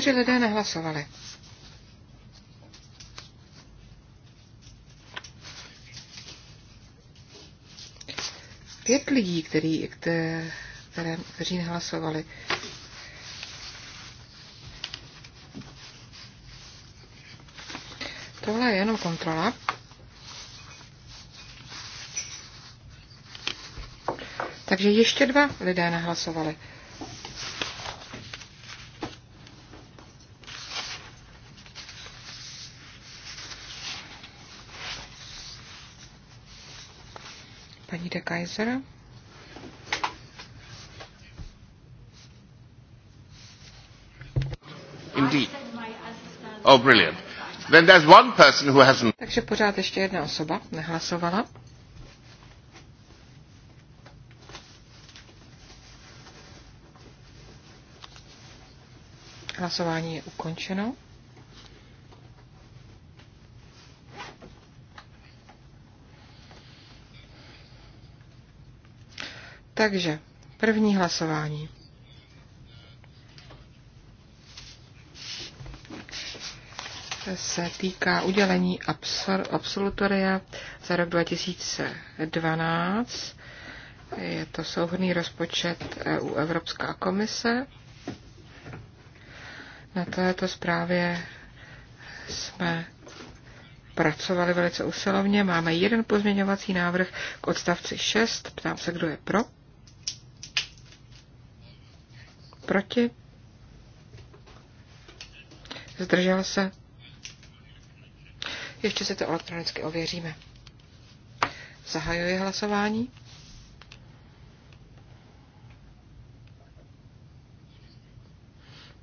čtyři lidé nehlasovali. Pět lidí, který, které, kteří nehlasovali. Tohle je jenom kontrola. Takže ještě dva lidé nehlasovali. Kaiser. Indeed. Oh, brilliant. Then there's one person who hasn't. Takže pořád ještě jedna osoba nehlasovala. Hlasování je ukončeno. Takže první hlasování. se týká udělení absol- absolutoria za rok 2012. Je to souhrný rozpočet EU Evropská komise. Na této zprávě jsme pracovali velice usilovně. Máme jeden pozměňovací návrh k odstavci 6. Ptám se, kdo je pro. Proti? Zdržel se? Ještě si to elektronicky ověříme. Zahajuji hlasování.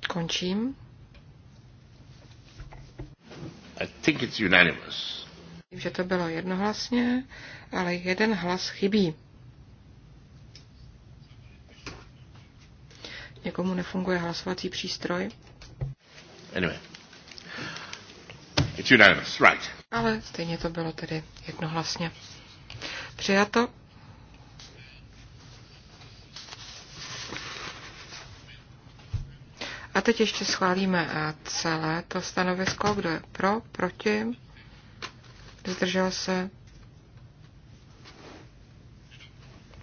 Končím. I think it's unanimous. Vím, že to bylo jednohlasně, ale jeden hlas chybí. Někomu nefunguje hlasovací přístroj. Anyway. It's unanimous, right. Ale stejně to bylo tedy jednohlasně. Přijato. A teď ještě schválíme eh, celé to stanovisko, kdo je pro, proti, zdržel se,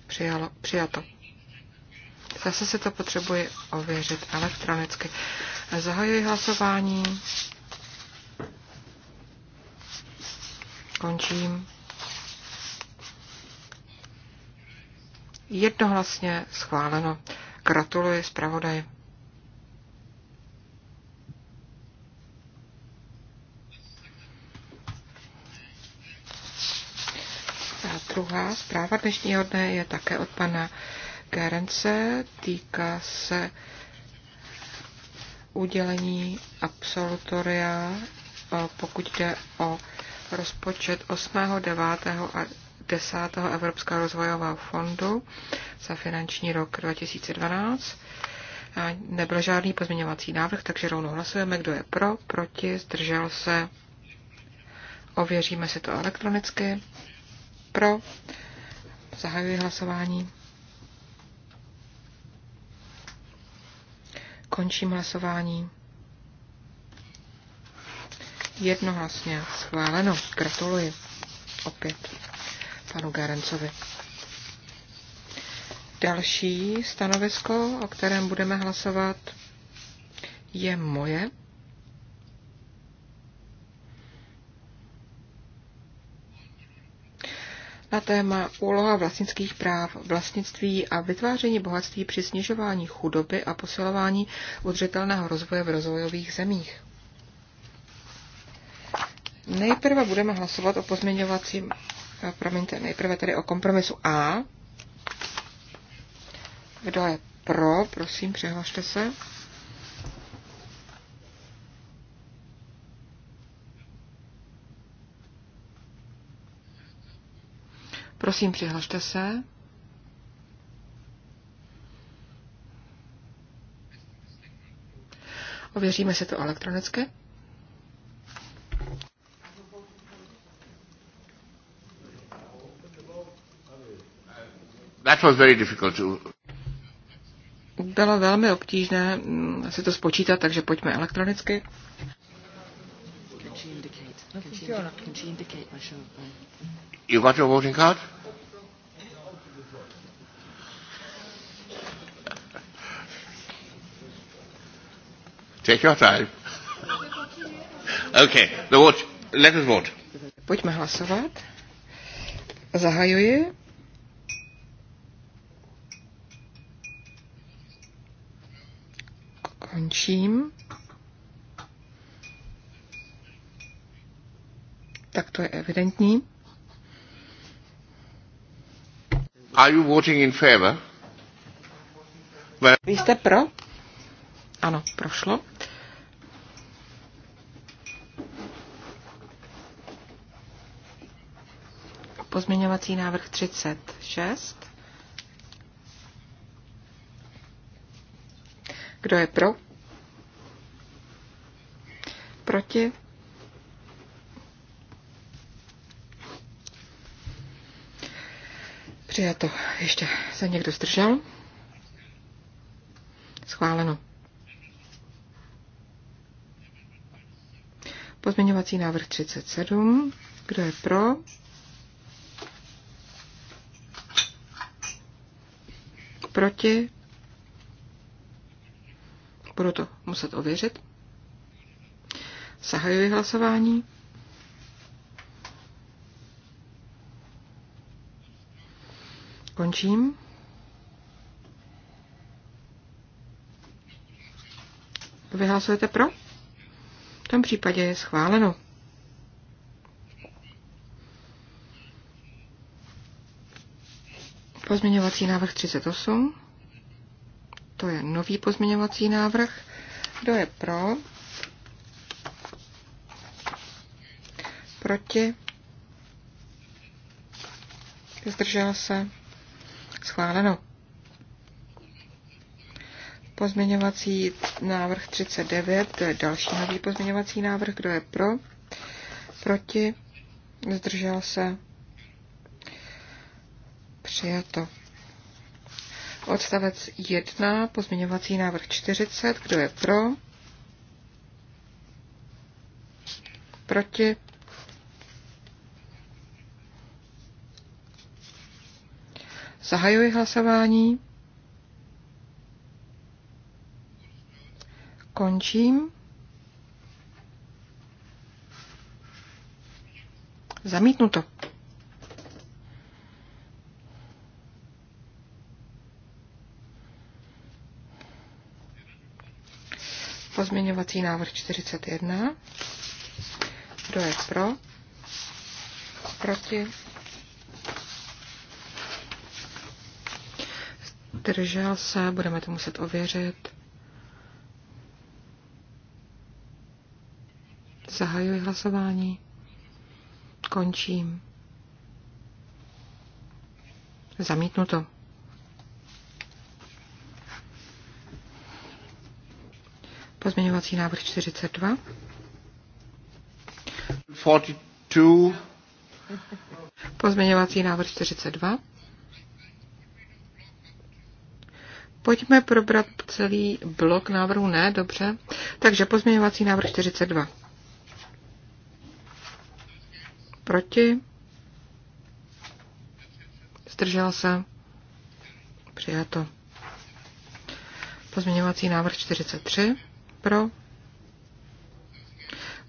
přijalo, přijato. Zase se to potřebuje ověřit elektronicky. Zahajuji hlasování. Končím. Jednohlasně schváleno. Gratuluji zpravodaji. druhá zpráva dnešního dne je také od pana Garance týká se udělení absolutoria, eh, pokud jde o rozpočet 8., 9. a 10. Evropského rozvojového fondu za finanční rok 2012. nebyl žádný pozměňovací návrh, takže rovnou hlasujeme, kdo je pro, proti, zdržel se. Ověříme si to elektronicky. Pro. Zahajuji hlasování. Končím hlasování. Jednohlasně schváleno. Gratuluji opět panu Garencovi. Další stanovisko, o kterém budeme hlasovat, je moje. na téma úloha vlastnických práv, vlastnictví a vytváření bohatství při snižování chudoby a posilování udržitelného rozvoje v rozvojových zemích. Nejprve budeme hlasovat o pozměňovacím, eh, promiňte, nejprve tedy o kompromisu A. Kdo je pro, prosím, přihlašte se. Prosím, přihlašte se. Ověříme si to elektronicky. That was very difficult to... Bylo velmi obtížné mm, si to spočítat, takže pojďme elektronicky. You got your voting card? Take your time. okay, the vote. Let us vote. Pojďme hlasovat. Zahajuji. Končím. tak to je evidentní. Are you voting in favor? Well... Vy jste pro? Ano, prošlo. Pozměňovací návrh 36. Kdo je pro? Proti? Přijato. Ještě se někdo zdržel? Schváleno. Pozměňovací návrh 37. Kdo je pro? Proti? Budu to muset ověřit. Zahajuji hlasování. Končím. Vyhlasujete pro? V tom případě je schváleno. Pozměňovací návrh 38. To je nový pozměňovací návrh. Kdo je pro? Proti? Zdržel se? schváleno. Pozměňovací návrh 39, to je další nový pozměňovací návrh, kdo je pro, proti, zdržel se, přijato. Odstavec 1, pozměňovací návrh 40, kdo je pro, proti, Zahajuji hlasování. Končím. Zamítnuto. Pozměňovací návrh 41. Kdo je pro? Proti? Držel se, budeme to muset ověřit. Zahajuji hlasování. Končím. Zamítnu to. Pozměňovací návrh 42. 42. Pozměňovací návrh 42. Pojďme probrat celý blok návrhu, ne, dobře. Takže pozměňovací návrh 42. Proti? Zdržel se? Přijato. Pozměňovací návrh 43. Pro?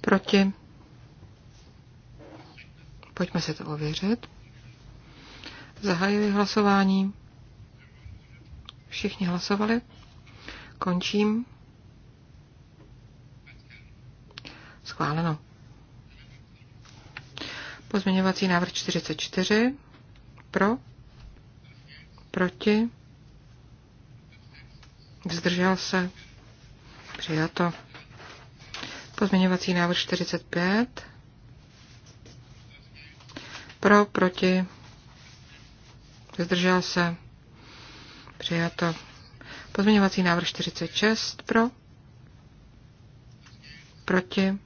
Proti? Pojďme se to ověřit. Zahajuji hlasování. Všichni hlasovali. Končím. Schváleno. Pozměňovací návrh 44. Pro. Proti. Vzdržel se. Přijato. Pozměňovací návrh 45. Pro, proti. Zdržel se. Přijato. Pozměňovací návrh 46 pro. Proti.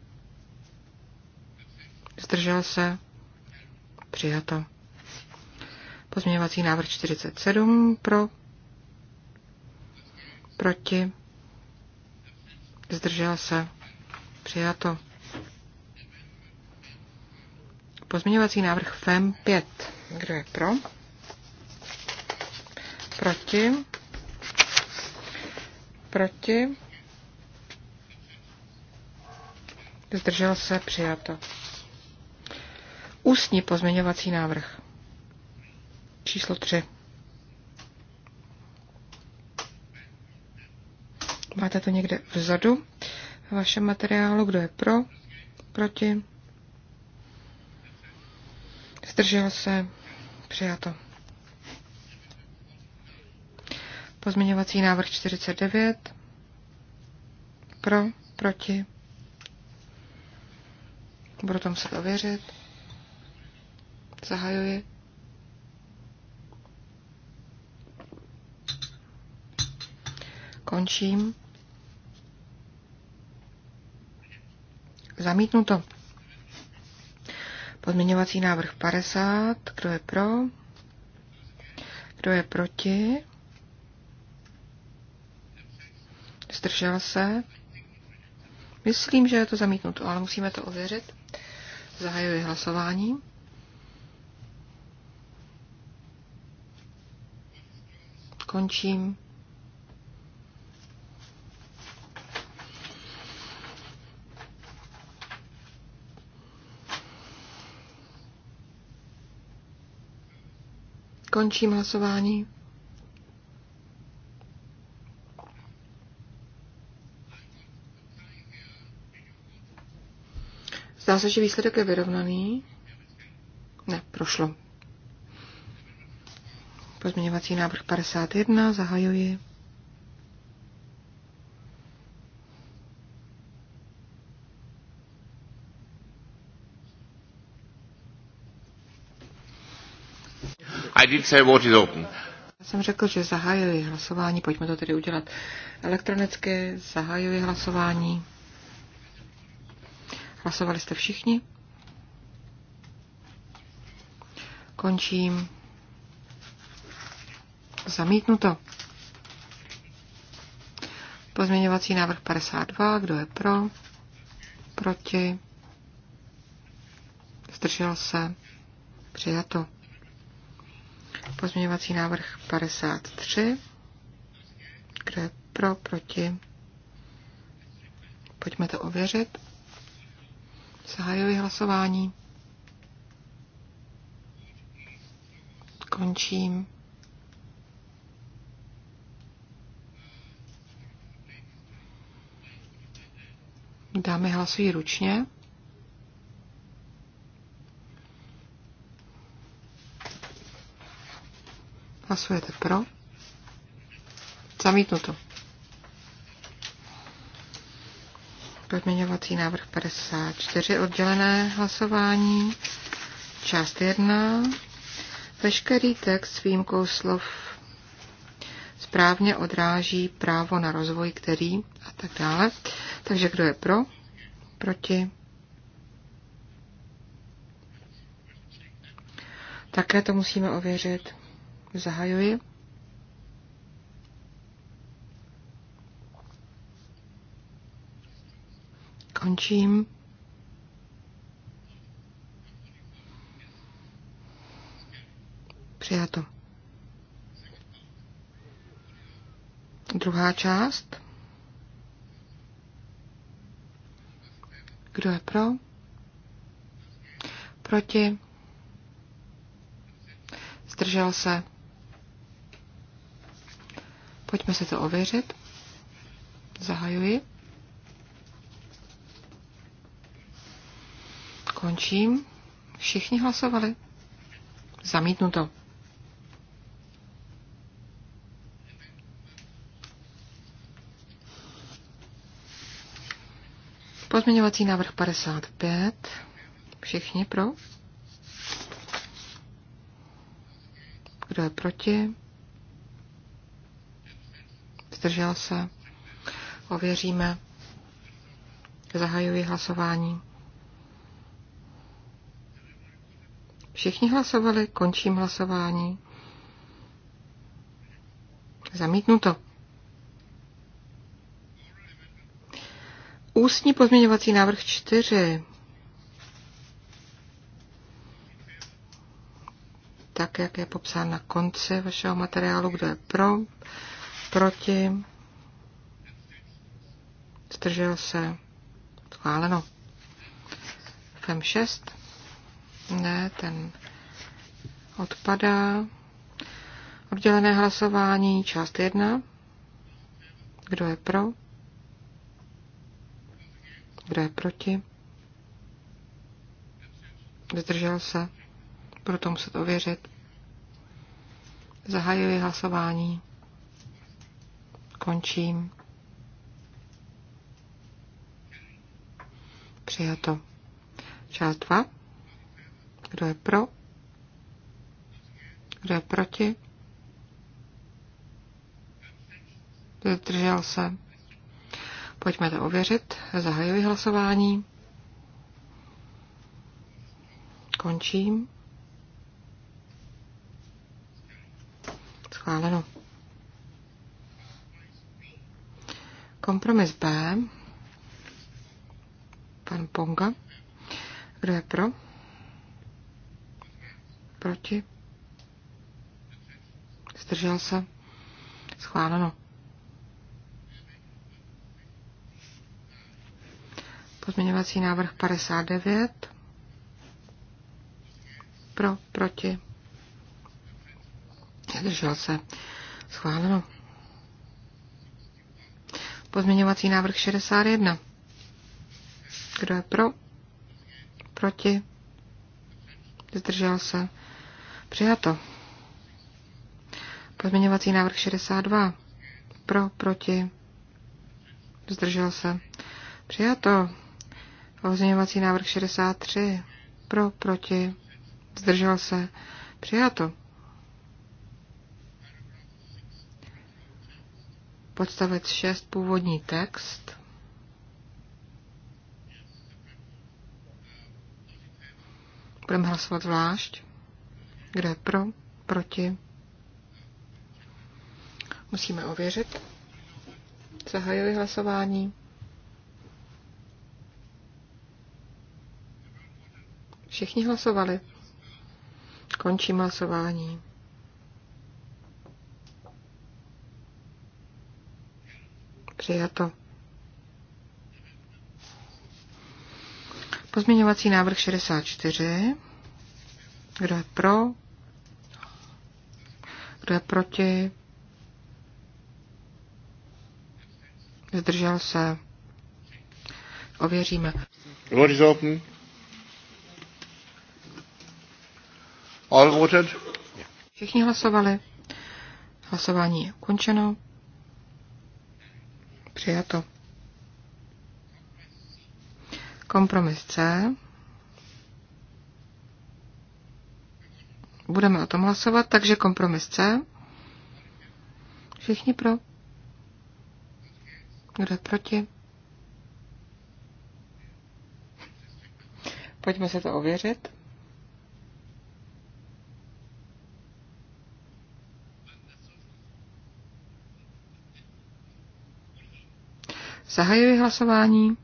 Zdržel se. Přijato. Pozměňovací návrh 47 pro. Proti. Zdržel se. Přijato. Pozměňovací návrh FEM 5. Kdo je pro? Proti. Proti. Zdržel se přijato. Ústní pozměňovací návrh. Číslo 3. Máte to někde vzadu v vašem materiálu, kdo je pro, proti. Zdržel se, přijato. Pozměňovací návrh 49. Pro, proti. Budu to se ověřit. Zahajuji. Končím. Zamítnuto. Podměňovací návrh 50. Kdo je pro? Kdo je proti? zdržel se. Myslím, že je to zamítnuto, ale musíme to ověřit. Zahajuji hlasování. Končím. Končím hlasování. Zdá se, že výsledek je vyrovnaný. Ne, prošlo. Pozměňovací návrh 51, zahajuji. I did say what is open. Já jsem řekl, že zahajuji hlasování, pojďme to tedy udělat elektronicky, zahajuji hlasování. Hlasovali jste všichni? Končím. Zamítnuto. Pozměňovací návrh 52. Kdo je pro? Proti? Zdržel se? Přijato. Pozměňovací návrh 53. Kdo je pro? Proti? Pojďme to ověřit. Zahajuji hlasování. Končím. Dámy hlasují ručně. Hlasujete pro. Zamítnuto. Pozměňovací návrh 54, oddělené hlasování, část 1. Veškerý text s výjimkou slov správně odráží právo na rozvoj, který a tak dále. Takže kdo je pro? Proti? Také to musíme ověřit. Zahajuji. končím. Přijato. Druhá část. Kdo je pro? Proti? Zdržel se? Pojďme se to ověřit. Zahajuji. Končím. Všichni hlasovali. Zamítnuto. Pozměňovací návrh 55. Všichni pro? Kdo je proti? Zdržel se? Ověříme. Zahajuji hlasování. Všichni hlasovali, končím hlasování. Zamítnuto. Ústní pozměňovací návrh 4. Tak, jak je popsán na konci vašeho materiálu, kdo je pro, proti, zdržel se, schváleno. FEM 6. Ne, ten odpadá. Oddělené hlasování, část jedna. Kdo je pro? Kdo je proti? Zdržel se? Proto muset ověřit. Zahajuji hlasování. Končím. Přijato. Část 2. Kdo je pro? Kdo je proti? Zdržel se. Pojďme to ověřit. Zahajuji hlasování. Končím. Schváleno. Kompromis B. Pan Ponga. Kdo je pro? Proti? Zdržel se? Schváleno. Pozměňovací návrh 59. Pro, proti. Zdržel se. Schváleno. Pozměňovací návrh 61. Kdo je pro? Proti? Zdržel se? Přijato. Pozměňovací návrh 62. Pro, proti. Zdržel se. Přijato. Pozměňovací návrh 63. Pro, proti. Zdržel se. Přijato. Podstavec 6, původní text. Budeme hlasovat zvlášť. Kdo je pro? Proti? Musíme ověřit. Zahajuji hlasování. Všichni hlasovali. Končím hlasování. Přijato. Pozměňovací návrh 64. Kdo je pro? Kdo je proti? Zdržel se. Ověříme. Vote is open. All voted. Všichni hlasovali. Hlasování je ukončeno. Přijato. Kompromis C. budeme o tom hlasovat, takže kompromis C. Všichni pro. Kdo je proti? Pojďme se to ověřit. Zahajuji hlasování.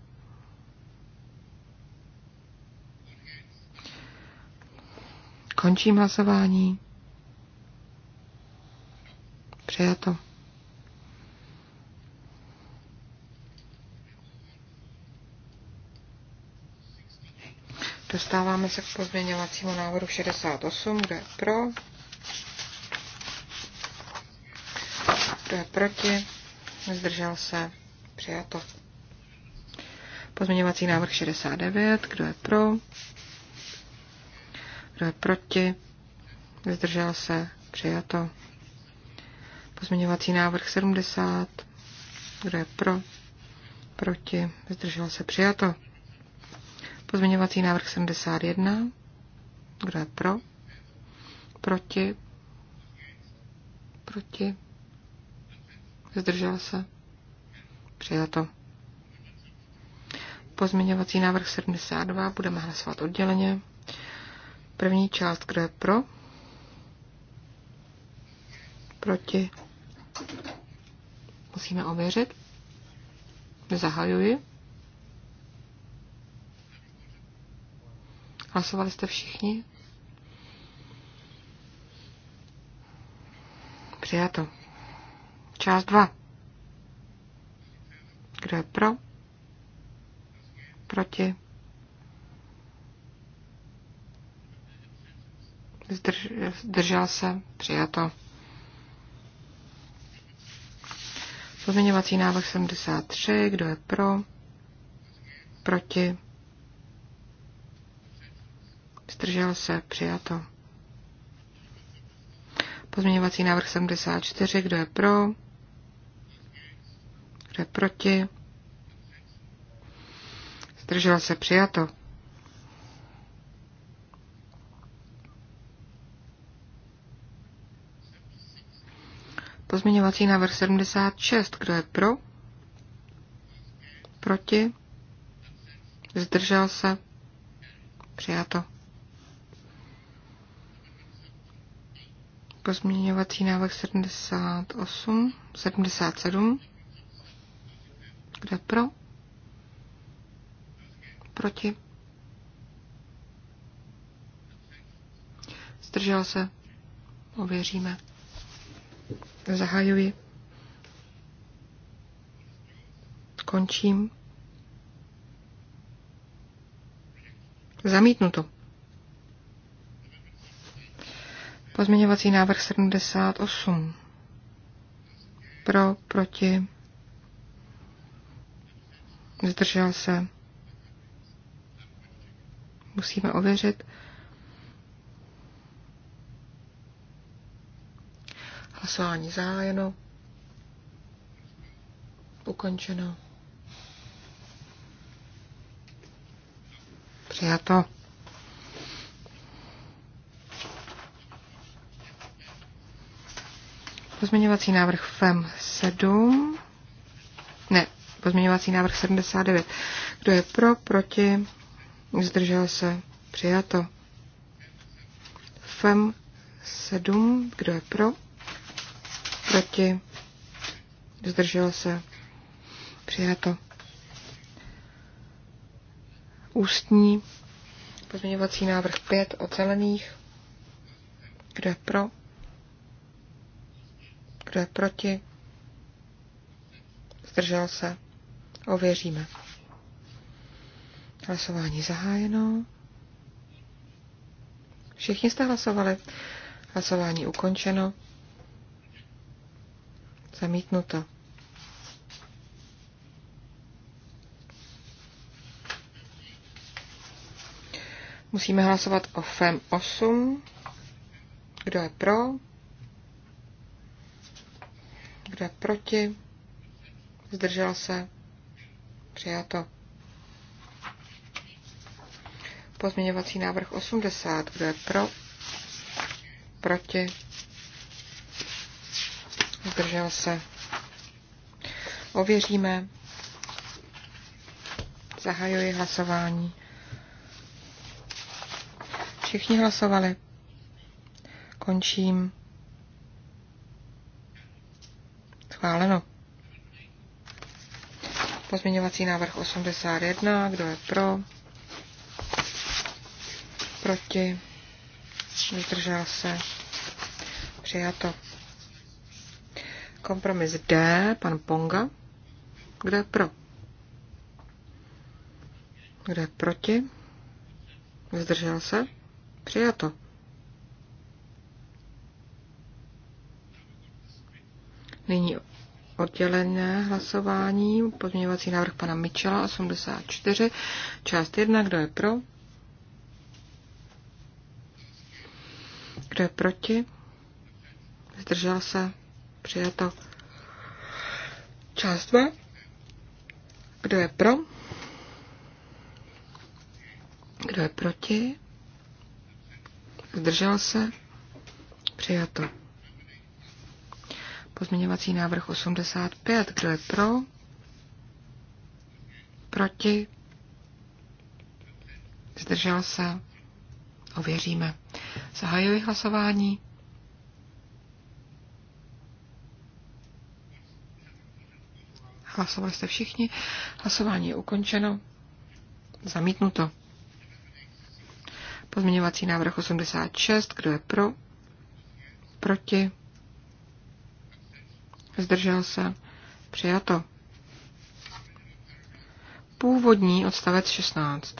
Končím hlasování. Přijato. Dostáváme se k pozměňovacímu návrhu 68, kdo je pro, kdo je proti, zdržel se, přijato. Pozměňovací návrh 69, kdo je pro, kdo je proti? Zdržel se? Přijato. Pozměňovací návrh 70. Kdo je pro? Proti? Zdržel se? Přijato. Pozměňovací návrh 71. Kdo je pro? Proti? Proti? Zdržel se? Přijato. Pozměňovací návrh 72 budeme hlasovat odděleně. První část, kdo je pro? Proti? Musíme ověřit. Zahajuji. Hlasovali jste všichni? Přijato. Část 2. Kdo je pro? Proti? zdržel se, přijato. Pozměňovací návrh 73, kdo je pro, proti, zdržel se, přijato. Pozměňovací návrh 74, kdo je pro, kdo je proti, zdržel se, přijato. Pozměňovací návrh 76. Kdo je pro? Proti? Zdržel se? Přijato. Pozměňovací návrh 78, 77. Kde pro? Proti? Zdržel se? Ověříme. Zahajuji. Končím. Zamítnuto. Pozměňovací návrh 78. Pro, proti. Zdržel se. Musíme ověřit. Hlasování zájeno, Ukončeno. Přijato. Pozměňovací návrh FEM 7. Ne, pozměňovací návrh 79. Kdo je pro, proti, zdržel se, přijato. FEM 7. Kdo je pro, proti, zdržel se, přijato. Ústní pozměňovací návrh 5 od zelených. Kdo je pro? Kdo je proti? Zdržel se? Ověříme. Hlasování zahájeno. Všichni jste hlasovali. Hlasování ukončeno. Zamítnuto. Musíme hlasovat o FEM 8. Kdo je pro? Kdo je proti? Zdržel se? Přijato. Pozměňovací návrh 80. Kdo je pro? Proti? zdržel se. Ověříme. Zahajuji hlasování. Všichni hlasovali. Končím. Schváleno. Pozměňovací návrh 81. Kdo je pro? Proti? Zdržel se. Přijato. Kompromis D, pan Ponga. Kdo je pro? Kdo je proti? Zdržel se? Přijato. Nyní oddělené hlasování, pozměňovací návrh pana Michela 84, část 1, kdo je pro? Kdo je proti? Zdržel se? Přijato. Část 2. Kdo je pro? Kdo je proti? Zdržel se? Přijato. Pozměňovací návrh 85. Kdo je pro? Proti? Zdržel se? Ověříme. Zahajuji hlasování. Hlasovali jste všichni. Hlasování je ukončeno. Zamítnuto. Pozměňovací návrh 86. Kdo je pro? Proti? Zdržel se? Přijato. Původní odstavec 16.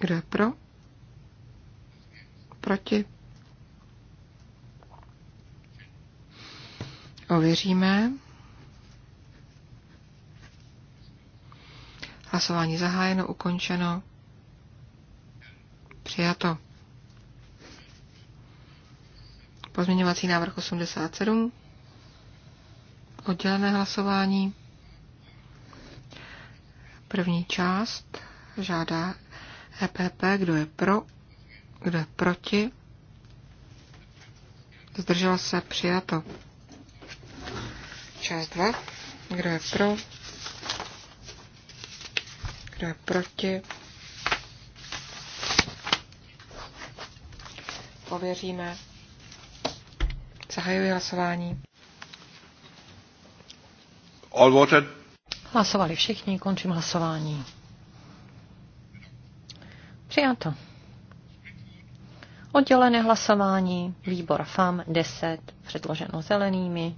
Kdo je pro? Proti? Ověříme. Hlasování zahájeno, ukončeno. Přijato. Pozměňovací návrh 87. Oddělené hlasování. První část žádá EPP, kdo je pro, kdo je proti. Zdržel se přijato. Část 2. Kdo je pro? Kdo je proti? Pověříme. Zahajuji hlasování. All voted. Hlasovali všichni, končím hlasování. Přijato. Oddělené hlasování, výbor FAM 10, předloženo zelenými,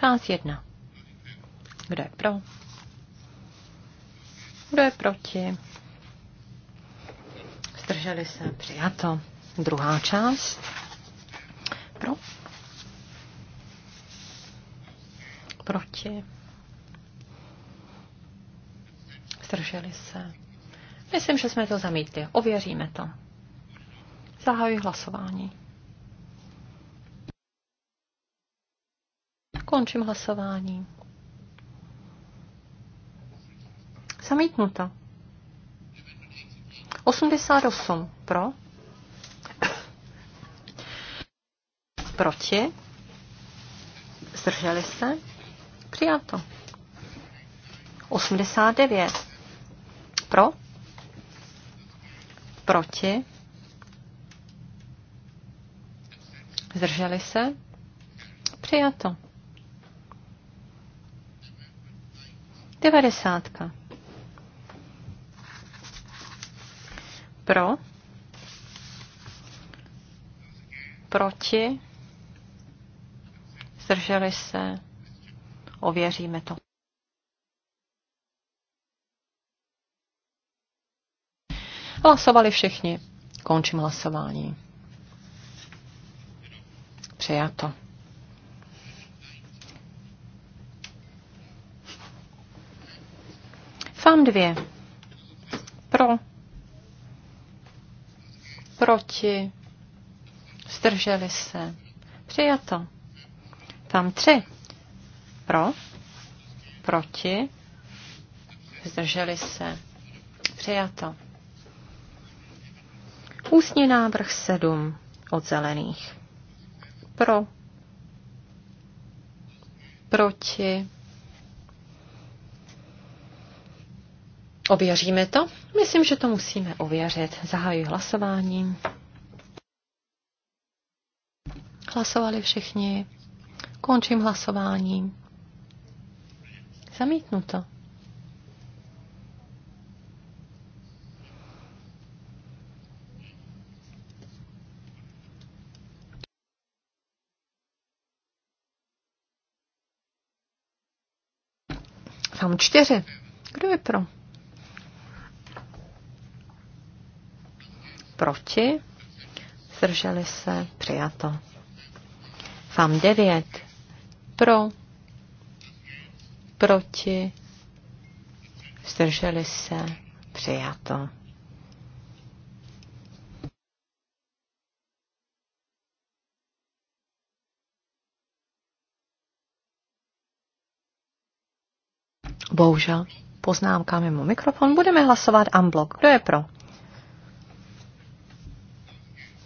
Část jedna. Kdo je pro? Kdo je proti? Zdrželi se. Přijato. Druhá část. Pro. Proti. Zdrželi se. Myslím, že jsme to zamítli. Ověříme to. Zahajuji hlasování. Končím hlasování. Zamítnuto. 88 pro. Proti. Zdrželi se. Přijato. 89 pro. Proti. Zdrželi se. Přijato. Devadesátka. Pro. Proti. Zdrželi se. Ověříme to. Hlasovali všichni. Končím hlasování. Přijato. FAM dvě Pro. Proti. Zdrželi se. Přijato. Tam tři Pro. Proti. Zdrželi se. Přijato. Ústní návrh sedm od zelených. Pro. Proti Ověříme to? Myslím, že to musíme ověřit. Zahajuji hlasování. Hlasovali všichni. Končím hlasování. Zamítnuto. Tam čtyři. Kdo je pro? proti, zdrželi se, přijato. FAM 9 pro, proti, zdrželi se, přijato. Bohužel, poznámka mimo mikrofon. Budeme hlasovat unblock. Kdo je pro?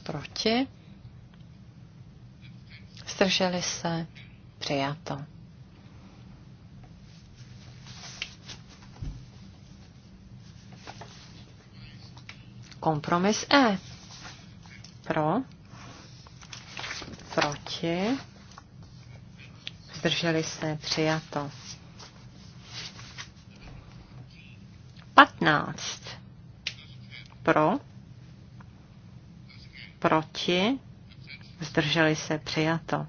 Proti? Zdrželi se? Přijato. Kompromis E. Pro? Proti? Zdrželi se? Přijato. 15. Pro? proti, zdrželi se přijato.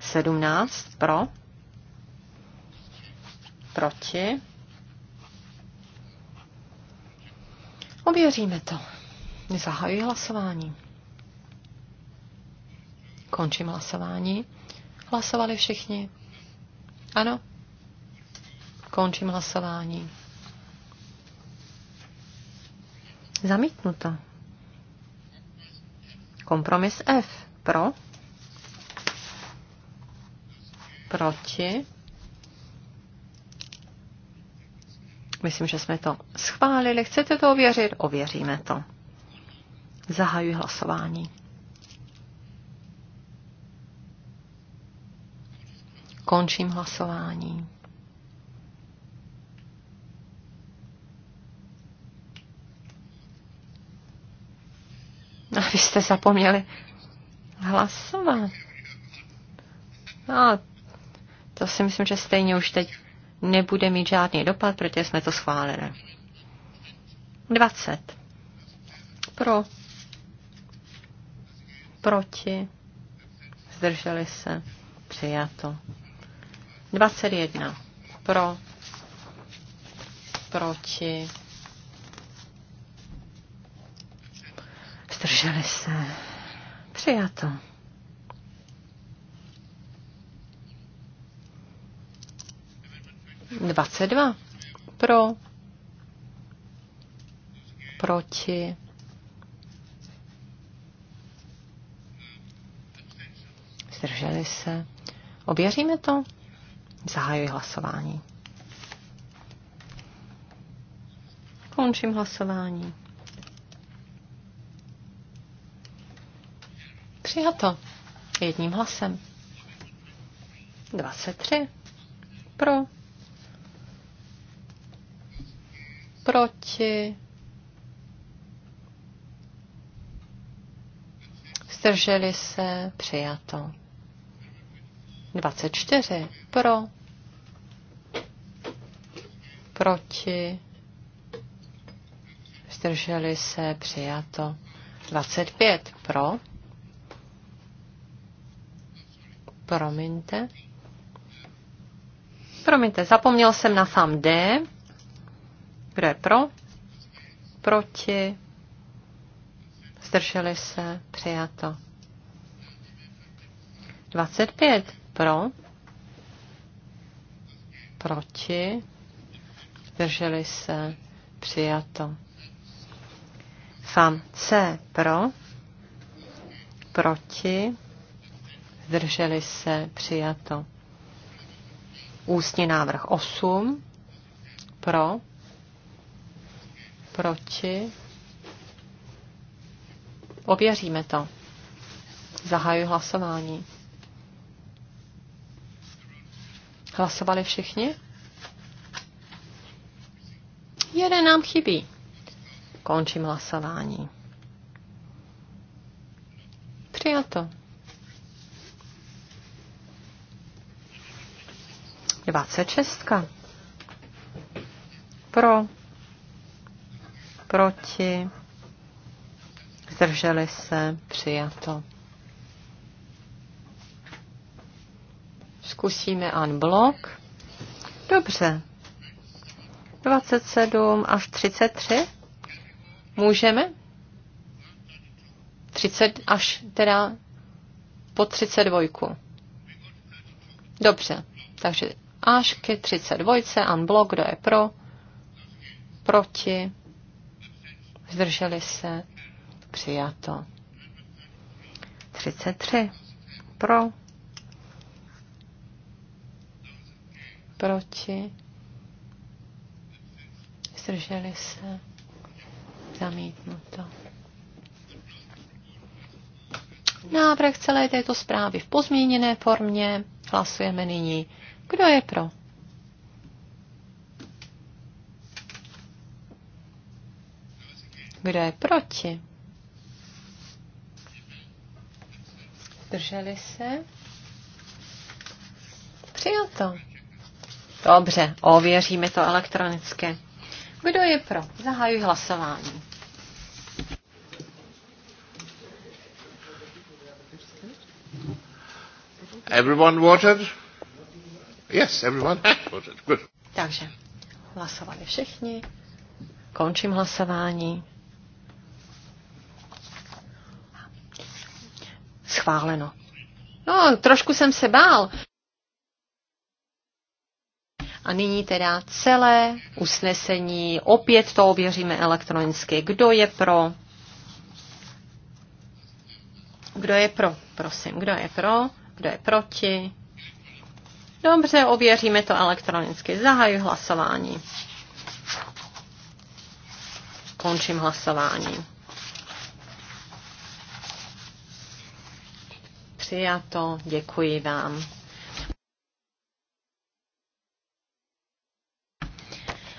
17 pro, proti. Ověříme to. Zahajuji hlasování. Končím hlasování. Hlasovali všichni? Ano. Končím hlasování. Zamítnuto. Kompromis F. Pro. Proti. Myslím, že jsme to schválili. Chcete to ověřit? Ověříme to. Zahajuji hlasování. Končím hlasování. A vy jste zapomněli hlasovat. No, to si myslím, že stejně už teď nebude mít žádný dopad, protože jsme to schválili. 20. Pro. Proti. Zdrželi se. Přijato. 21. Pro. Proti Zdrželi se. Přijato. Dvacet dva. Pro. Proti. Zdrželi se. Ověříme to? Zahajuji hlasování. Končím hlasování. Přijato. Jedním hlasem. 23. Pro. Proti. Zdrželi se. Přijato. 24. Pro. Proti. Zdrželi se. Přijato. 25. Pro Promiňte. Promiňte, zapomněl jsem na sám D. Kdo je pro? Proti? Zdrželi se? Přijato. 25. Pro? Proti? Zdrželi se? Přijato. Sám C. Pro? Proti? zdrželi se, přijato. Ústní návrh 8, pro, proti, ověříme to. Zahajuji hlasování. Hlasovali všichni? Jeden nám chybí. Končím hlasování. Přijato. 26. Pro, proti, zdrželi se, přijato. Zkusíme unblock. Dobře. 27 až 33. Můžeme? 30 až teda po 32. Dobře, takže až ke 32. Unblock, kdo je pro, proti, zdrželi se, přijato. 33. Pro, proti, zdrželi se, zamítnuto. Návrh celé této zprávy v pozměněné formě hlasujeme nyní kdo je pro? Kdo je proti? Zdrželi se? Přijato. Dobře, ověříme to elektronicky. Kdo je pro? Zahajuji hlasování. Everyone voted? Yes, everyone has voted. Good. Takže hlasovali všichni. Končím hlasování. Schváleno. No, trošku jsem se bál. A nyní teda celé usnesení. Opět to ověříme elektronicky. Kdo je pro? Kdo je pro? Prosím, kdo je pro? Kdo je proti? Dobře, ověříme to elektronicky. Zahajuji hlasování. Končím hlasování. Přijato, děkuji vám.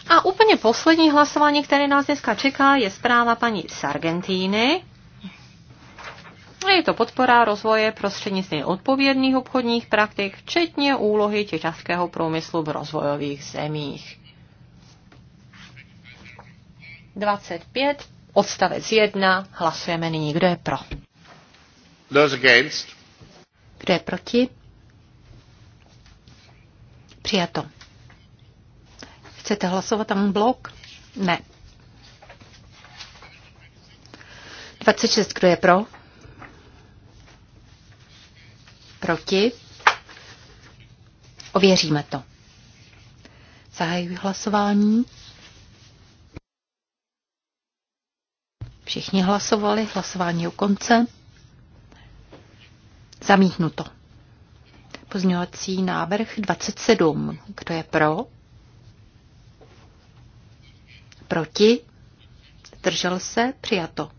A úplně poslední hlasování, které nás dneska čeká, je zpráva paní Sargentíny je to podpora rozvoje prostřednictvím odpovědných obchodních praktik, včetně úlohy těžařského průmyslu v rozvojových zemích. 25, odstavec 1, hlasujeme nyní. Kdo je pro? Those against. Kdo je proti? Přijato. Chcete hlasovat tam blok? Ne. 26, kdo je pro? Proti? Ověříme to. Zahajuji hlasování. Všichni hlasovali, hlasování u konce. Zamítnuto. Pozměňovací návrh 27. Kdo je pro? Proti? Držel se? Přijato.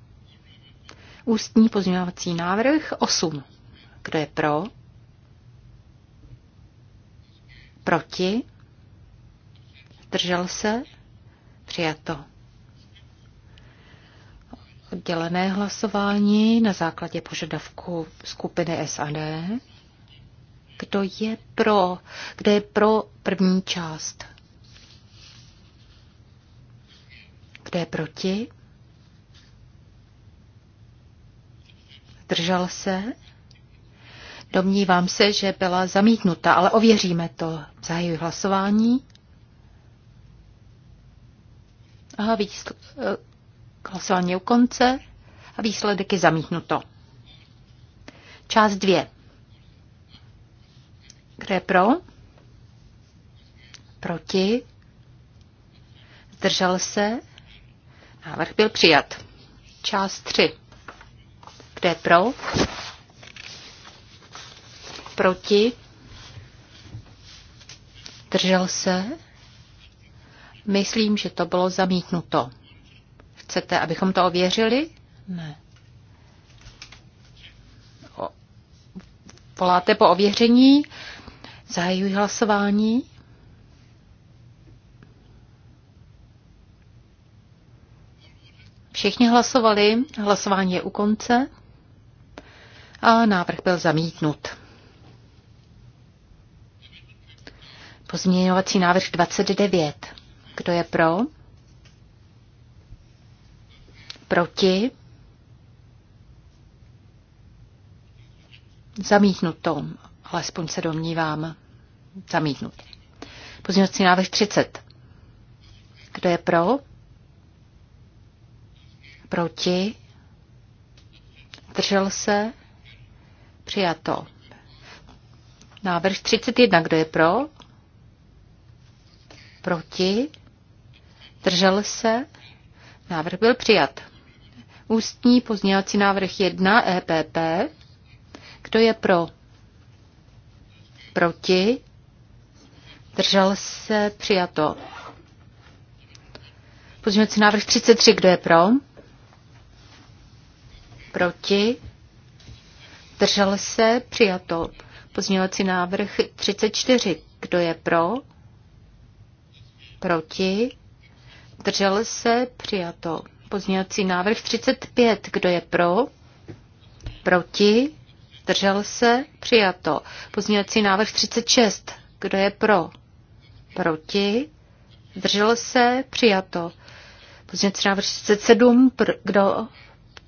Ústní pozměňovací návrh 8. Kdo je pro? Proti? Držel se? Přijato. Oddělené hlasování na základě požadavku skupiny SAD. Kdo je pro? Kdo je pro první část? Kdo je proti? Držel se? Domnívám se, že byla zamítnuta, ale ověříme to. Zahajuji hlasování. A výsl... E, hlasování u konce a výsledek je zamítnuto. Část dvě. Kde je pro? Proti? Zdržel se? Návrh byl přijat. Část 3. Kde je pro? proti, držel se. Myslím, že to bylo zamítnuto. Chcete, abychom to ověřili? Ne. O, voláte po ověření? Zahajuji hlasování. Všichni hlasovali, hlasování je u konce a návrh byl zamítnut. Pozměňovací návrh 29. Kdo je pro? Proti? Zamítnuto, alespoň se domnívám. Zamítnut. Pozměňovací návrh 30. Kdo je pro? Proti? Držel se? Přijato. Návrh 31. Kdo je pro? Proti? Držel se? Návrh byl přijat. Ústní pozměňovací návrh 1 EPP. Kdo je pro? Proti? Držel se? Přijato. Pozměňovací návrh 33. Kdo je pro? Proti? Držel se? Přijato. Pozměňovací návrh 34. Kdo je pro? proti, držel se, přijato. Pozměňovací návrh 35, kdo je pro, proti, držel se, přijato. Pozměňovací návrh 36, kdo je pro, proti, držel se, přijato. Pozměňovací návrh 37, pr- kdo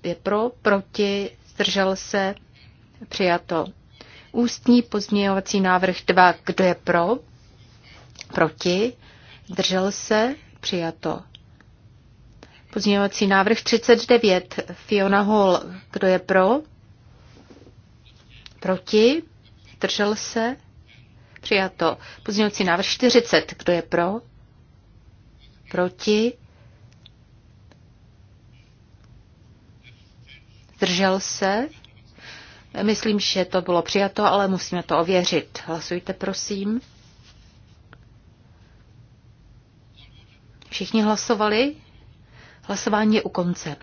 je pro, proti, zdržel se, přijato. Ústní pozměňovací návrh 2, kdo je pro, proti, Zdržel se? Přijato. Pozměňovací návrh 39. Fiona Hall. Kdo je pro? Proti? Zdržel se? Přijato. Pozměňovací návrh 40. Kdo je pro? Proti? Zdržel se? Myslím, že to bylo přijato, ale musíme to ověřit. Hlasujte, prosím. Všichni hlasovali? Hlasování je u konce.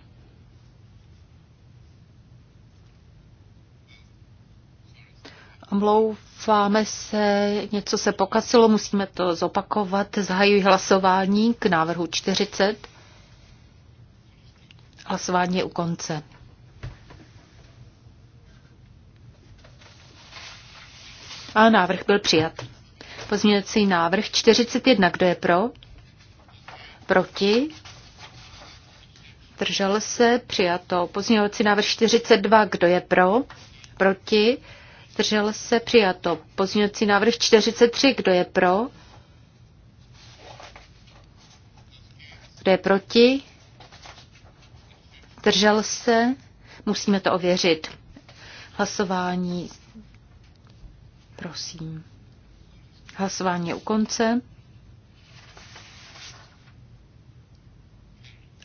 Omlouváme se, něco se pokazilo, musíme to zopakovat. Zahajuji hlasování k návrhu 40. Hlasování je u konce. A návrh byl přijat. Pozměňovací návrh 41. Kdo je pro? Proti? Držel se? Přijato. Pozměňovací návrh 42. Kdo je pro? Proti? Držel se? Přijato. Pozměňovací návrh 43. Kdo je pro? Kdo je proti? Držel se? Musíme to ověřit. Hlasování. Prosím. Hlasování je u konce.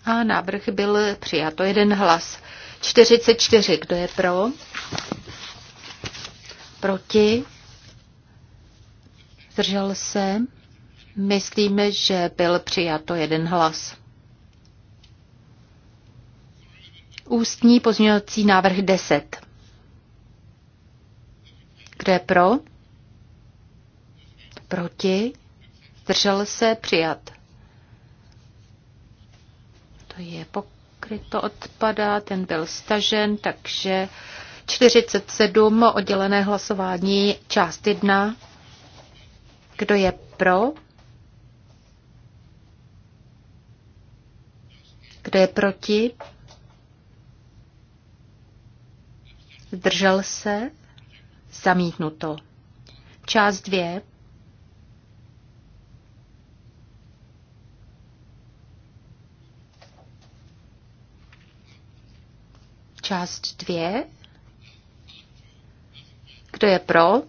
A návrh byl přijat, přijato jeden hlas. 44, kdo je pro? Proti? Zdržel se? Myslíme, že byl přijat, přijato jeden hlas. Ústní pozměňovací návrh 10. Kdo je pro? Proti? Zdržel se? Přijat to je pokryto, odpadá, ten byl stažen, takže 47 oddělené hlasování, část 1. Kdo je pro? Kdo je proti? Zdržel se? Zamítnuto. Část 2. Část dvě. Kdo je pro?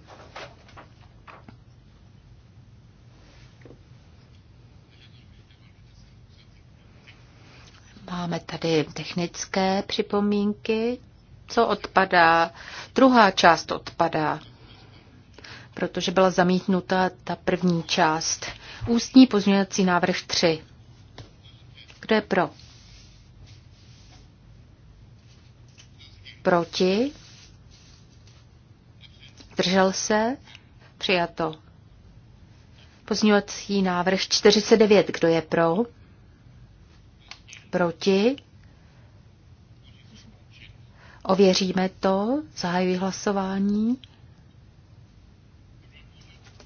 Máme tady technické připomínky. Co odpadá? Druhá část odpadá, protože byla zamítnuta ta první část. Ústní pozměňovací návrh 3. Kdo je pro? Proti? Držel se? Přijato. Pozňovací návrh 49. Kdo je pro? Proti? Ověříme to. Zahajuji hlasování.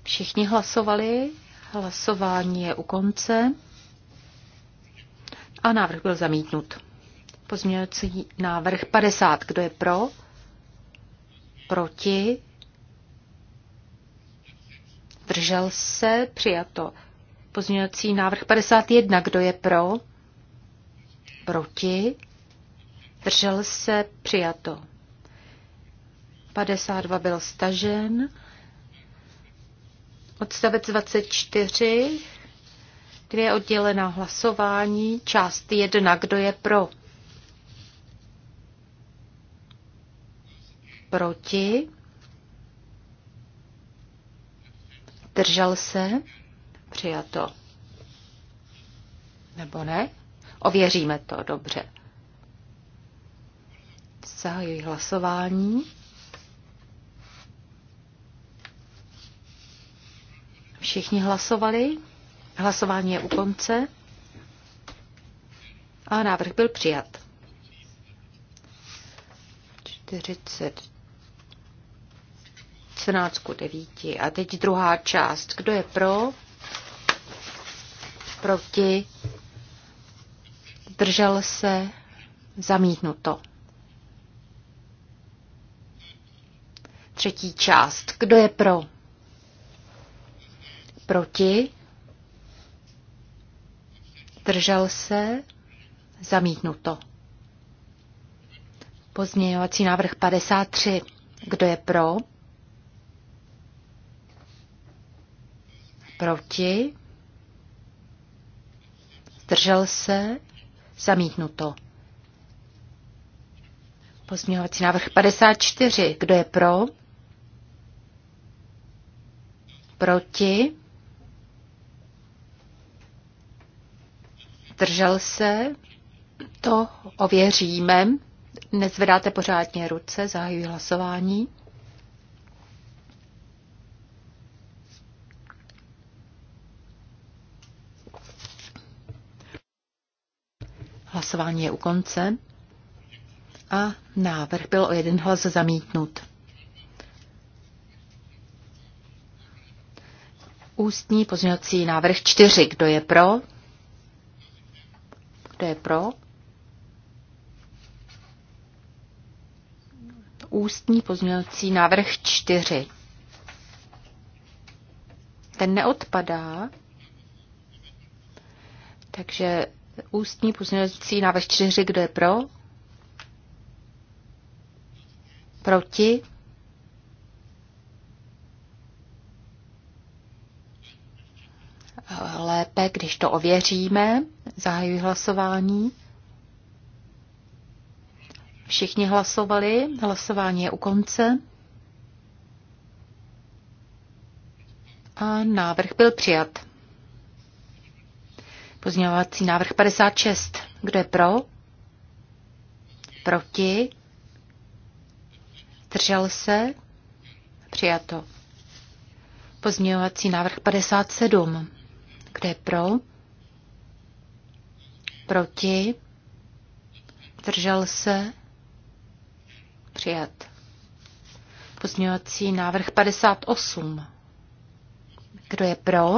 Všichni hlasovali. Hlasování je u konce. A návrh byl zamítnut. Pozměňovací návrh 50. Kdo je pro? Proti? Držel se? Přijato. Pozměňovací návrh 51. Kdo je pro? Proti? Držel se? Přijato. 52 byl stažen. Odstavec 24. Dvě oddělená hlasování. Část 1. Kdo je pro? Proti? Držel se? Přijato. Nebo ne? Ověříme to, dobře. Zahajuji hlasování. Všichni hlasovali. Hlasování je u konce. A návrh byl přijat. 14 ku 9. A teď druhá část. Kdo je pro? Proti? Držel se? Zamítnuto. Třetí část. Kdo je pro? Proti? Držel se? Zamítnuto. Pozměňovací návrh 53. Kdo je pro? Proti? Zdržel se? Zamítnuto. Pozměňovací návrh 54. Kdo je pro? Proti? Zdržel se? To ověříme. Nezvedáte pořádně ruce, zahajuji hlasování. Hlasování je u konce a návrh byl o jeden hlas zamítnut. Ústní pozměňovací návrh 4. Kdo je pro? Kdo je pro? Ústní pozměňovací návrh 4. Ten neodpadá, takže Ústní pozměňovací návrh 4, kdo je pro? Proti? Lépe, když to ověříme. Zahajuji hlasování. Všichni hlasovali. Hlasování je u konce. A návrh byl přijat. Pozměňovací návrh 56. Kdo je pro? Proti? Držel se? Přijato. Pozměňovací návrh 57. Kdo je pro? Proti? Držel se? Přijat. Pozměňovací návrh 58. Kdo je pro?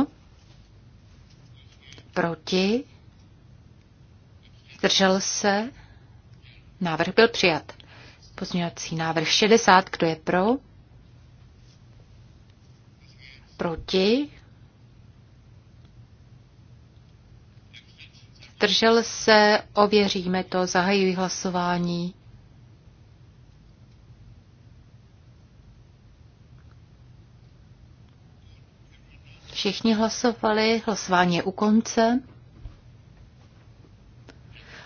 Proti? Zdržel se? Návrh byl přijat. Pozměňovací návrh 60. Kdo je pro? Proti? Zdržel se? Ověříme to. Zahajuji hlasování. Všichni hlasovali, hlasování je u konce.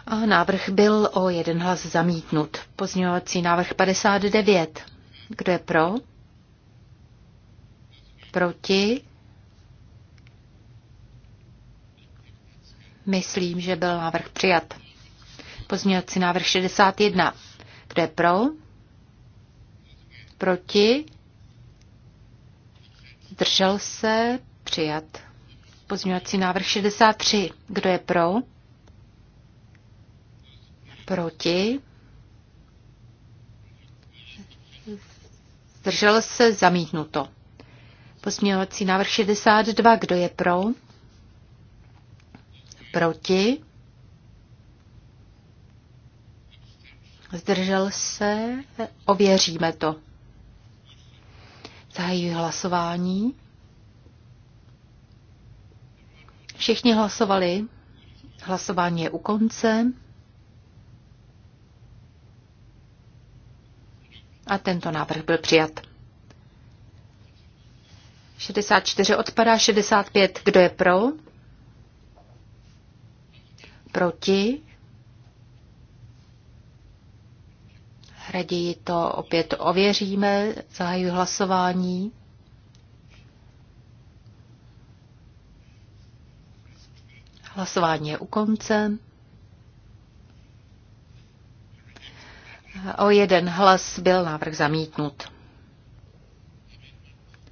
A návrh byl o jeden hlas zamítnut. Pozměňovací návrh 59. Kdo je pro? Proti? Myslím, že byl návrh přijat. Pozměňovací návrh 61. Kdo je pro? Proti? Držel se? Přijat. Pozměňovací návrh 63. Kdo je pro? Proti? Zdržel se zamítnuto. Pozměňovací návrh 62. Kdo je pro? Proti? Zdržel se? Ověříme to. Zahajuji hlasování. Všichni hlasovali. Hlasování je u konce. A tento návrh byl přijat. 64 odpadá, 65. Kdo je pro? Proti? Raději to opět ověříme. Zahajuji hlasování. Hlasování je u konce. O jeden hlas byl návrh zamítnut.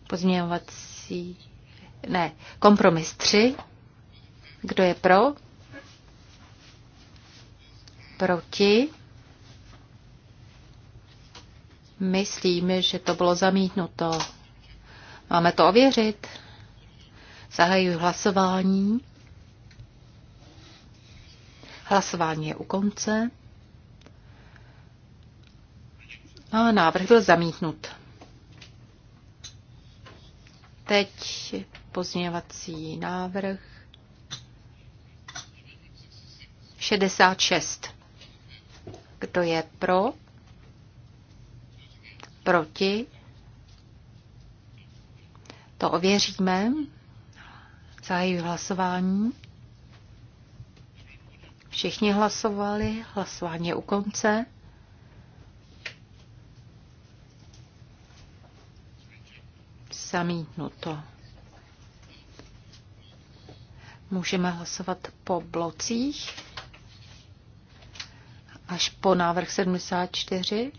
Pozměňovací... Ne, kompromis 3. Kdo je pro? Proti? Myslím, že to bylo zamítnuto. Máme to ověřit. Zahajuji hlasování. Hlasování je u konce. A návrh byl zamítnut. Teď pozměňovací návrh 66. Kdo je pro? Proti? To ověříme. Zahajuji hlasování. Všichni hlasovali, hlasování je u konce. Zamítnuto. Můžeme hlasovat po blocích až po návrh 74.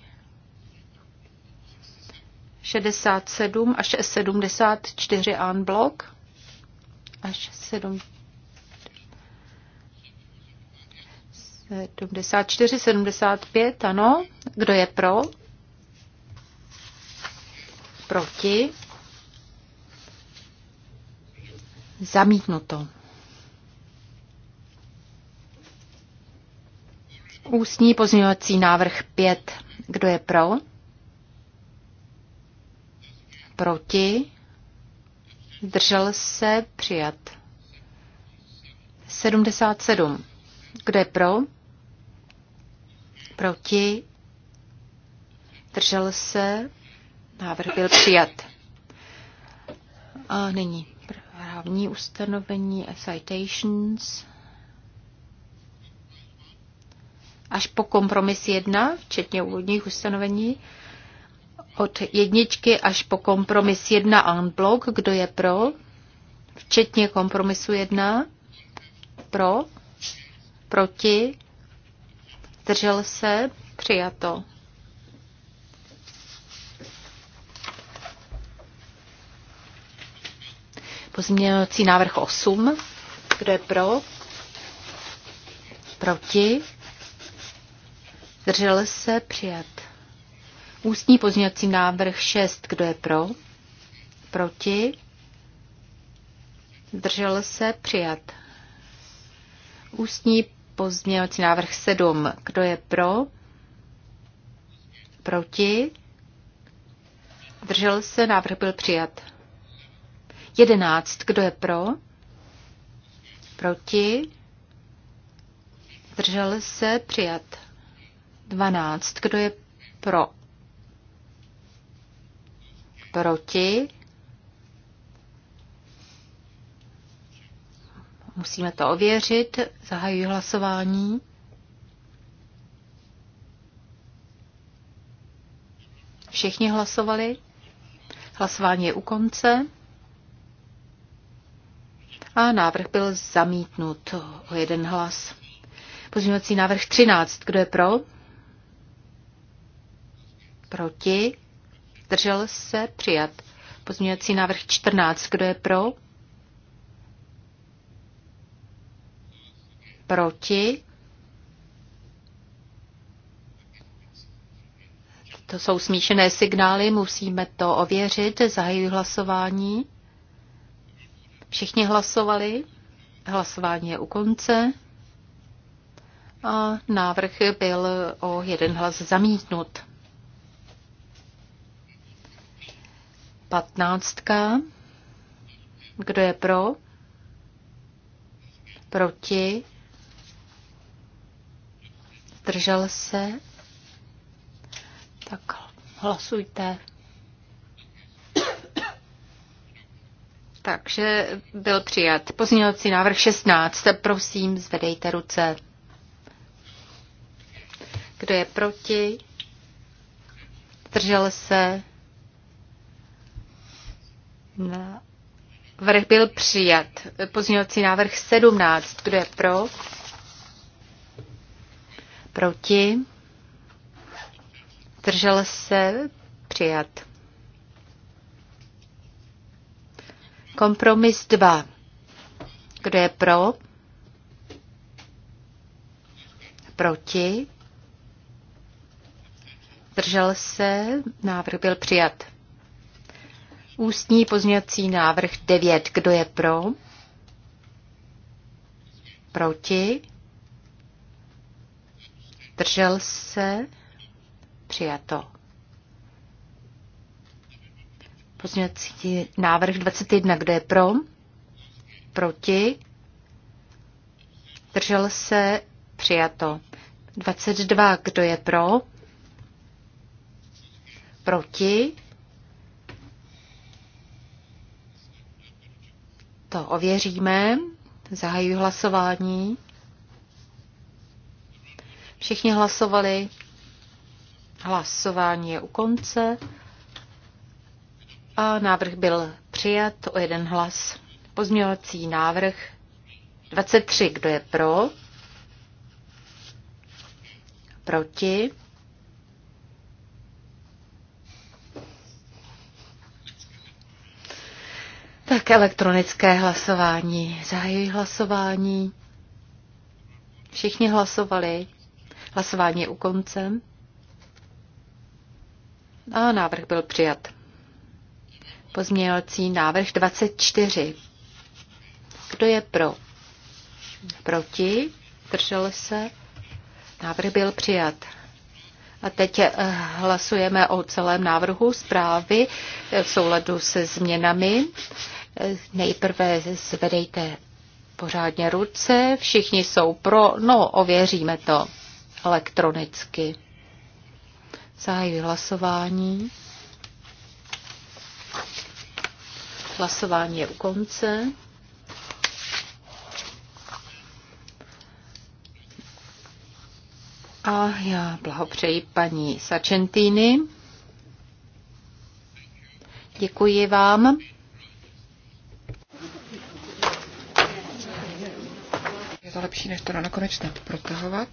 67 až 74 an blok až 7 74, 75, ano. Kdo je pro? Proti? Zamítnuto. Ústní pozměňovací návrh 5. Kdo je pro? Proti? Zdržel se přijat. 77. Kdo je pro? Proti? Držel se? Návrh byl přijat. A nyní právní ustanovení citations. Až po kompromis 1, včetně úvodních ustanovení, od jedničky až po kompromis 1 unblock, kdo je pro, včetně kompromisu 1, pro, Proti? Zdržel se? Přijato. Pozměňovací návrh 8. Kdo je pro? Proti? Zdržel se? Přijat. Ústní pozměňovací návrh 6. Kdo je pro? Proti? Zdržel se? Přijat. Ústní Pozměňovací návrh 7. Kdo je pro? Proti? Držel se, návrh byl přijat. 11. Kdo je pro? Proti? Držel se, přijat. 12. Kdo je pro? Proti? Musíme to ověřit. Zahajuji hlasování. Všichni hlasovali. Hlasování je u konce. A návrh byl zamítnut o jeden hlas. Pozměňovací návrh 13. Kdo je pro? Proti? Držel se? Přijat. Pozměňovací návrh 14. Kdo je pro? proti. To jsou smíšené signály, musíme to ověřit. Zahajuji hlasování. Všichni hlasovali. Hlasování je u konce. A návrh byl o jeden hlas zamítnut. Patnáctka. Kdo je pro? Proti? zdržel se, tak hlasujte. Takže byl přijat pozměňovací návrh 16. Prosím, zvedejte ruce. Kdo je proti? Zdržel se? Vrch byl přijat. Pozměňovací návrh 17. Kdo je pro? Proti? Držel se? Přijat. Kompromis 2. Kdo je pro? Proti? Držel se? Návrh byl přijat. Ústní pozměňovací návrh 9. Kdo je pro? Proti? Zdržel se? Přijato. Pozměňovací návrh 21. Kdo je pro? Proti? Zdržel se? Přijato. 22. Kdo je pro? Proti? To ověříme. Zahajuji hlasování. Všichni hlasovali. Hlasování je u konce. A návrh byl přijat o jeden hlas. Pozměňovací návrh 23. Kdo je pro? Proti? Tak elektronické hlasování. Zahajuji hlasování. Všichni hlasovali. Hlasování je u konce. A návrh byl přijat. Pozměňovací návrh 24. Kdo je pro? Proti? Držel se? Návrh byl přijat. A teď eh, hlasujeme o celém návrhu zprávy eh, v souladu se změnami. Eh, nejprve zvedejte pořádně ruce, všichni jsou pro, no ověříme to elektronicky. Zahajuji hlasování. Hlasování je u konce. A já blahopřeji paní Sargentini. Děkuji vám. Je to lepší, než to na nakonec protahovat.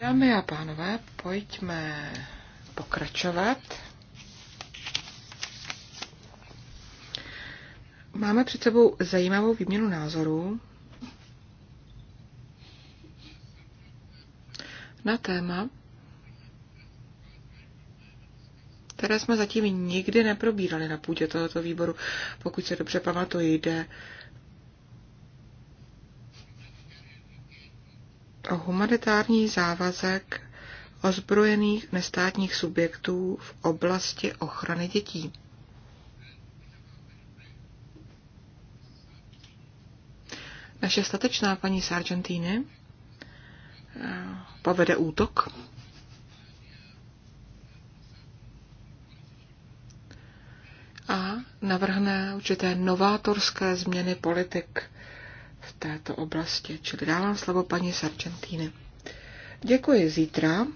Dámy a pánové, pojďme pokračovat. Máme před sebou zajímavou výměnu názorů na téma, které jsme zatím nikdy neprobírali na půdě tohoto výboru. Pokud se dobře pamatuju, jde humanitární závazek ozbrojených nestátních subjektů v oblasti ochrany dětí. Naše statečná paní Sargentini eh, povede útok. A navrhne určité novátorské změny politik této oblasti. Čili dávám slovo paní Sargentine. Děkuji zítra.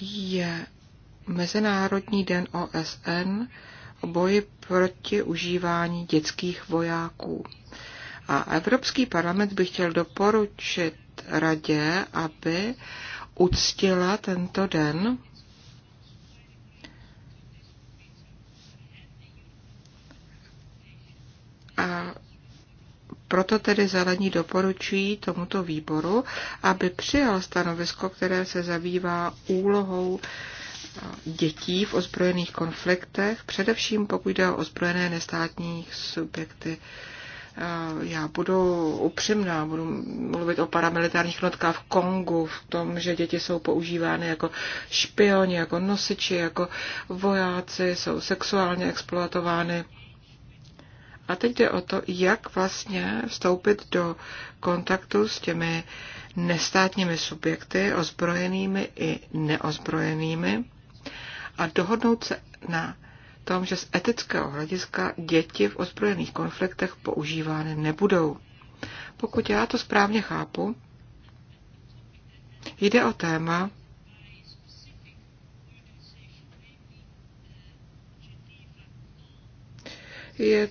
Je Mezinárodní den OSN o boji proti užívání dětských vojáků. A Evropský parlament by chtěl doporučit radě, aby uctila tento den Proto tedy zelení doporučují tomuto výboru, aby přijal stanovisko, které se zabývá úlohou eh, dětí v ozbrojených konfliktech, především pokud jde o ozbrojené nestátní subjekty. Eh, já budu upřímná, budu mluvit o paramilitárních jednotkách v Kongu, v tom, že děti jsou používány jako špioni, jako nosiči, jako vojáci, jsou sexuálně exploatovány a teď jde o to, jak vlastně vstoupit do kontaktu s těmi nestátními subjekty, ozbrojenými i neozbrojenými, a dohodnout se na tom, že z etického hlediska děti v ozbrojených konfliktech používány nebudou. Pokud já to správně chápu, jde o téma, je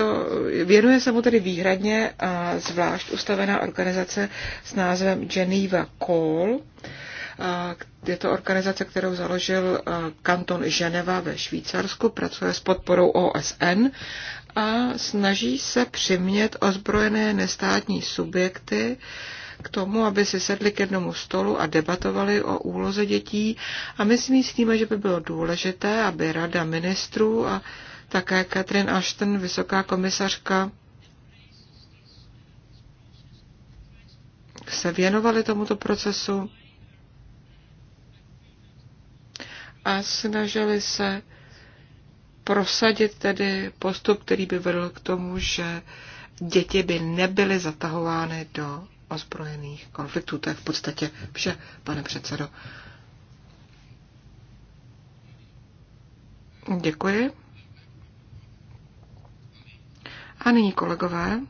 to, věnuje se mu tedy výhradně a zvlášť ustavená organizace s názvem Geneva Call. Je to organizace, kterou založil kanton Ženeva ve Švýcarsku, pracuje s podporou OSN a snaží se přimět ozbrojené nestátní subjekty k tomu, aby si sedli k jednomu stolu a debatovali o úloze dětí. A my si myslíme, že by bylo důležité, aby Rada ministrů a také Catherine Ashton, vysoká komisařka, se věnovali tomuto procesu a snažili se prosadit tedy postup, který by vedl k tomu, že děti by nebyly zatahovány do ozbrojených konfliktů. To je v podstatě vše, pane předsedo. Děkuji. A nyní kolegové.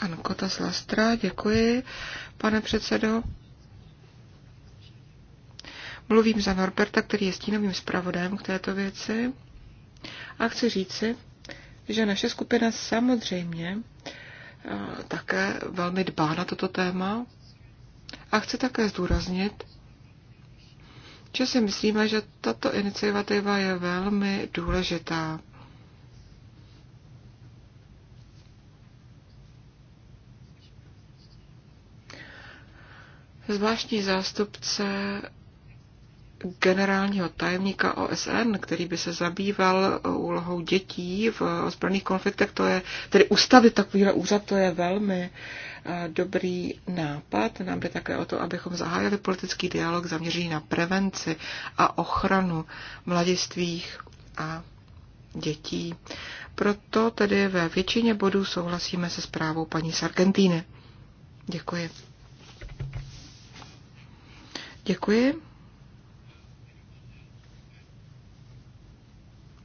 Pan Kota z Lastra, děkuji, pane předsedo. Mluvím za Norberta, který je stínovým zpravodajem k této věci. A chci říci, že naše skupina samozřejmě eh, také velmi dbá na toto téma. A chci také zdůraznit, že si myslíme, že tato iniciativa je velmi důležitá. Zvláštní zástupce generálního tajemníka OSN, který by se zabýval eh, úlohou dětí v ozbrojených konfliktech, to je, tedy ustavit takovýhle úřad, to je velmi eh, dobrý nápad. Nám jde také o to, abychom zahájili politický dialog zaměřený na prevenci a ochranu mladistvých a dětí. Proto tedy ve většině bodů souhlasíme se zprávou paní Sargentine. Děkuji. Děkuji.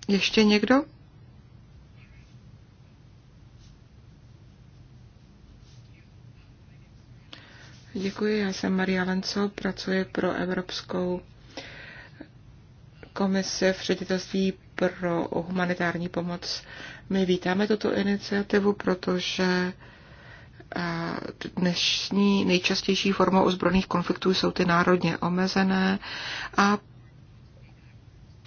Ještě někdo? Děkuji, já jsem Maria Lenco, pracuji pro Evropskou Komisi v ředitelství pro humanitární pomoc. My vítáme tuto iniciativu, protože dnešní nejčastější formou ozbrojených konfliktů jsou ty národně omezené a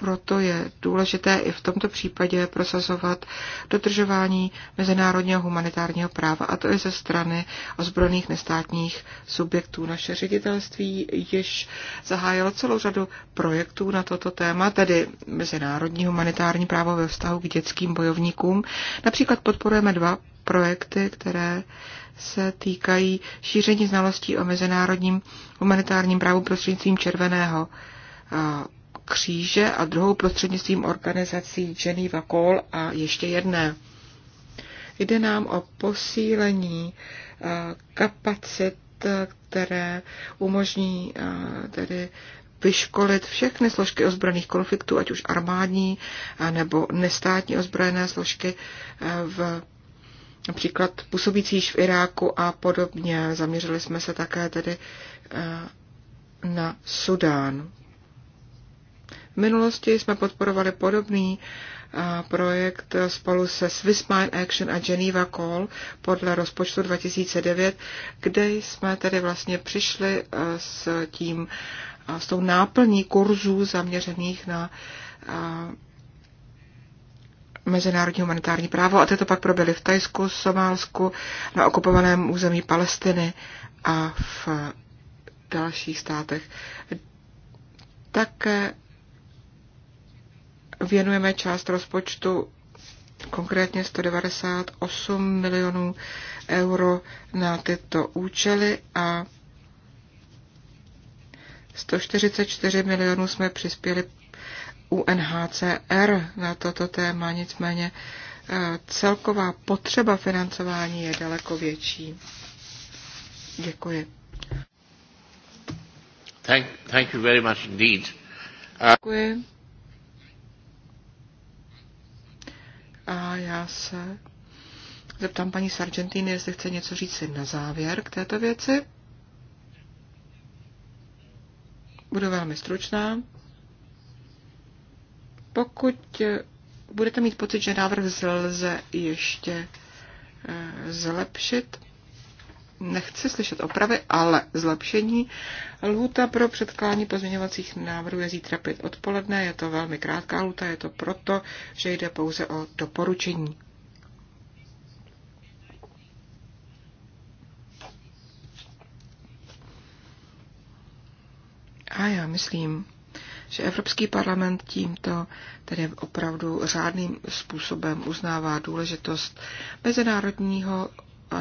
proto je důležité i v tomto případě prosazovat dodržování mezinárodního humanitárního práva, a to i ze strany ozbrojených nestátních subjektů. Naše ředitelství již zahájilo celou řadu projektů na toto téma, tedy mezinárodní humanitární právo ve vztahu k dětským bojovníkům. Například podporujeme dva projekty, které se týkají šíření znalostí o mezinárodním humanitárním právu prostřednictvím Červeného kříže a druhou prostřednictvím organizací Geneva Call a ještě jedné. Jde nám o posílení eh, kapacit, které umožní eh, tedy vyškolit všechny složky ozbrojených konfliktů, ať už armádní eh, nebo nestátní ozbrojené složky v například působící již v Iráku a podobně. Zaměřili jsme se také tedy na Sudán. V minulosti jsme podporovali podobný projekt spolu se Swiss Mine Action a Geneva Call podle rozpočtu 2009, kde jsme tedy vlastně přišli s tím, s tou náplní kurzů zaměřených na mezinárodní humanitární právo a tyto pak proběhly v Tajsku, Somálsku, na okupovaném území Palestiny a v dalších státech. Také věnujeme část rozpočtu, konkrétně 198 milionů euro na tyto účely a 144 milionů jsme přispěli UNHCR na toto téma, nicméně eh, celková potřeba financování je daleko větší. Děkuji. Thank, thank you very much indeed. Uh... Děkuji. A já se zeptám paní Sargentini, jestli chce něco říct na závěr k této věci. Budu velmi stručná. Pokud budete mít pocit, že návrh lze ještě eh, zlepšit, nechci slyšet opravy, ale zlepšení. Lhuta pro předkládání pozměňovacích návrhů je zítra pět odpoledne, je to velmi krátká lhuta, je to proto, že jde pouze o doporučení. A já myslím, že Evropský parlament tímto tedy opravdu řádným způsobem uznává důležitost mezinárodního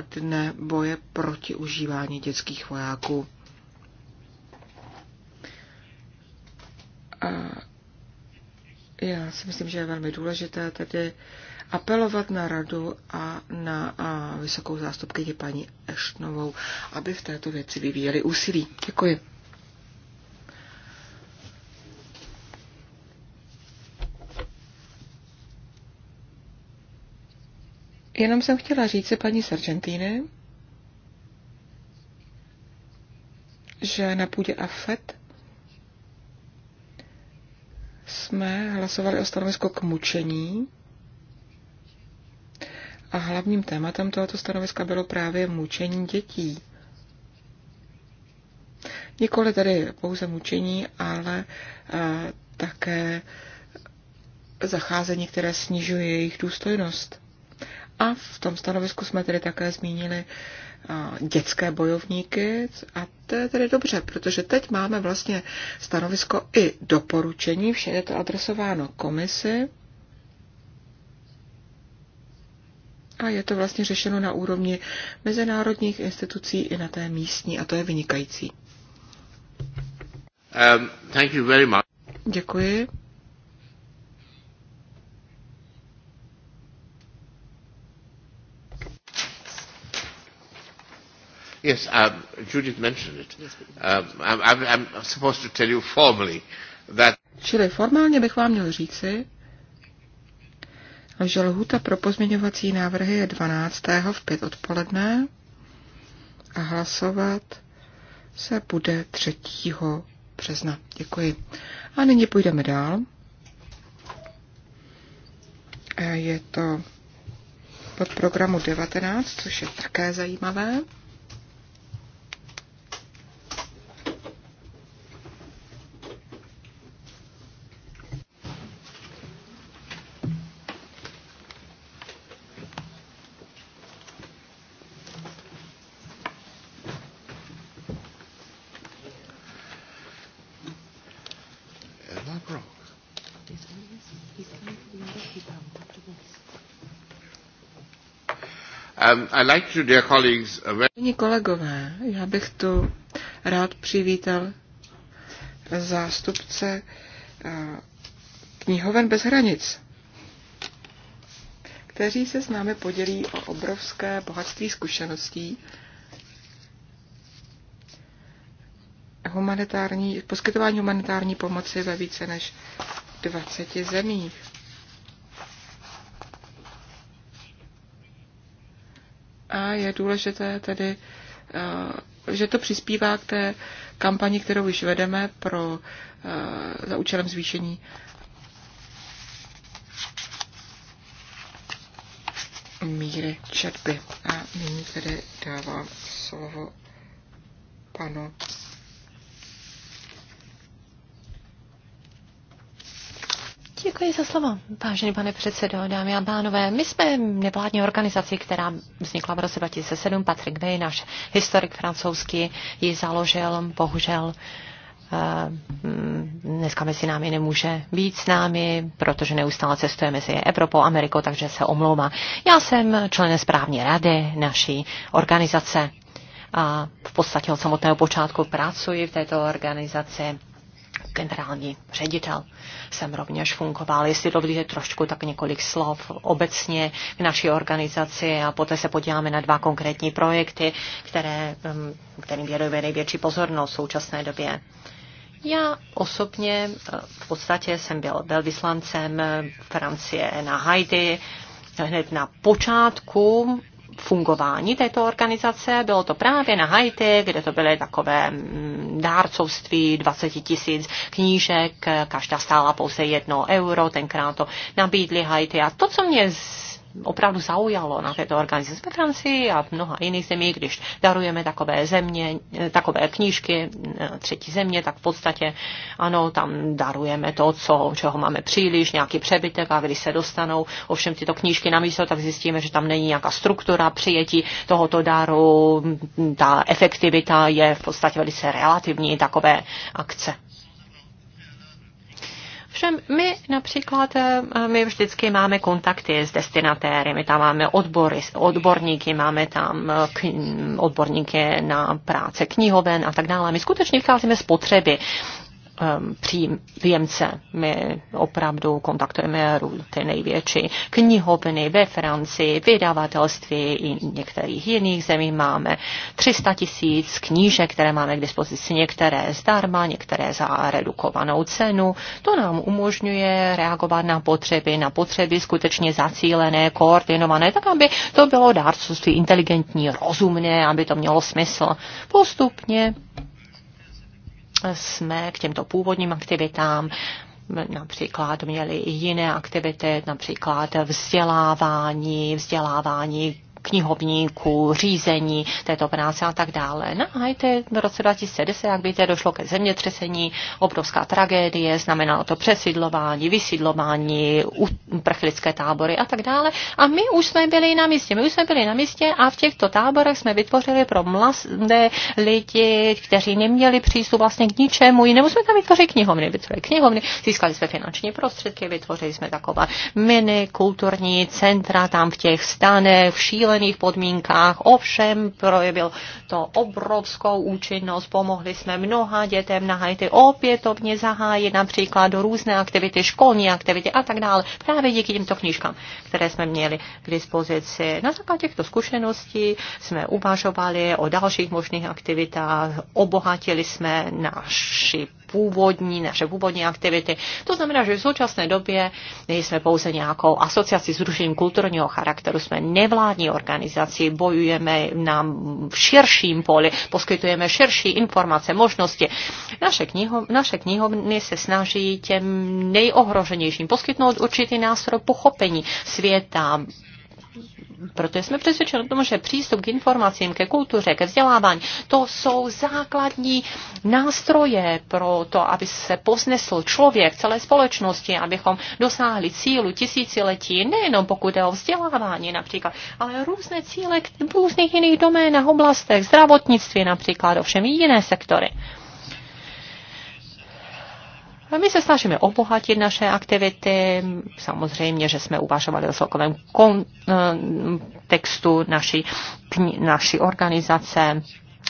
dne boje proti užívání dětských vojáků. A já si myslím, že je velmi důležité tedy apelovat na radu a na a vysokou zástupkyni paní Eštnovou, aby v této věci vyvíjeli úsilí. Děkuji. Jenom jsem chtěla říct si paní Sargentine, že na půdě AFET jsme hlasovali o stanovisko k mučení a hlavním tématem tohoto stanoviska bylo právě mučení dětí. Nikoli tedy pouze mučení, ale eh, také zacházení, které snižuje jejich důstojnost. A v tom stanovisku jsme tedy také zmínili dětské bojovníky a to je tedy dobře, protože teď máme vlastně stanovisko i doporučení, vše je to adresováno komisi a je to vlastně řešeno na úrovni mezinárodních institucí i na té místní a to je vynikající. Um, thank you very much. Děkuji. Yes, um, Judith mentioned it. Um, I'm, I'm supposed to tell you formally that... Čili formálně bych vám měl říci, že lhuta pro pozměňovací návrhy je 12. v 5 odpoledne a hlasovat se bude 3. března. Děkuji. A nyní půjdeme dál. E, je to pod programu 19, což je také zajímavé. Paní um, uh, kolegové, já bych tu rád přivítal zástupce uh, knihoven bez hranic, kteří se s námi podělí o obrovské bohatství zkušeností, humanitární, poskytování humanitární pomoci ve více než 20 zemích. a je důležité tedy, eh, že to přispívá k té kampani, kterou již vedeme pro, eh, za účelem zvýšení míry četby. A nyní tedy dávám slovo panu Děkuji za slovo, vážený pane předsedo, dámy a pánové. My jsme nevládní organizaci, která vznikla v roce 2007. Patrick Bay, náš historik francouzský, ji založil, bohužel eh, dneska mezi námi nemůže být s námi, protože neustále cestuje mezi Evropou a Amerikou, takže se omlouvá. Já jsem členem správní rady naší organizace a v podstatě od samotného počátku pracuji v této organizaci generální ředitel jsem rovněž fungoval. Jestli dovolíte trošku tak několik slov obecně k naší organizaci a poté se podíváme na dva konkrétní projekty, které, um, kterým věnujeme největší pozornost v současné době. Já osobně eh, v podstatě jsem byl velvyslancem Francie na Haiti hned na počátku fungování této organizace. Bylo to právě na Haiti, kde to byly takové mm, dárcovství 20 tisíc knížek, každá stála pouze jedno euro, tenkrát to nabídli Haiti. A to, co mě opravdu zaujalo na této organizaci ve Francii a v mnoha jiných zemí, když darujeme takové země, takové knížky eh, třetí země, tak v podstatě ano, tam darujeme to, co, čeho máme příliš, nějaký přebytek a když se dostanou ovšem tyto knížky na místo, tak zjistíme, že tam není nějaká struktura přijetí tohoto daru, ta efektivita je v podstatě velice relativní takové akce. Ovšem my například, eh, my vždycky máme kontakty s destinatéry, my tam máme odbory, odborníky, máme tam eh, odborníky na práce knihoven a tak dále. My skutečně vycházíme z potřeby Um, příjemce. My opravdu kontaktujeme ty největší knihovny ve Francii, vydavatelství i některých jiných zemí. Máme 300 tisíc knížek, které máme k dispozici, některé zdarma, některé za redukovanou cenu. To nám umožňuje reagovat na potřeby, na potřeby skutečně zacílené, koordinované, tak aby to bylo dárcovství inteligentní, rozumné, aby to mělo smysl. Postupně jsme k těmto původním aktivitám například měli i jiné aktivity, například vzdělávání, vzdělávání knihovníků, řízení této práce a tak dále. Na no Haiti v roce 2010, jak víte, došlo ke zemětřesení, obrovská tragédie, znamenalo to přesidlování, vysidlování, prchlické tábory a tak dále. A my už jsme byli na místě, my už jsme byli na místě a v těchto táborech jsme vytvořili pro mladé lidi, kteří neměli přístup vlastně k ničemu jinému, jsme tam vytvořili knihovny, vytvořili knihovny, získali jsme finanční prostředky, vytvořili jsme taková mini kulturní centra tam v těch stanech, v šíle šílených podmínkách. Ovšem projevil to obrovskou účinnost. Pomohli jsme mnoha dětem na Haiti opětovně zahájit například do různé aktivity, školní aktivity a tak dále. Právě díky těmto knížkám, které jsme měli k dispozici. Na základě těchto zkušeností jsme uvažovali o dalších možných aktivitách, obohatili jsme naši původní, naše původní aktivity. To znamená, že v současné době nejsme pouze nějakou asociací zrušení kulturního charakteru, jsme nevládní organizaci, bojujeme na širším poli, poskytujeme širší informace, možnosti. Naše, kniho, naše knihovny se snaží těm nejohroženějším poskytnout určitý nástroj pochopení světa, protože jsme přesvědčeni o tom, že přístup k informacím, ke kultuře, ke vzdělávání, to jsou základní nástroje pro to, aby se poznesl člověk celé společnosti, abychom dosáhli cílu tisíciletí, nejenom pokud je o vzdělávání například, ale různé cíle v různých jiných doménách, oblastech, zdravotnictví například, ovšem i jiné sektory. My se snažíme obohatit naše aktivity, samozřejmě, že jsme uvažovali o celkovém kontextu eh, naší, naší organizace,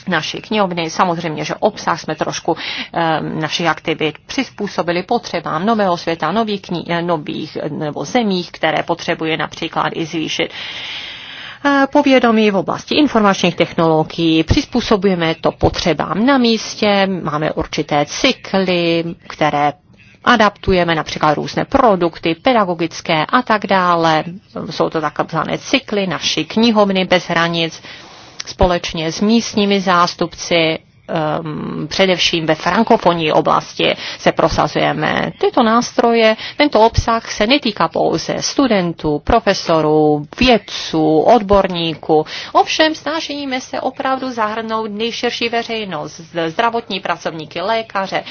naší knihovny. Samozřejmě, že obsah jsme trošku eh, našich aktivit přizpůsobili potřebám nového světa, nových, kni- eh, nových nebo zemích, které potřebuje například i zvýšit Eh, povědomí v oblasti informačních technologií, přizpůsobujeme to potřebám na místě, máme určité cykly, které adaptujeme například různé produkty, pedagogické a tak dále. Jsou to takzvané cykly naši knihovny bez hranic, společně s místními zástupci um, především ve frankofonní oblasti se prosazujeme. Tyto nástroje, tento obsah se netýká pouze studentů, profesorů, vědců, odborníků. Ovšem snažíme se opravdu zahrnout nejširší veřejnost, zdravotní pracovníky, lékaře,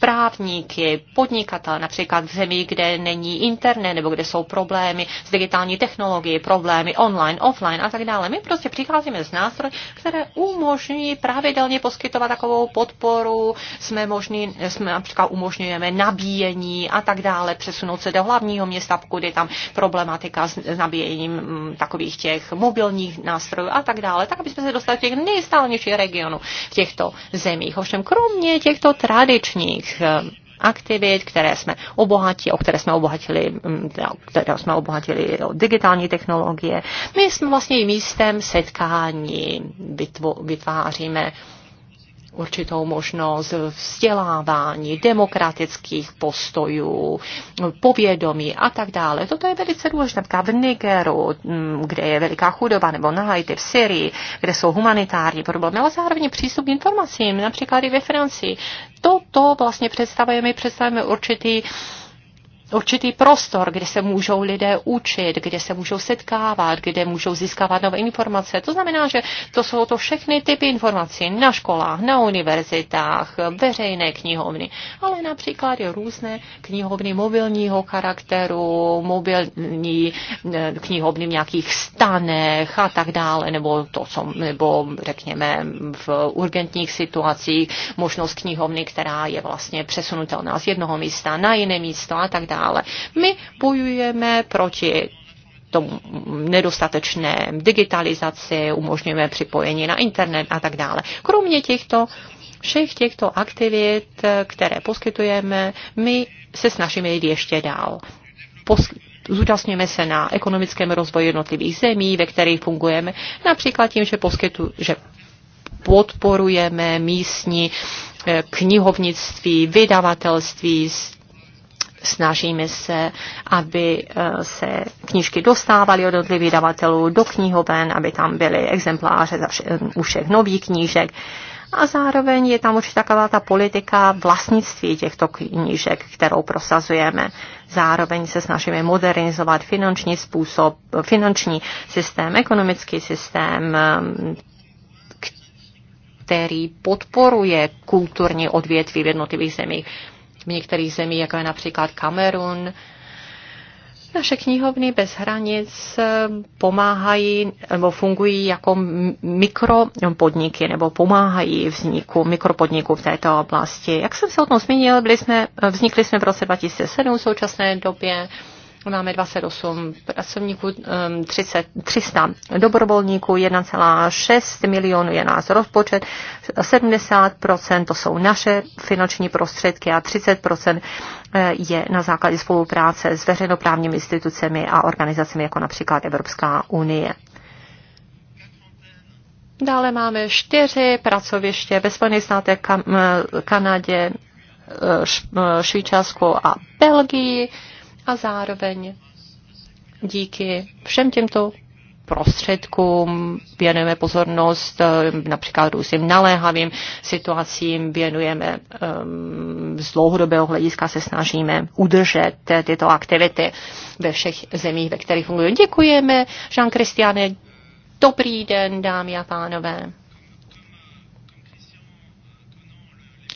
právníky, podnikatel, například v zemi, kde není internet nebo kde jsou problémy s digitální technologií, problémy online, offline a tak dále. My prostě přicházíme s nástroj, které umožní pravidelně poskytovat poskytovat takovou podporu, jsme, možný, jsme například umožňujeme nabíjení a tak dále, přesunout se do hlavního města, pokud je tam problematika s nabíjením mm, takových těch mobilních nástrojů a tak dále, tak aby jsme se dostali do těch nejstálnějších regionů v těchto zemích. Ovšem kromě těchto tradičních eh, aktivit, které jsme obohatili, o které jsme obohatili, mm, které jsme obohatili o digitální technologie. My jsme vlastně místem setkání, vytvo, vytváříme určitou možnost vzdělávání, demokratických postojů, povědomí a tak dále. Toto je velice důležité. V Nigeru, mm, kde je veliká chudoba, nebo na Haiti, v Syrii, kde jsou humanitární problémy, ale zároveň přístup k informacím, například i ve Francii. Toto vlastně představujeme, představujeme určitý uh, určitý prostor, kde se můžou lidé učit, kde se můžou setkávat, kde můžou získávat nové informace. To znamená, že to jsou to všechny typy informací na školách, na univerzitách, veřejné knihovny, ale například i různé knihovny mobilního charakteru, mobilní eh, knihovny v nějakých stanech a tak dále, nebo, to, co, nebo řekněme v urgentních situacích možnost knihovny, která je vlastně přesunutelná z jednoho místa na jiné místo a tak dále dále. My bojujeme proti tomu nedostatečné digitalizaci, umožňujeme připojení na internet a tak dále. Kromě těchto všech těchto aktivit, které poskytujeme, my se snažíme jít ještě dál. Posky zúčastňujeme se na ekonomickém rozvoji jednotlivých zemí, ve kterých fungujeme, například tím, že, poskytu, že podporujeme místní eh, knihovnictví, vydavatelství, snažíme se, aby eh, se knížky dostávaly od jednotlivých davatelů do knihoven, aby tam byly exempláře za vše, u všech nových knížek. A zároveň je tam určitě taková ta politika vlastnictví těchto knížek, kterou prosazujeme. Zároveň se snažíme modernizovat finanční způsob, finanční systém, ekonomický systém, ehm, který podporuje kulturní odvětví v jednotlivých zemích v některých zemích, jako je například Kamerun. Naše knihovny bez hranic pomáhají nebo fungují jako mikropodniky nebo pomáhají vzniku mikropodniků v této oblasti. Jak jsem se o tom zmínil, byli jsme, vznikli jsme v roce 2007 v současné době Máme 28 pracovníků, 30, um, 300 dobrovolníků, 1,6 milionů je nás rozpočet, 70% to jsou naše finanční prostředky a 30% eh, je na základě spolupráce s veřejnoprávními institucemi a organizacemi jako například Evropská unie. Dále máme čtyři pracoviště ve Spojených státech, eh, Kanadě, eh, Švýcarsku a Belgii a zároveň díky všem těmto prostředkům věnujeme pozornost eh, například různým naléhavým situacím, věnujeme ehm, z dlouhodobého hlediska se snažíme udržet eh, tyto aktivity ve všech zemích, ve kterých fungují. Děkujeme, Jean Christiane. Dobrý den, dámy a pánové.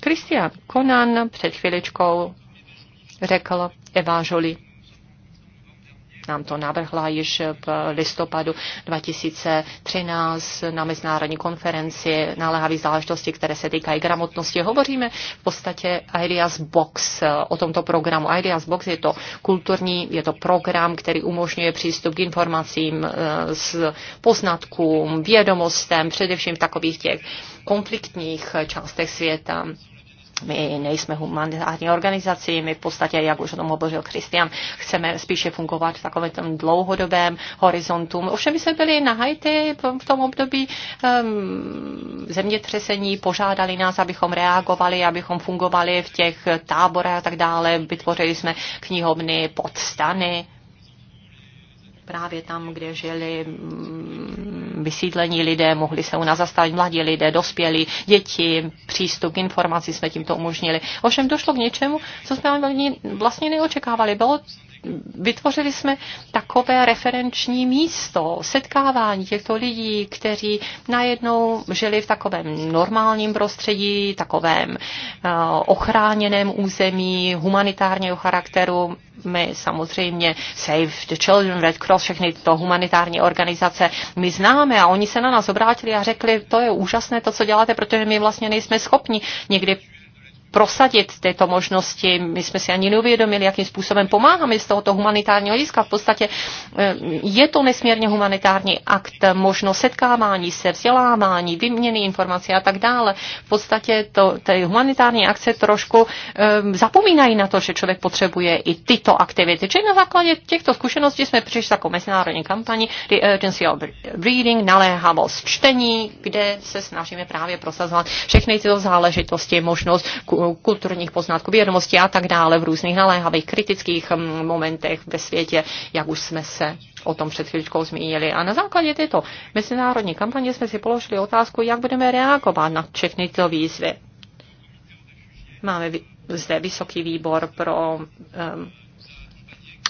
Christian Konan před chviličkou řekl, evážoli. nám to navrhla již v listopadu 2013 na mezinárodní konferenci naléhavých záležitosti, které se týkají gramotnosti. Hovoříme v podstatě Ideas Box o tomto programu. Ideas Box je to kulturní, je to program, který umožňuje přístup k informacím, eh, s poznatkům, vědomostem, především v takových těch konfliktních částech světa my nejsme humanitární organizací, my v podstatě, jak už o tom hovořil Kristian, chceme spíše fungovat v takovém tom dlouhodobém horizontu. Ovšem my jsme byli na Haiti v tom období um, zemětřesení, požádali nás, abychom reagovali, abychom fungovali v těch táborech a tak dále. Vytvořili jsme knihovny, podstany, právě tam, kde žili mm, vysídlení lidé, mohli se u nás zastavit mladí lidé, dospělí, děti, přístup k informaci jsme tímto umožnili. Ovšem došlo k něčemu, co jsme vlastně neočekávali. Bylo vytvořili jsme takové referenční místo setkávání těchto lidí, kteří najednou žili v takovém normálním prostředí, takovém eh, ochráněném území, humanitárního charakteru. My samozřejmě Save the Children, Red Cross, všechny to humanitární organizace, my známe a oni se na nás obrátili a řekli, to je úžasné to, co děláte, protože my vlastně nejsme schopni někdy prosadit tyto možnosti. My jsme si ani neuvědomili, jakým způsobem pomáháme z tohoto humanitárního hlediska. V podstatě eh, je to nesmírně humanitární akt, možnost setkávání se, vzdělávání, vyměny informací a tak dále. V podstatě to, ty humanitární akce trošku um, zapomínají na to, že člověk potřebuje i tyto aktivity. Čili na základě těchto zkušeností jsme přišli jako mezinárodní kampani The Urgency of Reading, naléhavost čtení, kde se snažíme právě prosazovat všechny tyto záležitosti, možnost kulturních poznatků, vědomosti a tak dále v různých naléhavých kritických mm, momentech ve světě, jak už jsme se o tom před chvíličkou zmínili. A na základě této mezinárodní kampaně jsme si položili otázku, jak budeme reagovat na všechny tyto výzvy. Máme zde vysoký výbor pro um,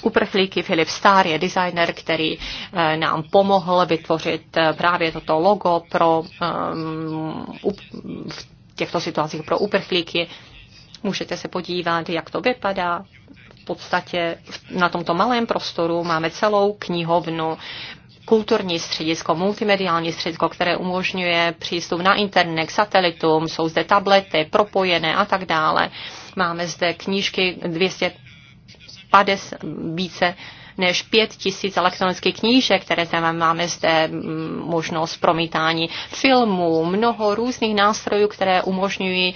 uprchlíky. Filip Star je designer, který eh, nám pomohl vytvořit eh, právě toto logo pro um, up, v těchto situacích pro uprchlíky. Můžete se podívat, jak to vypadá. V podstatě na tomto malém prostoru máme celou knihovnu, kulturní středisko, multimediální středisko, které umožňuje přístup na internet, satelitům, jsou zde tablety propojené a tak dále. Máme zde knížky 250 více než pět tisíc elektronických knížek, které zde máme zde mm, možnost promítání filmů, mnoho různých nástrojů, které umožňují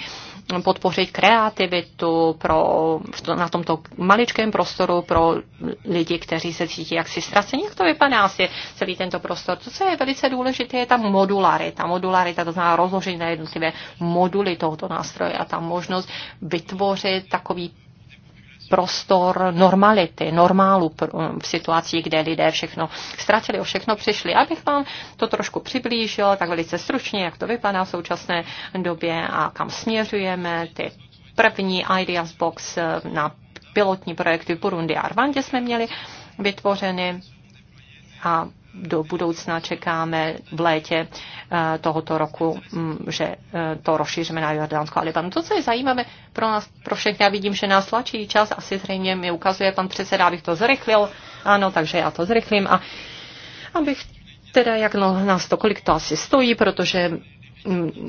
podpořit kreativitu pro, na tomto maličkém prostoru pro lidi, kteří se cítí jaksi ztraceni. Jak to vypadá asi celý tento prostor? To, co je velice důležité, je ta modularita. Modularita to znamená rozložení na jednotlivé moduly tohoto nástroje a ta možnost vytvořit takový prostor normality, normálu v situacích, kde lidé všechno ztratili, o všechno přišli. Abych vám to trošku přiblížil, tak velice stručně, jak to vypadá v současné době a kam směřujeme, ty první Ideas Box eh, na pilotní projekty v Burundi a Rwandě jsme měli vytvořeny a do budoucna čekáme v létě eh, tohoto roku, mm, že eh, to rozšíříme na Jordánsko a Libanon. To, co je zajímavé pro nás, pro všechny, já vidím, že nás tlačí čas, asi zřejmě mi ukazuje pan předseda, abych to zrychlil, ano, takže já to zrychlím a abych teda, jak no, nás to, kolik to asi stojí, protože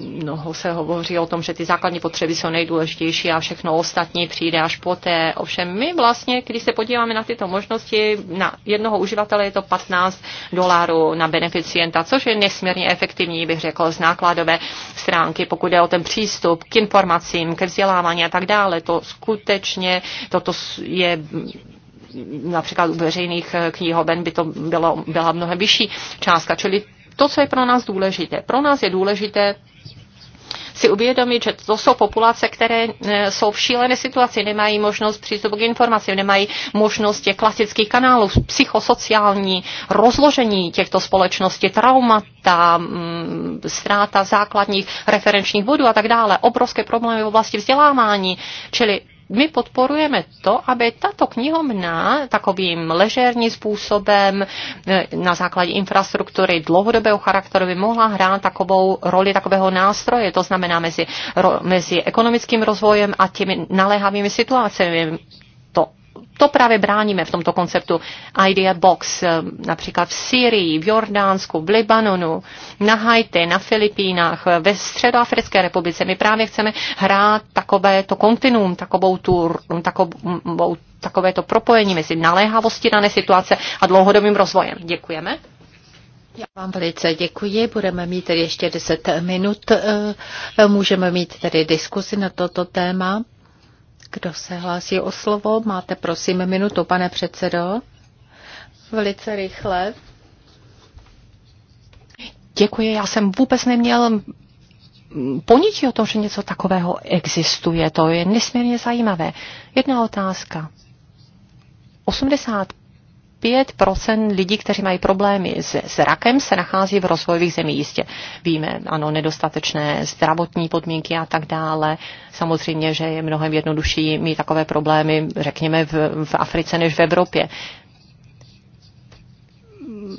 mnoho se hovoří o tom, že ty základní potřeby jsou nejdůležitější a všechno ostatní přijde až poté. Ovšem my vlastně, když se podíváme na tyto možnosti, na jednoho uživatele je to 15 dolarů na beneficienta, což je nesmírně efektivní, bych řekl, z nákladové stránky, pokud je o ten přístup k informacím, ke vzdělávání a tak dále. To skutečně, toto je například u veřejných eh, knihoven by to bylo, byla mnohem vyšší částka. Čili to, co je pro nás důležité. Pro nás je důležité si uvědomit, že to jsou populace, které e, jsou v šílené situaci, nemají možnost přístupu k informacím, nemají možnost těch klasických kanálů, psychosociální rozložení těchto společností, traumata, ztráta základních referenčních bodů a tak dále, obrovské problémy v oblasti vzdělávání, čili my podporujeme to, aby tato knihovna takovým ležérním způsobem e, na základě infrastruktury dlouhodobého charakteru by mohla hrát takovou roli takového nástroje, to znamená mezi, ro, mezi ekonomickým rozvojem a těmi naléhavými situacemi to právě bráníme v tomto konceptu Idea Box, eh, například v Syrii, v Jordánsku, v Libanonu, na Haiti, na Filipínách, eh, ve Středoafrické republice. My právě chceme hrát takové to kontinuum, takovou tu, takovou, mm, takové to propojení mezi naléhavostí dané situace a dlouhodobým rozvojem. Děkujeme. Já vám velice děkuji. Budeme mít tedy ještě 10 minut. Eh, můžeme mít tedy diskusi na toto téma. Kdo se hlásí o slovo? Máte prosím minutu, pane předsedo. Velice rychle. Děkuji, já jsem vůbec neměl ponětí o tom, že něco takového existuje. To je nesmírně zajímavé. Jedna otázka. 80 5 lidí, kteří mají problémy s, s rakem, se nachází v rozvojových zemích. Jistě víme, ano, nedostatečné zdravotní podmínky a tak dále. Samozřejmě, že je mnohem jednodušší mít takové problémy, řekněme, v, v Africe než v Evropě.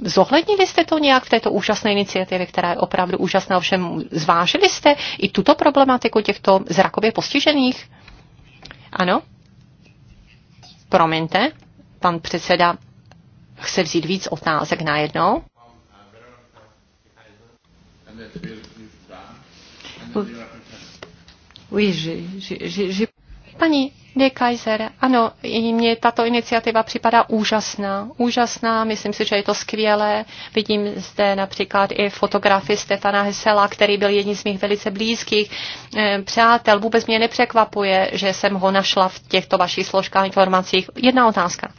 Zohlednili jste to nějak v této úžasné iniciativě, která je opravdu úžasná, ovšem zvážili jste i tuto problematiku těchto zrakově postižených? Ano? Promiňte, pan předseda chce vzít víc otázek najednou? Oui, j'ai, Paní de Kaiser, ano, mně tato iniciativa připadá úžasná. Úžasná, myslím si, že je to skvělé. Vidím zde například i fotografii Stefana Hesela, který byl jedním z mých velice blízkých eh, přátel. Vůbec mě nepřekvapuje, že jsem ho našla v těchto vašich složkách informacích. Jedna otázka.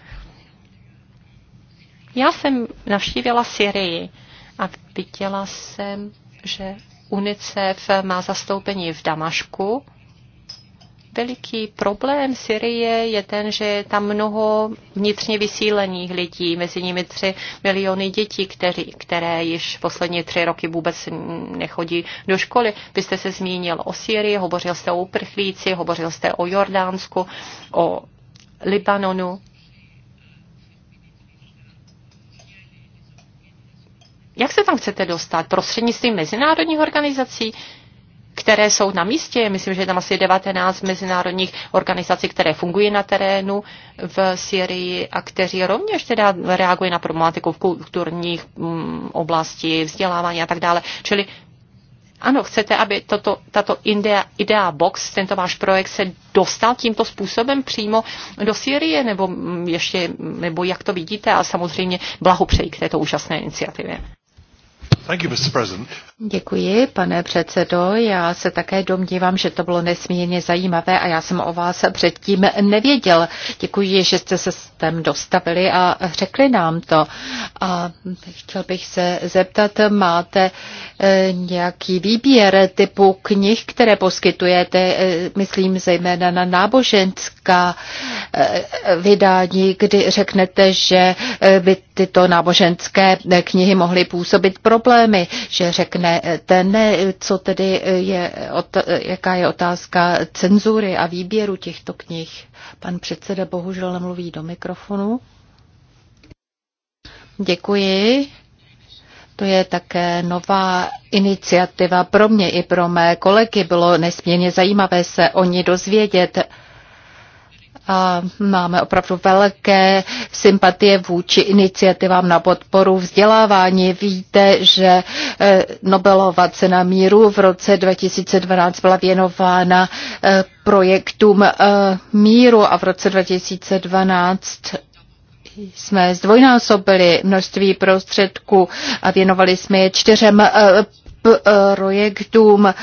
Já jsem navštívila Syrii a viděla jsem, že UNICEF má zastoupení v Damašku. Veliký problém Syrie je ten, že je tam mnoho vnitřně vysílených lidí, mezi nimi tři miliony dětí, které, které již poslední tři roky vůbec nechodí do školy. Vy jste se zmínil o Syrii, hovořil jste o uprchlíci, hovořil jste o Jordánsku, o Libanonu. Jak se tam chcete dostat? Prostřednictvím mezinárodních organizací? které jsou na místě. Myslím, že je tam asi 19 mezinárodních organizací, které fungují na terénu v Syrii a kteří rovněž teda reagují na problematiku v kulturních mm, oblasti, vzdělávání a tak dále. Čili ano, chcete, aby toto, tato idea, idea Box, tento váš projekt se dostal tímto způsobem přímo do Syrie, nebo mm, ještě, nebo jak to vidíte a samozřejmě blahopřeji k této úžasné iniciativě. Děkuji, pane předsedo. Já se také domnívám, že to bylo nesmírně zajímavé a já jsem o vás předtím nevěděl. Děkuji, že jste se tím dostavili a řekli nám to. A chtěl bych se zeptat, máte eh, nějaký výběr typu knih, které poskytujete, eh, myslím zejména na náboženská eh, vydání, kdy řeknete, že by tyto náboženské eh, knihy mohly působit problémy, že řekne ten, co tedy je, jaká je otázka cenzury a výběru těchto knih. Pan předseda bohužel nemluví do mikrofonu. Děkuji. To je také nová iniciativa pro mě i pro mé kolegy. Bylo nesmírně zajímavé se o ní dozvědět a máme opravdu velké sympatie vůči iniciativám na podporu vzdělávání. Víte, že e, Nobelova cena míru v roce 2012 byla věnována e, projektům e, míru a v roce 2012 jsme zdvojnásobili množství prostředků a věnovali jsme je čtyřem projektům, eh,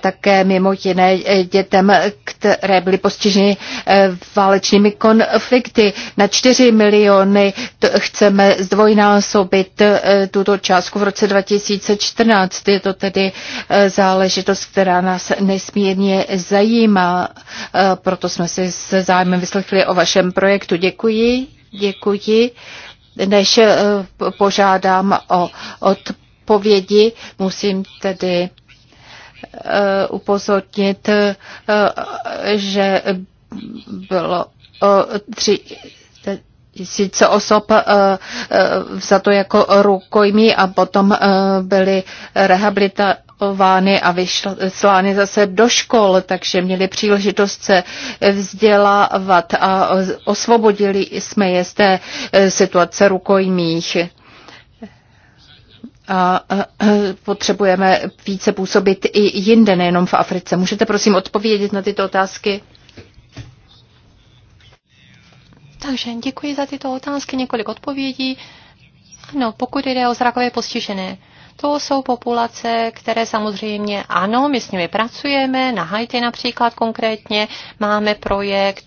také mimo jiné eh, dětem, které byly postiženy eh, válečnými konflikty. Na 4 miliony chceme zdvojnásobit tuto částku v roce 2014. Je to tedy záležitost, která nás nesmírně zajímá. Proto jsme si s zájmem vyslechli o vašem projektu. Děkuji. Děkuji než požádám o odpověď odpovědi. Musím tedy eh, upozornit, eh, že bylo eh, tři tisíce osob za to jako rukojmí a potom byly rehabilitovány a vyslány zase do škol, takže měli příležitost se vzdělávat a osvobodili jsme je z té situace rukojmích a potřebujeme více působit i jinde, nejenom v Africe. Můžete prosím odpovědět na tyto otázky? Takže děkuji za tyto otázky, několik odpovědí. Ano, pokud jde o zrakové postižené, to jsou populace, které samozřejmě, ano, my s nimi pracujeme, na Haiti například konkrétně máme projekt,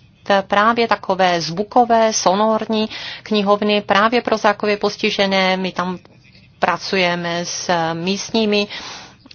právě takové zvukové, sonorní knihovny právě pro zrakově postižené. My tam pracujeme s místními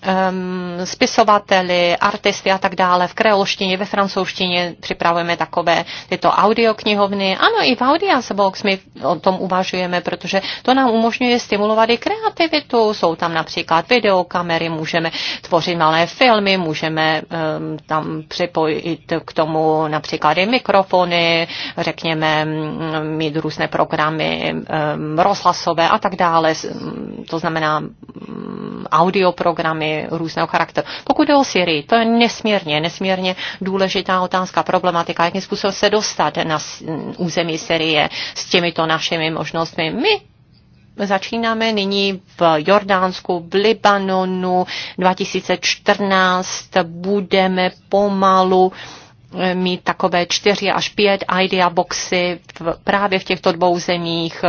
um, spisovateli, artisty a tak dále v kreolštině, ve francouzštině připravujeme takové tyto audioknihovny. Ano, i v Audiasbox my o tom uvažujeme, protože to nám umožňuje stimulovat i kreativitu. Jsou tam například videokamery, můžeme tvořit malé filmy, můžeme um, tam připojit k tomu například i mikrofony, řekněme, mm, mít různé programy um, rozhlasové a tak dále. Mm, to znamená mm, audioprogramy, audio programy, různého charakteru. Pokud jde o Syrii, to je nesmírně, nesmírně důležitá otázka, problematika, jakým způsobem se dostat na území Syrie s těmito našimi možnostmi. My začínáme nyní v Jordánsku, v Libanonu 2014, budeme pomalu mít takové čtyři až pět idea boxy v, právě v těchto dvou zemích.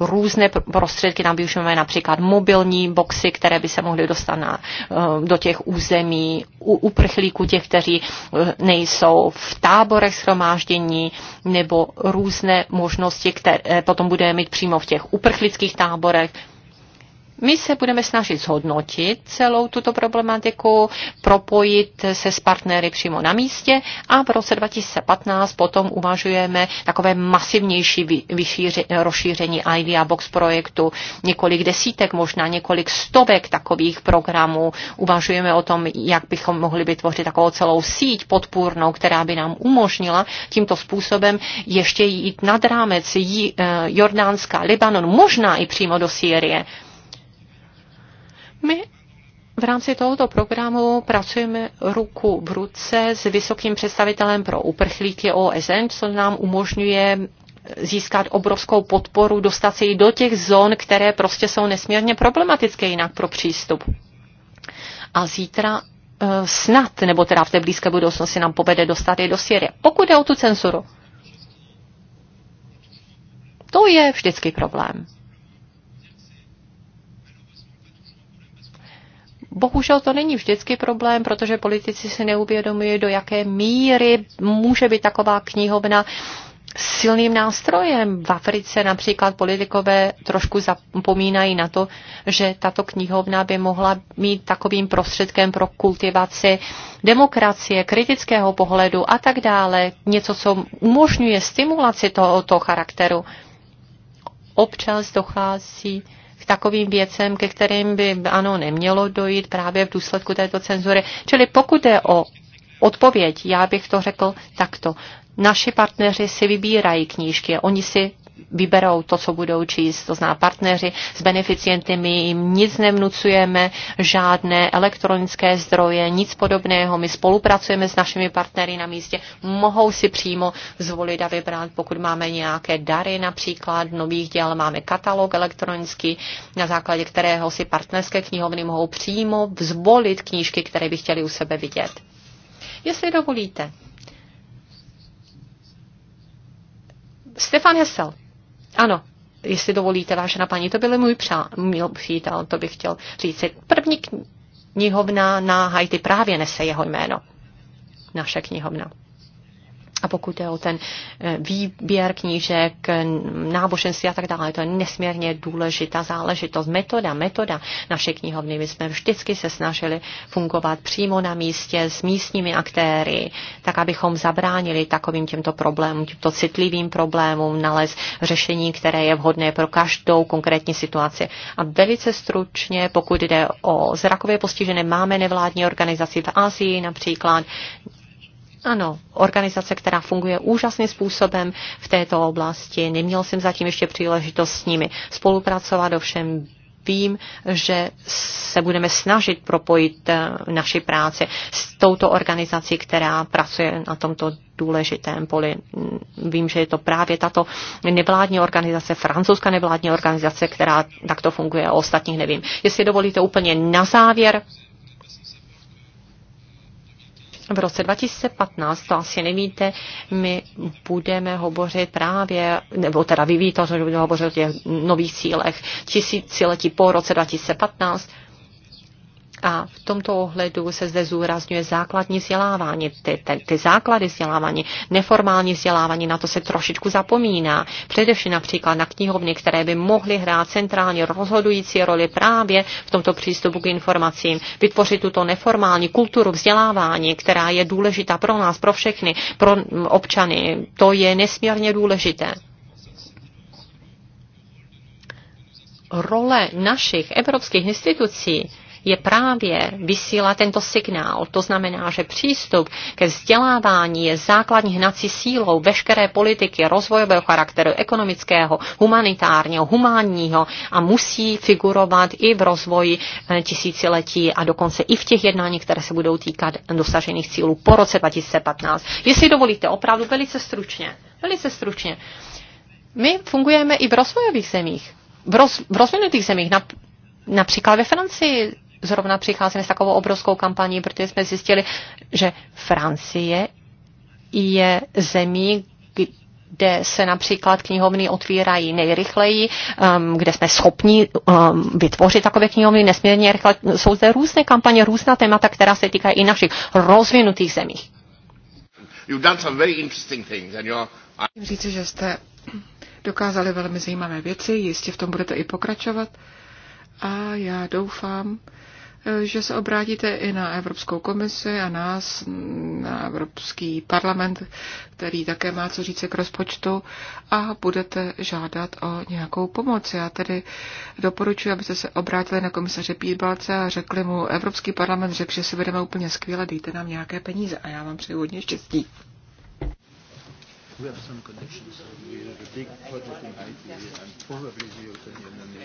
Různé prostředky tam využíváme například mobilní boxy, které by se mohly dostat na, eh, do těch území u uprchlíků, těch, kteří eh, nejsou v táborech schromáždění, nebo různé možnosti, které potom budeme mít přímo v těch uprchlických táborech, my se budeme snažit zhodnotit celou tuto problematiku, propojit se s partnery přímo na místě a v roce 2015 potom uvažujeme takové masivnější vyšíři, rozšíření Idea Box projektu, několik desítek, možná několik stovek takových programů. Uvažujeme o tom, jak bychom mohli vytvořit takovou celou síť podpůrnou, která by nám umožnila tímto způsobem ještě jít nad rámec eh, Jordánska, Libanon, možná i přímo do Sýrie. My v rámci tohoto programu pracujeme ruku v ruce s vysokým představitelem pro uprchlíky OSN, co nám umožňuje získat obrovskou podporu, dostat se i do těch zón, které prostě jsou nesmírně problematické jinak pro přístup. A zítra eh, snad, nebo teda v té blízké budoucnosti nám povede dostat i do Syrie. Pokud je o tu cenzuru, to je vždycky problém. Bohužel to není vždycky problém, protože politici si neuvědomují, do jaké míry může být taková knihovna silným nástrojem. V Africe například politikové trošku zapomínají na to, že tato knihovna by mohla mít takovým prostředkem pro kultivaci demokracie, kritického pohledu a tak dále. Něco, co umožňuje stimulaci tohoto charakteru. Občas dochází takovým věcem, ke kterým by ano nemělo dojít právě v důsledku této cenzury. Čili pokud je o odpověď, já bych to řekl takto. Naši partneři si vybírají knížky, oni si vyberou to, co budou číst, to zná partneři s beneficienty, my jim nic nevnucujeme, žádné elektronické zdroje, nic podobného, my spolupracujeme s našimi partnery na místě, mohou si přímo zvolit a vybrat, pokud máme nějaké dary například nových děl, máme katalog elektronický, na základě kterého si partnerské knihovny mohou přímo zvolit knížky, které by chtěli u sebe vidět. Jestli dovolíte, Stefan Hessel. Ano, jestli dovolíte, vážená paní, to byl můj, přá, můj přítel, to bych chtěl říct. První knihovna na Haiti právě nese jeho jméno. Naše knihovna. A pokud je o ten eh, výběr knížek, náboženství a tak dále, to je nesmírně důležitá záležitost. Metoda, metoda naše knihovny. My jsme vždycky se snažili fungovat přímo na místě s místními aktéry, tak abychom zabránili takovým těmto problémům, těmto citlivým problémům, nalez řešení, které je vhodné pro každou konkrétní situaci. A velice stručně, pokud jde o zrakově postižené, máme nevládní organizaci v Asii například, ano, organizace, která funguje úžasným způsobem v této oblasti. Neměl jsem zatím ještě příležitost s nimi spolupracovat, ovšem vím, že se budeme snažit propojit eh, naši práci s touto organizací, která pracuje na tomto důležitém poli. Mm, vím, že je to právě tato nevládní organizace, francouzská nevládní organizace, která takto funguje a ostatních nevím. Jestli dovolíte úplně na závěr, v roce 2015, to asi nevíte, my budeme hovořit právě, nebo teda vy víte, že budeme hovořit o těch nových cílech tisíciletí po roce 2015, a v tomto ohledu se zde zúrazňuje základní vzdělávání, ty, ty, ty základy vzdělávání, neformální vzdělávání, na to se trošičku zapomíná. Především například na knihovny, které by mohly hrát centrálně rozhodující roli právě v tomto přístupu k informacím, vytvořit tuto neformální kulturu vzdělávání, která je důležitá pro nás, pro všechny, pro občany. To je nesmírně důležité. Role našich evropských institucí je právě vysílá tento signál. To znamená, že přístup ke vzdělávání je základní hnací sílou veškeré politiky rozvojového charakteru, ekonomického, humanitárního, humánního a musí figurovat i v rozvoji eh, tisíciletí a dokonce i v těch jednáních, které se budou týkat dosažených cílů po roce 2015. Jestli dovolíte, opravdu velice stručně, velice stručně. My fungujeme i v rozvojových zemích, v, roz, v rozvinutých zemích, na, například ve Francii zrovna přicházíme s takovou obrovskou kampaní, protože jsme zjistili, že Francie je zemí, kde se například knihovny otvírají nejrychleji, um, kde jsme schopni um, vytvořit takové knihovny nesmírně rychle. Jsou zde různé kampaně, různá témata, která se týkají i našich rozvinutých zemí. Říci, že jste dokázali velmi zajímavé věci, jistě v tom budete i pokračovat. A já doufám, Eh, že se obrátíte i na Evropskou komisi a nás, na Evropský parlament, který také má co říct k rozpočtu a budete žádat o nějakou pomoc. Já tedy doporučuji, abyste se obrátili na komisaře Pítbalce a řekli mu, Evropský parlament řekl, že si vedeme úplně skvěle, dejte nám nějaké peníze a já vám přeji hodně štěstí. We have some connections. We have a big project in IT e and probably the European Union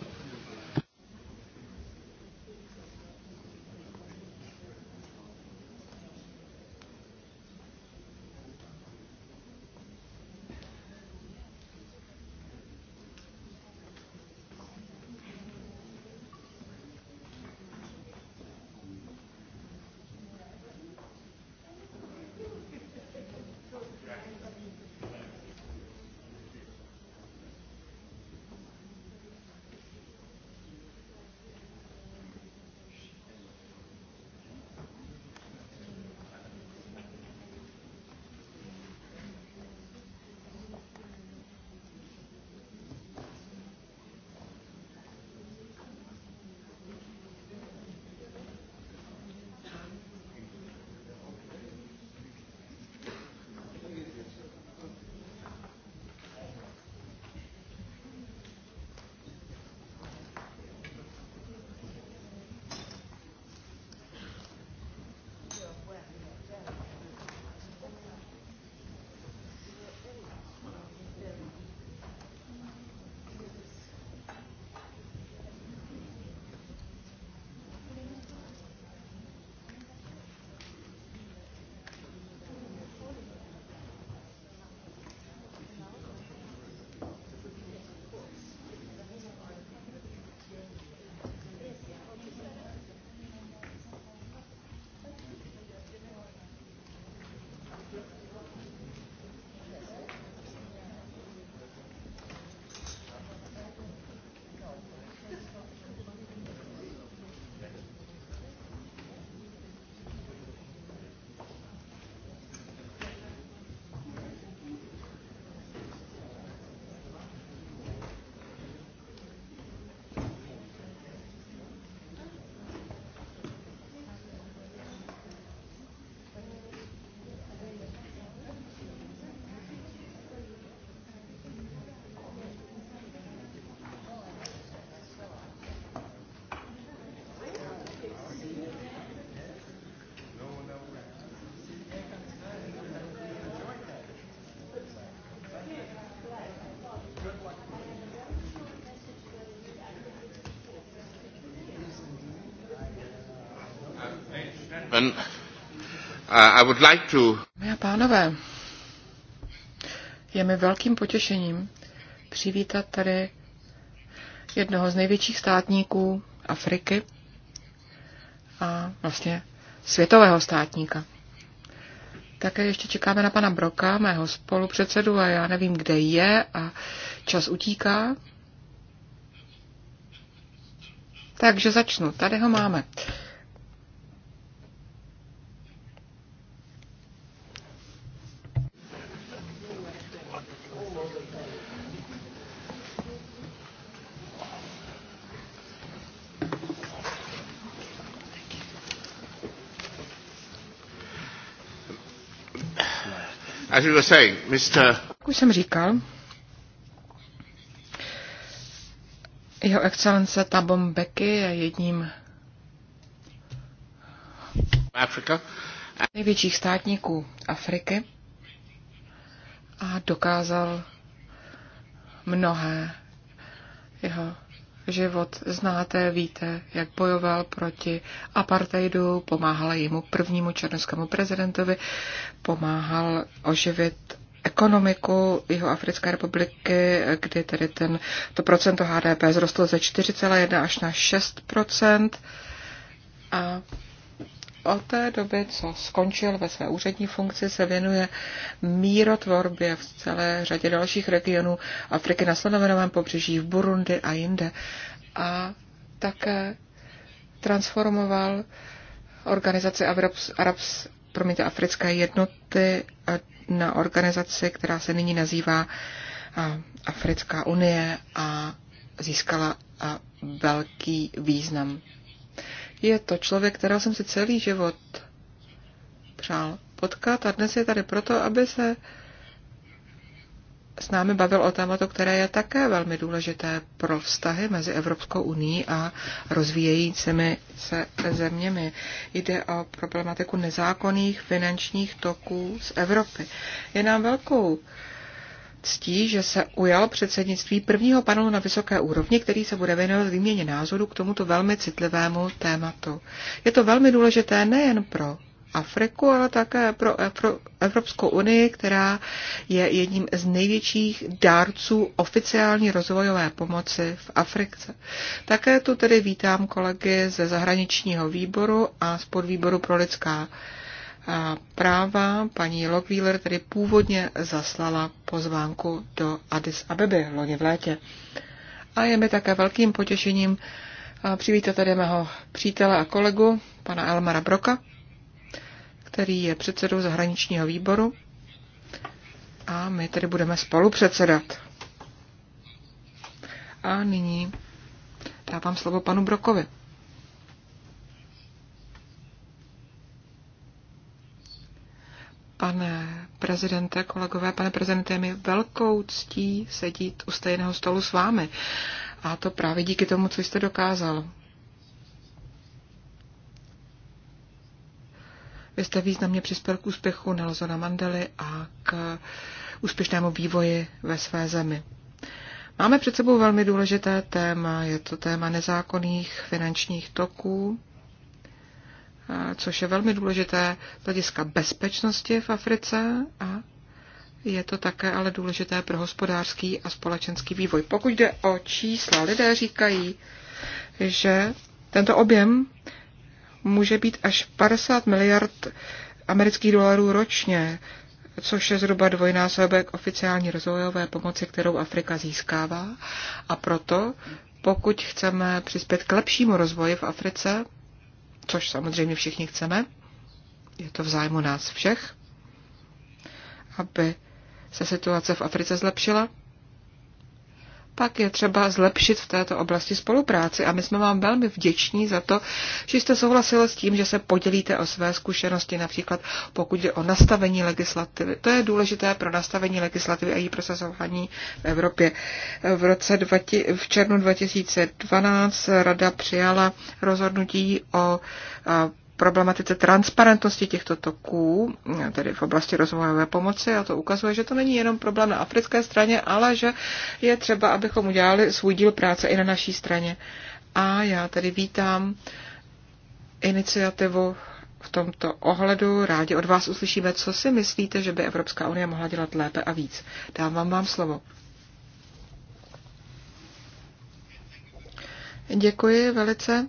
gentlemen, uh, I would like to... Dámy a pánové, je mi velkým potěšením přivítat tady jednoho z největších státníků Afriky a vlastně světového státníka. Také ještě čekáme na pana Broka, mého spolupředsedu, a já nevím, kde je a čas utíká. Takže začnu. Tady ho máme. As we were saying, Mr. Jak už jsem říkal, jeho excelence Tabom Beky je jedním Africa. největších státníků Afriky a dokázal mnohé. Jeho život znáte, víte, jak bojoval proti apartheidu, pomáhal jemu prvnímu černoskému prezidentovi, pomáhal oživit ekonomiku jeho Africké republiky, kdy tedy ten, to procento HDP zrostlo ze 4,1 až na 6 a od té doby, co skončil ve své úřední funkci, se věnuje mírotvorbě v celé řadě dalších regionů Afriky na slonovenovém pobřeží, v Burundi a jinde. A také transformoval organizaci Arabs, Arabs promiňte, Africké jednoty na organizaci, která se nyní nazývá Africká unie a získala velký význam je to člověk, kterého jsem si celý život přál potkat a dnes je tady proto, aby se s námi bavil o tématu, které je také velmi důležité pro vztahy mezi Evropskou uní a rozvíjejícími se zeměmi. Jde o problematiku nezákonných finančních toků z Evropy. Je nám velkou ctí, že se ujal předsednictví prvního panelu na vysoké úrovni, který se bude věnovat výměně názoru k tomuto velmi citlivému tématu. Je to velmi důležité nejen pro Afriku, ale také pro Evropskou unii, která je jedním z největších dárců oficiální rozvojové pomoci v Africe. Také tu tedy vítám kolegy ze zahraničního výboru a z podvýboru pro lidská práva paní Lockwheeler tedy původně zaslala pozvánku do Addis Abeby loni v létě. A je mi také velkým potěšením přivítat tady mého přítele a kolegu, pana Elmara Broka, který je předsedou zahraničního výboru a my tedy budeme spolu předsedat. A nyní dávám slovo panu Brokovi. Pane prezidente, kolegové, pane prezidente, je mi velkou ctí sedít u stejného stolu s vámi. A to právě díky tomu, co jste dokázal. Vy jste významně přispěl k úspěchu Nelsona Mandely a k úspěšnému vývoji ve své zemi. Máme před sebou velmi důležité téma, je to téma nezákonných finančních toků, což je velmi důležité z hlediska bezpečnosti v Africe a je to také ale důležité pro hospodářský a společenský vývoj. Pokud jde o čísla, lidé říkají, že tento objem může být až 50 miliard amerických dolarů ročně, což je zhruba dvojnásobek oficiální rozvojové pomoci, kterou Afrika získává. A proto, pokud chceme přispět k lepšímu rozvoji v Africe, což samozřejmě všichni chceme, je to v zájmu nás všech, aby se situace v Africe zlepšila naopak je třeba zlepšit v této oblasti spolupráci a my jsme vám velmi vděční za to, že jste souhlasili s tím, že se podělíte o své zkušenosti, například pokud jde o nastavení legislativy. To je důležité pro nastavení legislativy a její prosazování v Evropě. V, roce 20, v červnu 2012 Rada přijala rozhodnutí o problematice transparentnosti těchto toků, tedy v oblasti rozvojové pomoci, a to ukazuje, že to není jenom problém na africké straně, ale že je třeba, abychom udělali svůj díl práce i na naší straně. A já tedy vítám iniciativu v tomto ohledu. Rádi od vás uslyšíme, co si myslíte, že by Evropská unie mohla dělat lépe a víc. Dám vám vám slovo. Děkuji velice.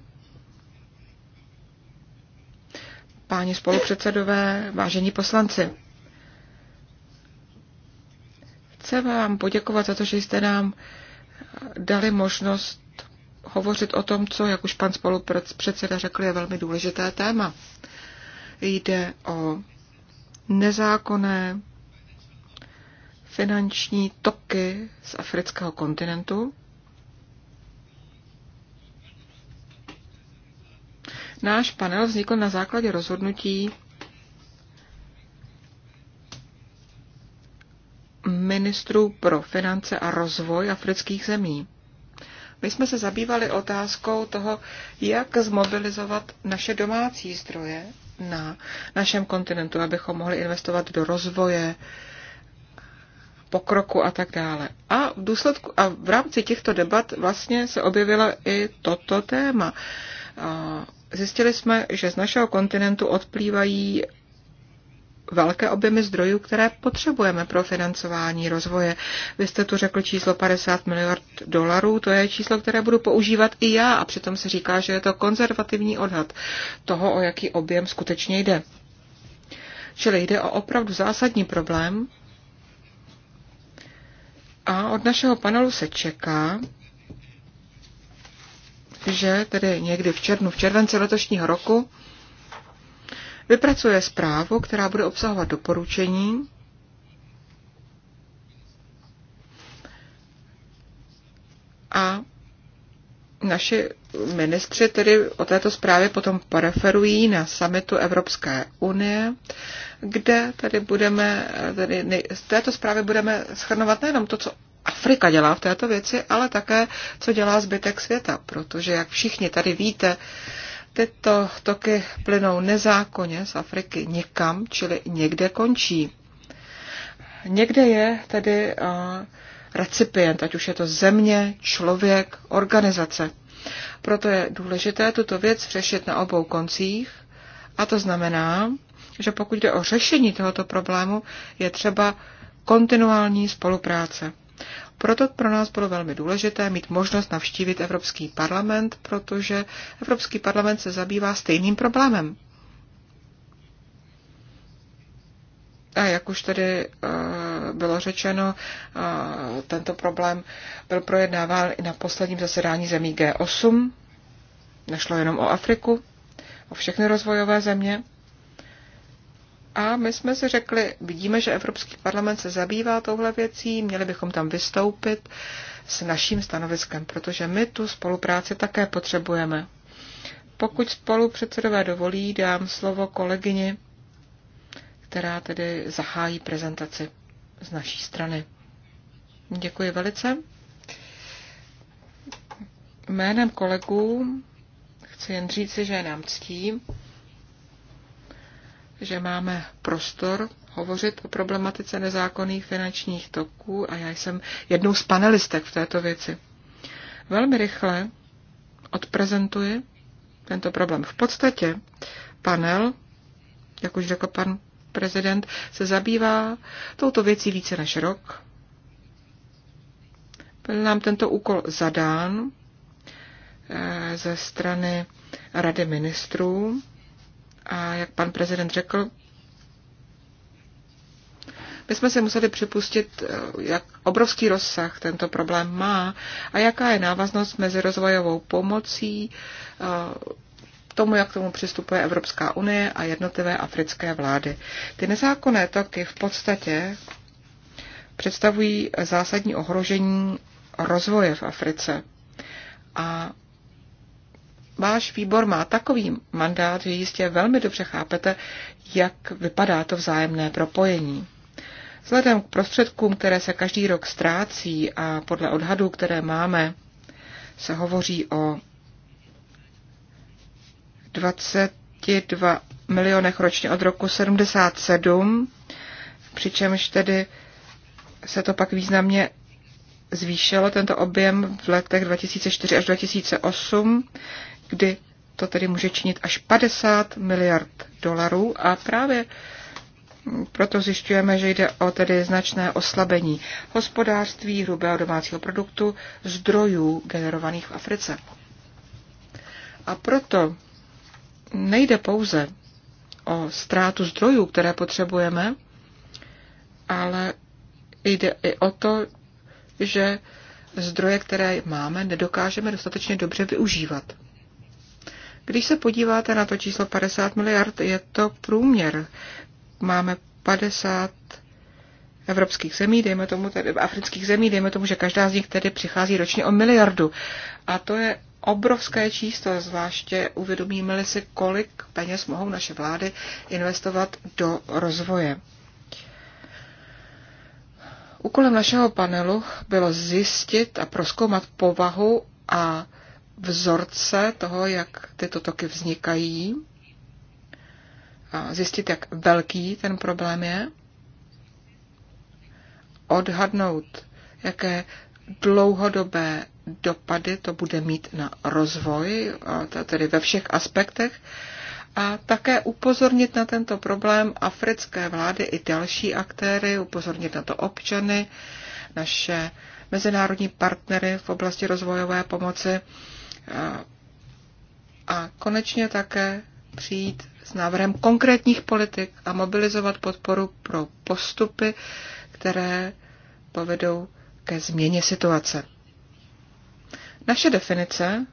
páni spolupředsedové, vážení poslanci. Chci vám poděkovat za to, že jste nám dali možnost hovořit o tom, co, jak už pan spolupředseda řekl, je velmi důležité téma. Jde o nezákonné finanční toky z afrického kontinentu, Náš panel vznikl na základě rozhodnutí ministrů pro finance a rozvoj afrických zemí. My jsme se zabývali otázkou toho, jak zmobilizovat naše domácí zdroje na našem kontinentu, abychom mohli investovat do rozvoje, pokroku a tak dále. A v, důsledku, a v rámci těchto debat vlastně se objevilo i toto téma. Zjistili jsme, že z našeho kontinentu odplývají velké objemy zdrojů, které potřebujeme pro financování rozvoje. Vy jste tu řekl číslo 50 miliard dolarů, to je číslo, které budu používat i já a přitom se říká, že je to konzervativní odhad toho, o jaký objem skutečně jde. Čili jde o opravdu zásadní problém a od našeho panelu se čeká, že tedy někdy v červnu, v červenci letošního roku vypracuje zprávu, která bude obsahovat doporučení a naši ministři tedy o této zprávě potom preferují na samitu Evropské unie, kde tedy budeme, tedy z této zprávy budeme schrnovat nejenom to, co Afrika dělá v této věci, ale také, co dělá zbytek světa, protože, jak všichni tady víte, tyto toky plynou nezákonně z Afriky někam, čili někde končí. Někde je tedy uh, recipient, ať už je to země, člověk, organizace. Proto je důležité tuto věc řešit na obou koncích a to znamená, že pokud jde o řešení tohoto problému, je třeba kontinuální spolupráce. Proto pro nás bylo velmi důležité mít možnost navštívit Evropský parlament, protože Evropský parlament se zabývá stejným problémem. A jak už tady eh, bylo řečeno, eh, tento problém byl projednáván i na posledním zasedání zemí G8. Nešlo jenom o Afriku, o všechny rozvojové země. A my jsme si řekli, vidíme, že Evropský parlament se zabývá touhle věcí, měli bychom tam vystoupit s naším stanoviskem, protože my tu spolupráci také potřebujeme. Pokud spolu předsedové dovolí, dám slovo kolegyni, která tedy zahájí prezentaci z naší strany. Děkuji velice. Jménem kolegů chci jen říci, že je nám ctí že máme prostor hovořit o problematice nezákonných finančních toků a já jsem jednou z panelistek v této věci. Velmi rychle odprezentuji tento problém. V podstatě panel, jak už řekl pan prezident, se zabývá touto věcí více než rok. Byl nám tento úkol zadán eh, ze strany Rady ministrů a jak pan prezident řekl, my jsme si museli připustit, eh, jak obrovský rozsah tento problém má a jaká je návaznost mezi rozvojovou pomocí, eh, tomu, jak tomu přistupuje Evropská unie a jednotlivé africké vlády. Ty nezákonné toky v podstatě představují zásadní ohrožení rozvoje v Africe. A Váš výbor má takový mandát, že jistě velmi dobře chápete, jak vypadá to vzájemné propojení. Vzhledem k prostředkům, které se každý rok ztrácí a podle odhadů, které máme, se hovoří o 22 milionech ročně od roku 77, přičemž tedy se to pak významně zvýšilo tento objem v letech 2004 až 2008 kdy to tedy může činit až 50 miliard dolarů a právě proto zjišťujeme, že jde o tedy značné oslabení hospodářství, hrubého domácího produktu, zdrojů generovaných v Africe. A proto nejde pouze o ztrátu zdrojů, které potřebujeme, ale jde i o to, že zdroje, které máme, nedokážeme dostatečně dobře využívat. Když se podíváte na to číslo 50 miliard, je to průměr. Máme 50 evropských zemí, dejme tomu tedy afrických zemí, dejme tomu, že každá z nich tedy přichází ročně o miliardu. A to je obrovské číslo, zvláště uvědomíme-li si, kolik peněz mohou naše vlády investovat do rozvoje. Úkolem našeho panelu bylo zjistit a proskoumat povahu a vzorce toho, jak tyto toky vznikají, a zjistit, jak velký ten problém je, odhadnout, jaké dlouhodobé dopady to bude mít na rozvoj, tedy ve všech aspektech, a také upozornit na tento problém africké vlády i další aktéry, upozornit na to občany, naše mezinárodní partnery v oblasti rozvojové pomoci, a konečně také přijít s návrhem konkrétních politik a mobilizovat podporu pro postupy, které povedou ke změně situace. Naše definice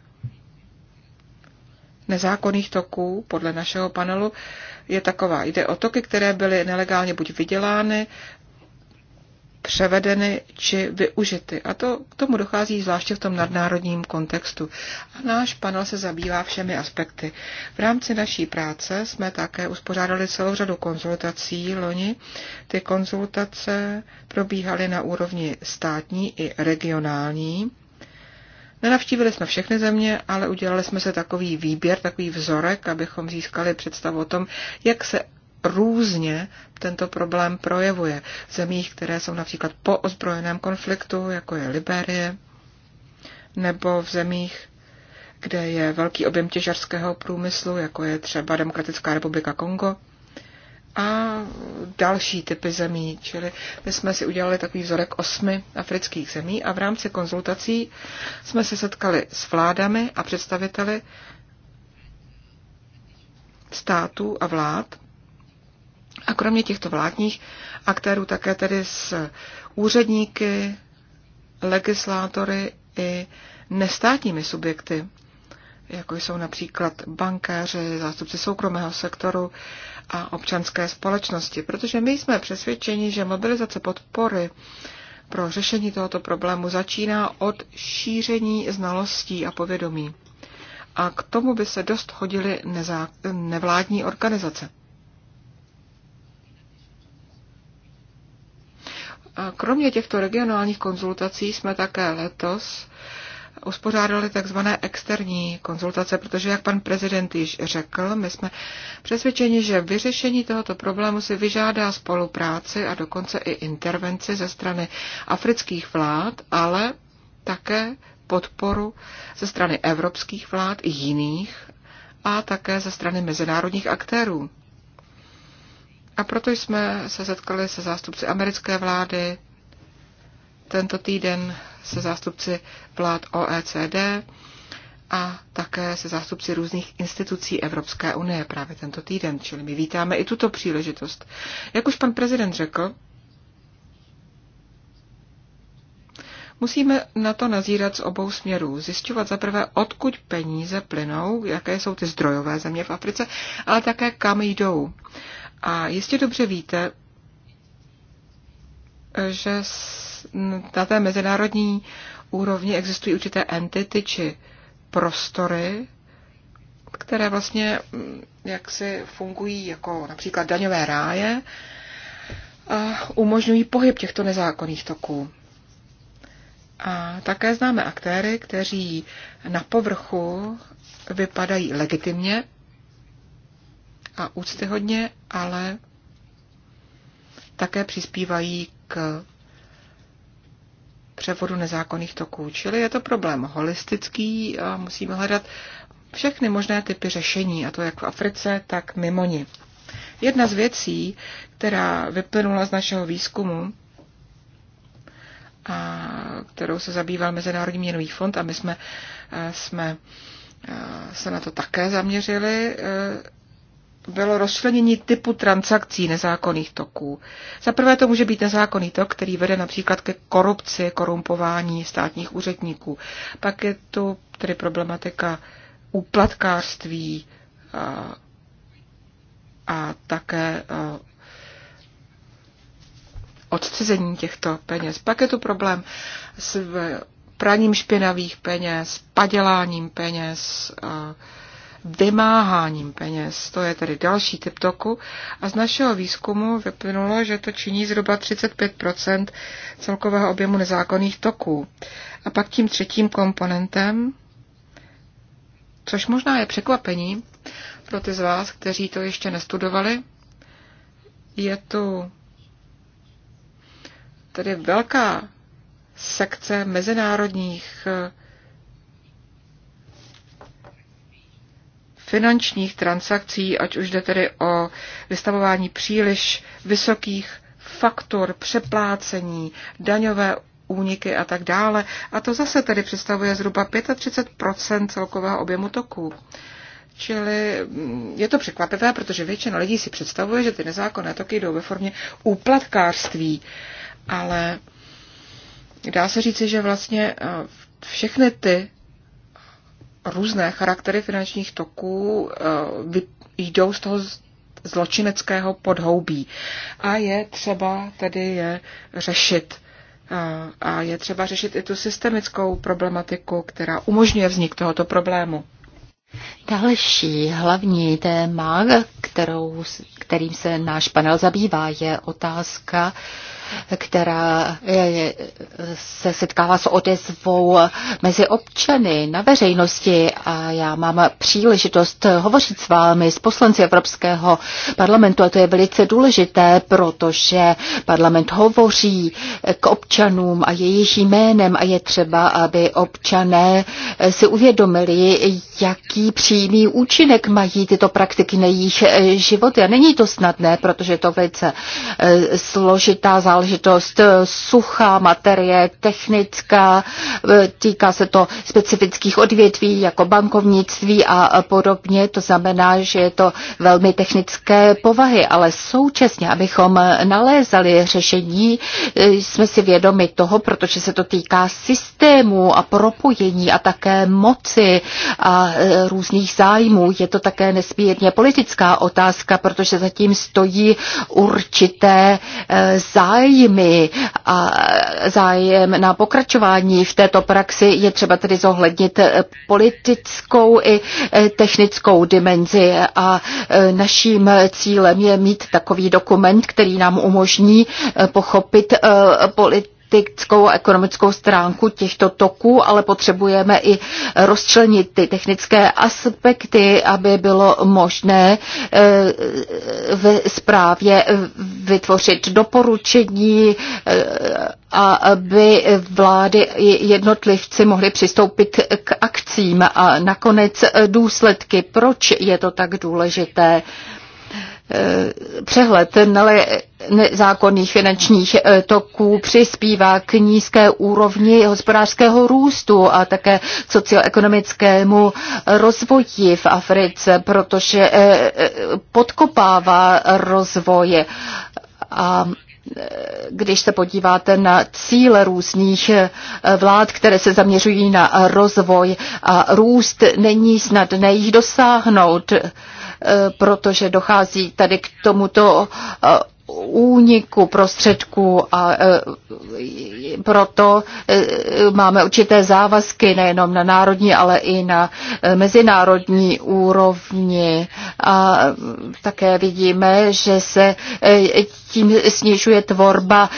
nezákonných toků podle našeho panelu je taková. Jde o toky, které byly nelegálně buď vydělány převedeny či využity. A to k tomu dochází zvláště v tom nadnárodním kontextu. A náš panel se zabývá všemi aspekty. V rámci naší práce jsme také uspořádali celou řadu konzultací loni. Ty konzultace probíhaly na úrovni státní i regionální. Nenavštívili jsme všechny země, ale udělali jsme se takový výběr, takový vzorek, abychom získali představu o tom, jak se různě tento problém projevuje. V zemích, které jsou například po ozbrojeném konfliktu, jako je Liberie, nebo v zemích, kde je velký objem těžarského průmyslu, jako je třeba Demokratická republika Kongo, a další typy zemí. Čili my jsme si udělali takový vzorek osmi afrických zemí a v rámci konzultací jsme se setkali s vládami a představiteli států a vlád a kromě těchto vládních aktérů také tedy s úředníky, legislátory i nestátními subjekty, jako jsou například bankéři, zástupci soukromého sektoru a občanské společnosti. Protože my jsme přesvědčeni, že mobilizace podpory pro řešení tohoto problému začíná od šíření znalostí a povědomí. A k tomu by se dost hodily nevládní organizace. Kromě těchto regionálních konzultací jsme také letos uspořádali takzvané externí konzultace, protože, jak pan prezident již řekl, my jsme přesvědčeni, že vyřešení tohoto problému si vyžádá spolupráci a dokonce i intervenci ze strany afrických vlád, ale také podporu ze strany evropských vlád i jiných a také ze strany mezinárodních aktérů. A proto jsme se setkali se zástupci americké vlády, tento týden se zástupci vlád OECD a také se zástupci různých institucí Evropské unie právě tento týden, čili my vítáme i tuto příležitost. Jak už pan prezident řekl, Musíme na to nazírat z obou směrů. Zjišťovat zaprvé, odkud peníze plynou, jaké jsou ty zdrojové země v Africe, ale také kam jdou. A jistě dobře víte, že na té mezinárodní úrovni existují určité entity či prostory, které vlastně mm, jaksi fungují jako například daňové ráje a umožňují pohyb těchto nezákonných toků. A také známe aktéry, kteří na povrchu vypadají legitimně, a úctyhodně, ale také přispívají k převodu nezákonných toků. Čili je to problém holistický a musíme hledat všechny možné typy řešení, a to jak v Africe, tak mimo ni. Jedna z věcí, která vyplynula z našeho výzkumu, a kterou se zabýval Mezinárodní měnový fond a my jsme, eh, jsme eh, se na to také zaměřili, eh, bylo rozčlenění typu transakcí nezákonných toků. Za prvé to může být nezákonný tok, který vede například ke korupci, korumpování státních úředníků. Pak je tu tedy problematika úplatkářství a, a také odcizení těchto peněz. Pak je tu problém s praním špinavých peněz, paděláním peněz, a, vymáháním peněz. To je tedy další typ toku a z našeho výzkumu vyplynulo, že to činí zhruba 35 celkového objemu nezákonných toků. A pak tím třetím komponentem, což možná je překvapení pro ty z vás, kteří to ještě nestudovali, je tu tedy velká sekce mezinárodních finančních transakcí, ať už jde tedy o vystavování příliš vysokých faktur, přeplácení, daňové úniky a tak dále. A to zase tedy představuje zhruba 35 celkového objemu toků. Čili mm, je to překvapivé, protože většina lidí si představuje, že ty nezákonné toky jdou ve formě úplatkářství. Ale dá se říci, že vlastně eh, všechny ty různé charaktery finančních toků eh, jdou z toho zločineckého podhoubí. A je třeba tedy je řešit. Eh, a je třeba řešit i tu systemickou problematiku, která umožňuje vznik tohoto problému. Další hlavní téma, kterou, kterým se náš panel zabývá, je otázka, která eh, se setkává s odezvou mezi občany na veřejnosti a já mám příležitost hovořit s vámi, s poslanci Evropského parlamentu a to je velice důležité, protože parlament hovoří k občanům a jejich jménem a je třeba, aby občané si uvědomili, jaký příležitost přímý účinek mají tyto praktiky na jejich eh, životy. A není to snadné, protože je to velice eh, složitá záležitost, eh, suchá materie, technická, týká se to specifických odvětví jako bankovnictví a podobně. To znamená, že je to velmi technické povahy, ale současně, abychom nalézali řešení, jsme si vědomi toho, protože se to týká systému a propojení a také moci a různých finančních zájmů. Je to také nesmírně politická otázka, protože zatím stojí určité eh, zájmy a zájem na pokračování v této praxi. Je třeba tedy zohlednit eh, politickou i eh, technickou dimenzi a naším cílem je mít takový dokument, který nám umožní pochopit politickou politickou a ekonomickou stránku těchto toků, ale potřebujeme i rozčlenit ty technické aspekty, aby bylo možné eh, v zprávě vytvořit doporučení, eh, a aby vlády jednotlivci mohli přistoupit k akcím a nakonec eh, důsledky, proč je to tak důležité. Eh, přehled nezákonných finančních eh, toků přispívá k nízké úrovni hospodářského růstu a také k socioekonomickému rozvoji v Africe, protože eh, podkopává rozvoj. A když se podíváte na cíle různých vlád, které se zaměřují na rozvoj a růst, není snadné jich dosáhnout. Eh, protože dochází tady k tomuto eh, úniku prostředků a eh, proto máme určité závazky nejenom na národní, ale i na mezinárodní úrovni. A také vidíme, že se tím snižuje tvorba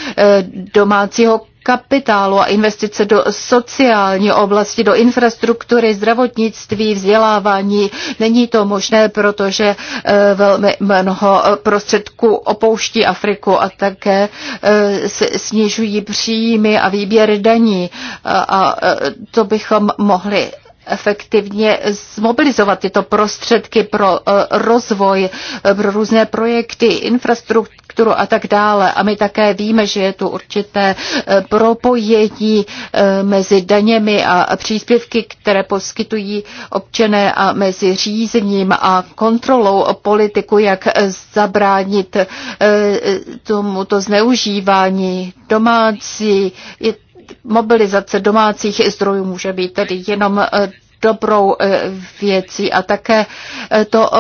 domácího kapitálu a investice do sociální oblasti, do infrastruktury, zdravotnictví, vzdělávání. Není to možné, protože eh, velmi mnoho prostředků opouští Afriku a také eh, snižují příjmy a výběr daní. A eh, to bychom mohli efektivně zmobilizovat tyto prostředky pro rozvoj, pro různé projekty, infrastruktury, infrastrukturu a tak dále. A my také víme, že je tu určité eh, propojení eh, mezi daněmi a příspěvky, které poskytují občané a mezi řízením a kontrolou politiku, jak eh, zabránit tomuto zneužívání domácí mobilizace domácích zdrojů může být tedy jenom dobrou věcí a také to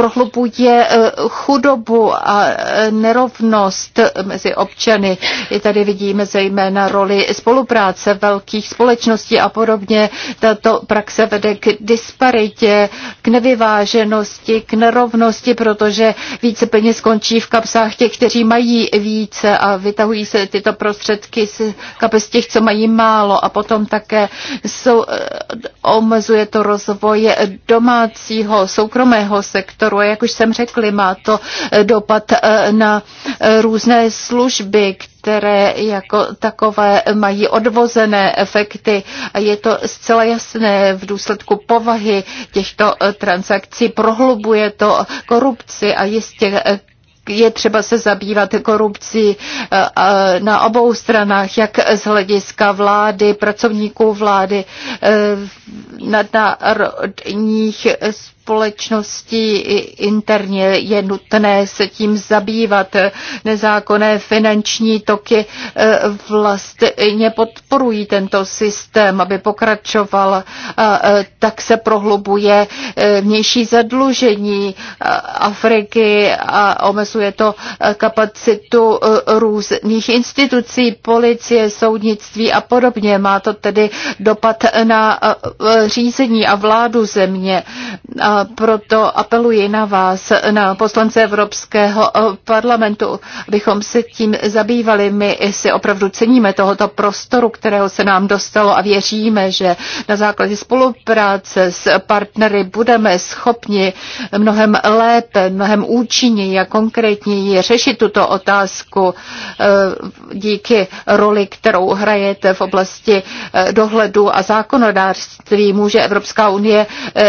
prohlubuje eh, chudobu a eh, nerovnost mezi občany. I tady vidíme zejména roli spolupráce velkých společností a podobně. Tato praxe vede k disparitě, k nevyváženosti, k nerovnosti, protože více peněz skončí v kapsách těch, kteří mají více a vytahují se tyto prostředky z kapes těch, co mají málo a potom také jsou, eh, omezuje to rozvoj domácího soukromého sektoru sektoru. Jak už jsem řekl, má to eh, dopad eh, na eh, různé služby, které jako takové mají odvozené efekty. A je to zcela jasné v důsledku povahy těchto transakcí. Prohlubuje to korupci a jistě je třeba se zabývat korupcí na obou stranách, jak z hlediska vlády, pracovníků vlády, nadnárodních společností společnosti interně je nutné se tím zabývat. Nezákonné finanční toky e, vlastně podporují tento systém, aby pokračoval. Tak se prohlubuje e, vnější zadlužení e, Afriky a omezuje to kapacitu různých institucí, policie, soudnictví a podobně. Má to tedy dopad na řízení a vládu země. A a proto apeluji na vás, na poslance Evropského eh, parlamentu, abychom se tím zabývali. My si opravdu ceníme tohoto prostoru, kterého se nám dostalo a věříme, že na základě spolupráce s partnery budeme schopni mnohem lépe, mnohem účinněji a konkrétněji řešit tuto otázku eh, díky roli, kterou hrajete v oblasti eh, dohledu a zákonodárství. Může Evropská unie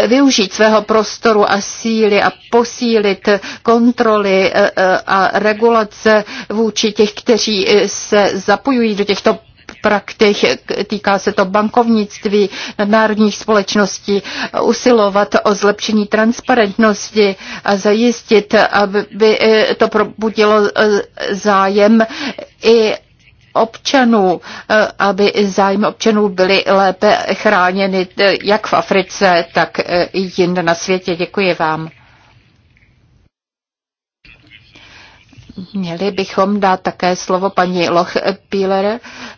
využít svého prostoru a síly a posílit kontroly eh, eh, a regulace vůči těch, kteří eh, se zapojují do těchto praktik, týká se to bankovnictví, národních společností, usilovat o zlepšení transparentnosti a zajistit, aby to probudilo zájem i občanů, eh, aby zájmy občanů byly lépe chráněny eh, jak v Africe, tak eh, i jinde na světě. Děkuji vám. Měli bychom dát také slovo paní Loch Píler,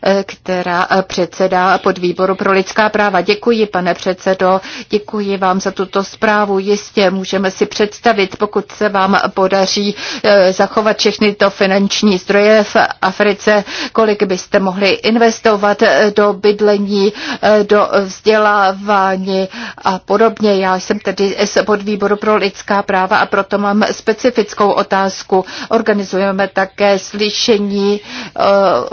eh, která eh, předsedá podvýboru pro lidská práva. Děkuji, pane předsedo, děkuji vám za tuto zprávu. Jistě můžeme si představit, pokud se vám podaří eh, zachovat všechny to finanční zdroje v Africe, kolik byste mohli investovat do bydlení, do vzdělávání a podobně. Já jsem tedy pod podvýboru pro lidská práva a proto mám specifickou otázku. Organizace Organizujeme také slyšení eh,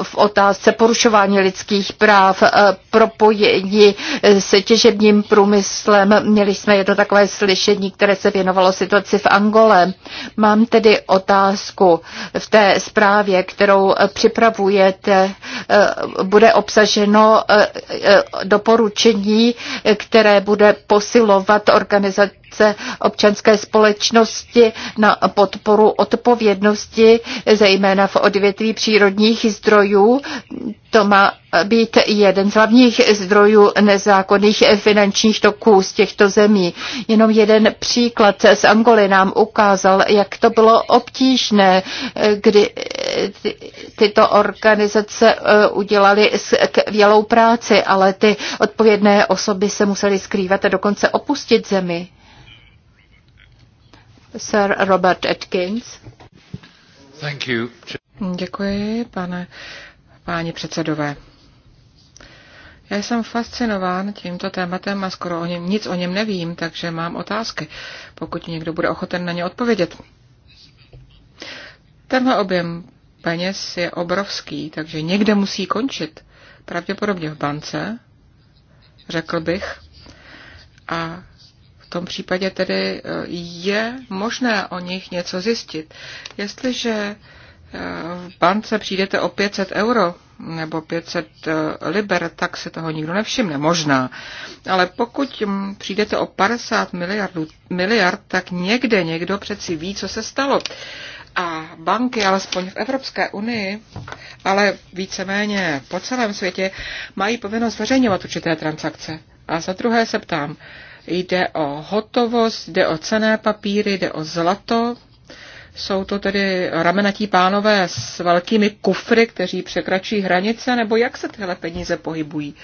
v otázce porušování lidských práv, eh, propojení se těžebním průmyslem. Měli jsme jedno takové slyšení, které se věnovalo situaci v Angole. Mám tedy otázku. V té zprávě, kterou eh, připravujete, bude obsaženo doporučení, které bude posilovat organizaci práce občanské společnosti na podporu odpovědnosti, zejména v odvětví přírodních zdrojů. To má být jeden z hlavních zdrojů nezákonných finančních toků z těchto zemí. Jenom jeden příklad z Angoly nám ukázal, jak to bylo obtížné, kdy tyto organizace eh, udělaly skvělou práci, ale ty odpovědné osoby se musely skrývat a dokonce opustit zemi. Sir Robert Atkins. Thank you. Děkuji, pane, páni předsedové. Já jsem fascinován tímto tématem a skoro o něm, nic o něm nevím, takže mám otázky, pokud někdo bude ochoten na ně odpovědět. Tenhle objem peněz je obrovský, takže někde musí končit. Pravděpodobně v bance, řekl bych. A v tom případě tedy eh, je možné o nich něco zjistit. Jestliže eh, v bance přijdete o 500 euro nebo 500 eh, liber, tak se toho nikdo nevšimne, možná. Ale pokud přijdete o 50 miliardů, miliard, tak někde někdo přeci ví, co se stalo. A banky, alespoň v Evropské unii, ale víceméně po celém světě, mají povinnost zveřejňovat určité transakce. A za druhé se ptám, Jde o hotovost, jde o cené papíry, jde o zlato. Jsou to tedy ramenatí pánové s velkými kufry, kteří překračují hranice, nebo jak se tyhle peníze pohybují?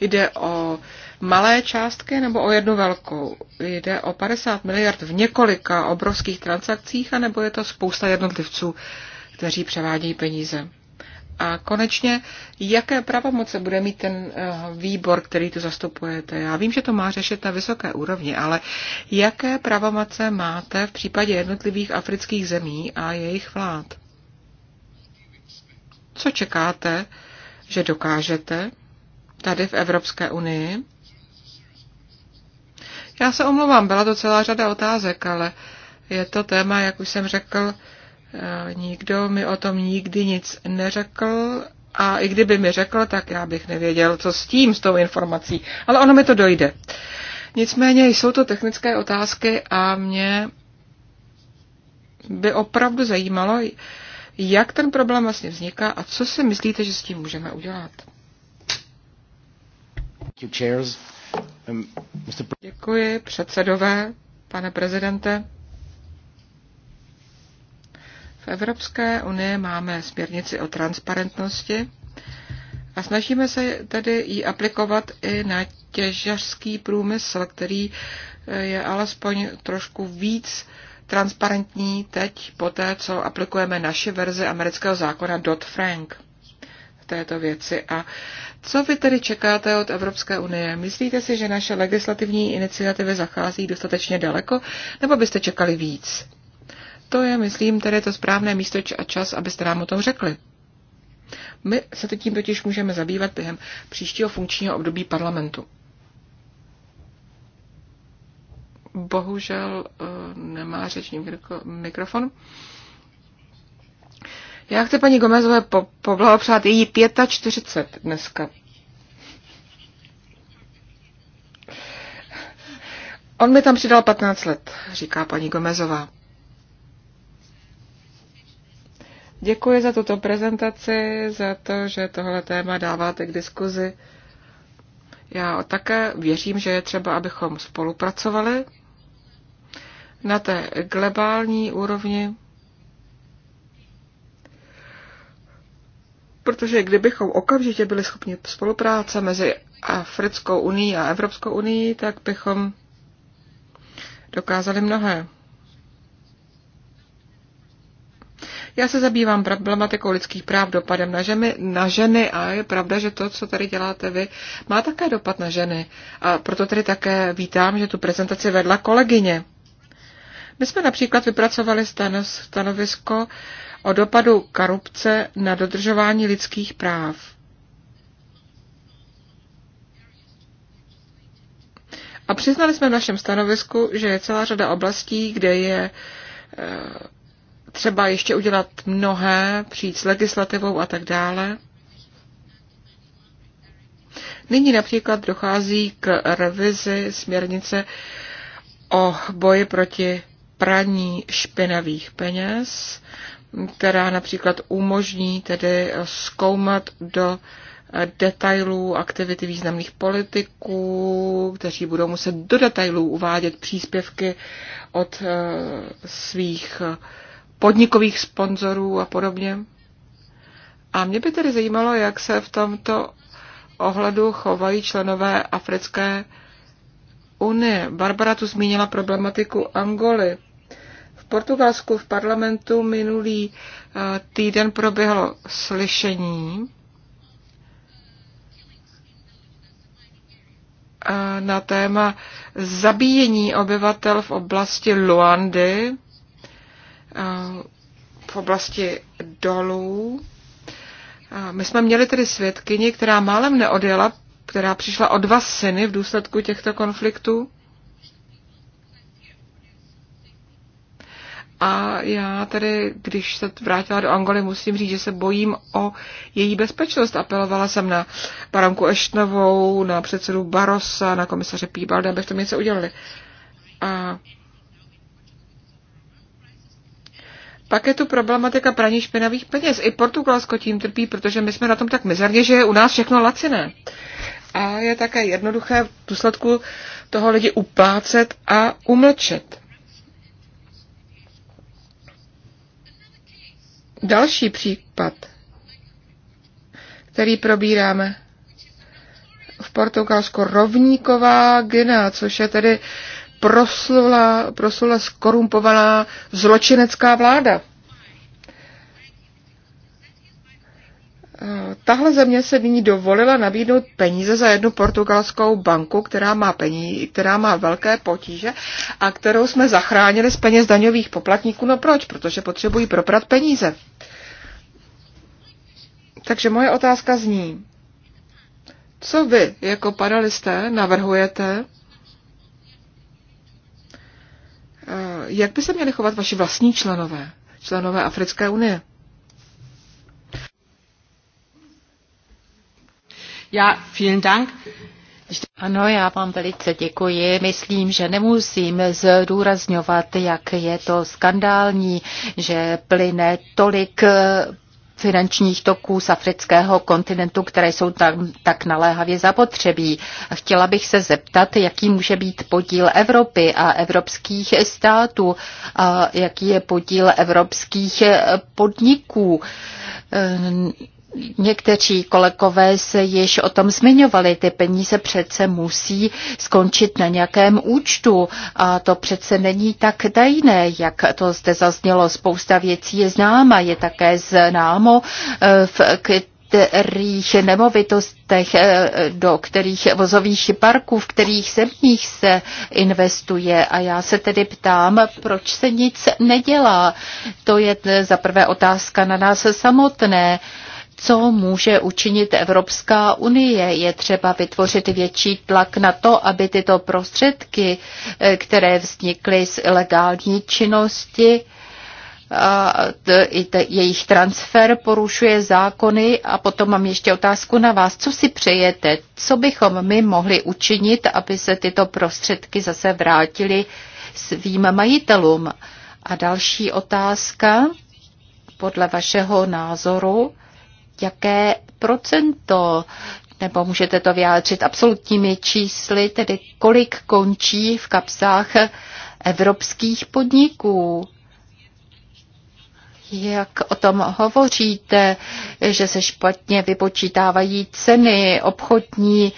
Jde o malé částky nebo o jednu velkou? Jde o 50 miliard v několika obrovských transakcích, anebo je to spousta jednotlivců, kteří převádějí peníze? A konečně, jaké pravomoce bude mít ten eh, výbor, který tu zastupujete? Já vím, že to má řešit na vysoké úrovni, ale jaké pravomoce máte v případě jednotlivých afrických zemí a jejich vlád? Co čekáte, že dokážete tady v Evropské unii? Já se omlouvám, byla to celá řada otázek, ale je to téma, jak už jsem řekl, Eh, nikdo mi o tom nikdy nic neřekl a i kdyby mi řekl, tak já bych nevěděl, co s tím, s tou informací. Ale ono mi to dojde. Nicméně jsou to technické otázky a mě by opravdu zajímalo, jak ten problém vlastně vzniká a co si myslíte, že s tím můžeme udělat. Um, Děkuji, předsedové, pane prezidente. V Evropské unii máme směrnici o transparentnosti a snažíme se tedy ji aplikovat i na těžařský průmysl, který eh, je alespoň trošku víc transparentní teď, po té, co aplikujeme naše verzi amerického zákona Dodd-Frank v této věci. A co vy tedy čekáte od Evropské unie? Myslíte si, že naše legislativní iniciativy zachází dostatečně daleko, nebo byste čekali víc? To je, myslím, tedy to správné místo a čas, abyste nám o tom řekli. My se tím totiž můžeme zabývat během příštího funkčního období parlamentu. Bohužel eh, nemá řečník mikrofon. Já chci paní Gomezové poblahopřát její 45 dneska. On mi tam přidal 15 let, říká paní Gomezová. Děkuji za tuto prezentaci, za to, že tohle téma dáváte k diskuzi. Já také věřím, že je třeba, abychom spolupracovali na té globální úrovni, protože kdybychom okamžitě byli schopni spolupráce mezi Africkou unii a Evropskou unii, tak bychom dokázali mnohé. Já se zabývám problematikou lidských práv dopadem na, žemi, na ženy a je pravda, že to, co tady děláte vy, má také dopad na ženy. A proto tady také vítám, že tu prezentaci vedla kolegyně. My jsme například vypracovali stanovisko o dopadu korupce na dodržování lidských práv. A přiznali jsme v našem stanovisku, že je celá řada oblastí, kde je eh, třeba ještě udělat mnohé, přijít s legislativou a tak dále. Nyní například dochází k revizi směrnice o boji proti praní špinavých peněz, která například umožní tedy zkoumat do detailů aktivity významných politiků, kteří budou muset do detailů uvádět příspěvky od eh, svých podnikových sponzorů a podobně. A mě by tedy zajímalo, jak se v tomto ohledu chovají členové Africké unie. Barbara tu zmínila problematiku Angoly. V Portugalsku v parlamentu minulý eh, týden proběhlo slyšení eh, na téma zabíjení obyvatel v oblasti Luandy v oblasti dolů. My jsme měli tedy svědkyni, která málem neodjela, která přišla o dva syny v důsledku těchto konfliktů. A já tedy, když se vrátila do Angoly, musím říct, že se bojím o její bezpečnost. Apelovala jsem na baronku Eštnovou, na předsedu Barosa, na komisaře Píbalda, abych to něco udělali. A Pak je tu problematika praní špinavých peněz. I Portugalsko tím trpí, protože my jsme na tom tak mizerně, že je u nás všechno laciné. A je také jednoduché v důsledku toho lidi uplácet a umlčet. Další případ, který probíráme v Portugalsku, rovníková Gina, což je tedy uh, proslula, proslula skorumpovaná zločinecká vláda. Tahle země se nyní dovolila nabídnout peníze za jednu portugalskou banku, která má, peníze, která má velké potíže a kterou jsme zachránili z peněz daňových poplatníků. No proč? Protože potřebují proprat peníze. Takže moje otázka zní, co vy jako panelisté navrhujete jak by se měli chovat vaši vlastní členové, členové Africké unie? Já, vielen Dank. Ano, já vám velice děkuji. Myslím, že nemusím zdůrazňovat, jak je to skandální, že plyne tolik finančních toků z afrického kontinentu, které jsou tam tak naléhavě zapotřebí. Chtěla bych se zeptat, jaký může být podíl Evropy a evropských států a jaký je podíl evropských podniků Někteří kolegové se již o tom zmiňovali, ty peníze přece musí skončit na nějakém účtu a to přece není tak tajné, jak to zde zaznělo. Spousta věcí je známa, je také známo, eh, v kterých nemovitostech, eh, do kterých vozových parků, v kterých zemích se investuje. A já se tedy ptám, proč se nic nedělá. To je za prvé otázka na nás samotné co může učinit Evropská unie. Je třeba vytvořit větší tlak na to, aby tyto prostředky, eh, které vznikly z ilegální činnosti, a jejich transfer porušuje zákony a potom mám ještě otázku na vás. Co si přejete? Co bychom my mohli učinit, aby se tyto prostředky zase vrátily svým majitelům? A další otázka podle vašeho názoru jaké procento, nebo můžete to vyjádřit absolutními čísly, tedy kolik končí v kapsách evropských podniků. Jak o tom hovoříte, že se špatně vypočítávají ceny, obchodní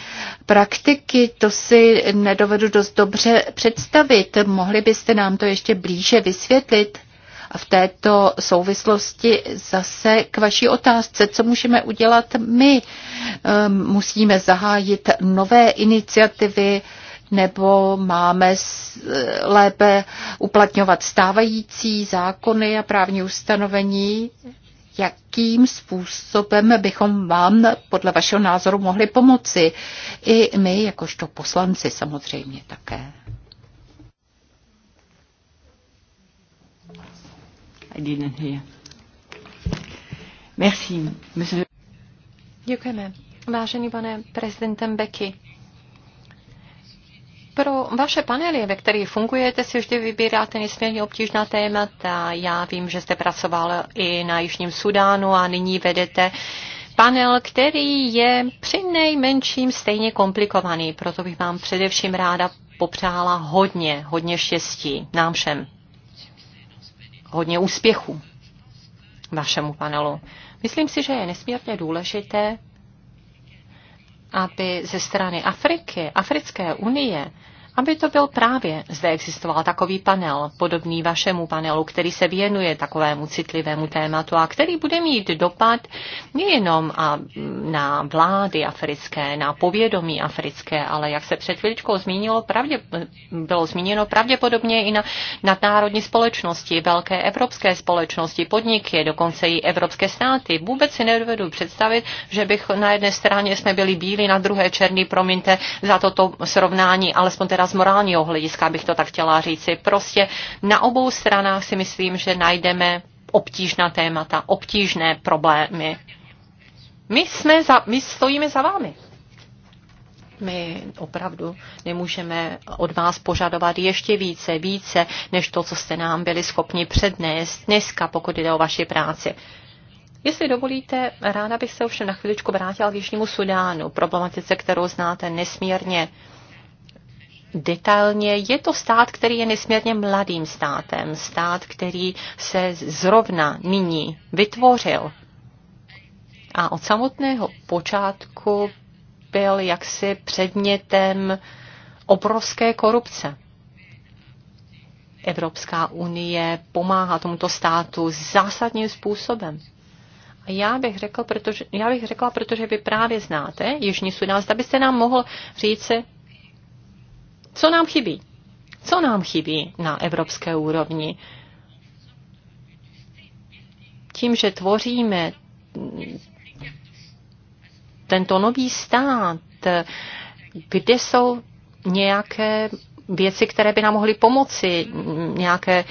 praktiky, to si nedovedu dost dobře představit. Mohli byste nám to ještě blíže vysvětlit? v této souvislosti zase k vaší otázce, co můžeme udělat my. Ehm, musíme zahájit nové iniciativy, nebo máme eh, lépe uplatňovat stávající zákony a právní ustanovení? Jakým způsobem bychom vám podle vašeho názoru mohli pomoci? I my, jakožto poslanci samozřejmě také. I didn't hear. Merci, monsieur. Děkujeme. Vážený pane prezidentem Becky, pro vaše panely, ve kterých fungujete, si vždy vybíráte nesmírně obtížná témata. Já vím, že jste pracoval i na Jižním Sudánu a nyní vedete panel, který je při nejmenším stejně komplikovaný. Proto bych vám především ráda popřála hodně, hodně štěstí nám všem hodně úspěchů vašemu panelu. Myslím si, že je nesmírně důležité, aby ze strany Afriky, Africké unie, aby to byl právě, zde existoval takový panel, podobný vašemu panelu, který se věnuje takovému citlivému tématu a který bude mít dopad nejenom a mm, na vlády africké, na povědomí africké, ale jak se před chvíličkou zmínilo, pravdě, bylo zmíněno pravděpodobně i na nadnárodní společnosti, velké evropské společnosti, podniky, dokonce i evropské státy. Vůbec si nedovedu představit, že bych na jedné straně jsme byli bílí, na druhé černý, promiňte za toto srovnání, alespoň teda z morálního hlediska, bych to tak chtěla říci. Prostě na obou stranách si myslím, že najdeme obtížná témata, obtížné problémy. My, jsme za, my stojíme za vámi. My opravdu nemůžeme od vás požadovat ještě více, více, než to, co jste nám byli schopni přednést dneska, pokud jde o vaši práci. Jestli dovolíte, ráda bych se ovšem na chviličku vrátila k Jižnímu Sudánu, problematice, kterou znáte nesmírně detailně, je to stát, který je nesmírně mladým státem, stát, který se zrovna nyní vytvořil. A od samotného počátku byl jaksi předmětem obrovské korupce. Evropská unie pomáhá tomuto státu zásadním způsobem. A já bych, řekl, protože, já bych řekla, protože vy právě znáte Jižní Sudán, zda byste nám mohl říci, co nám chybí? Co nám chybí na evropské úrovni? Tím, že tvoříme tento nový stát, kde jsou nějaké věci, které by nám mohly pomoci, nějaké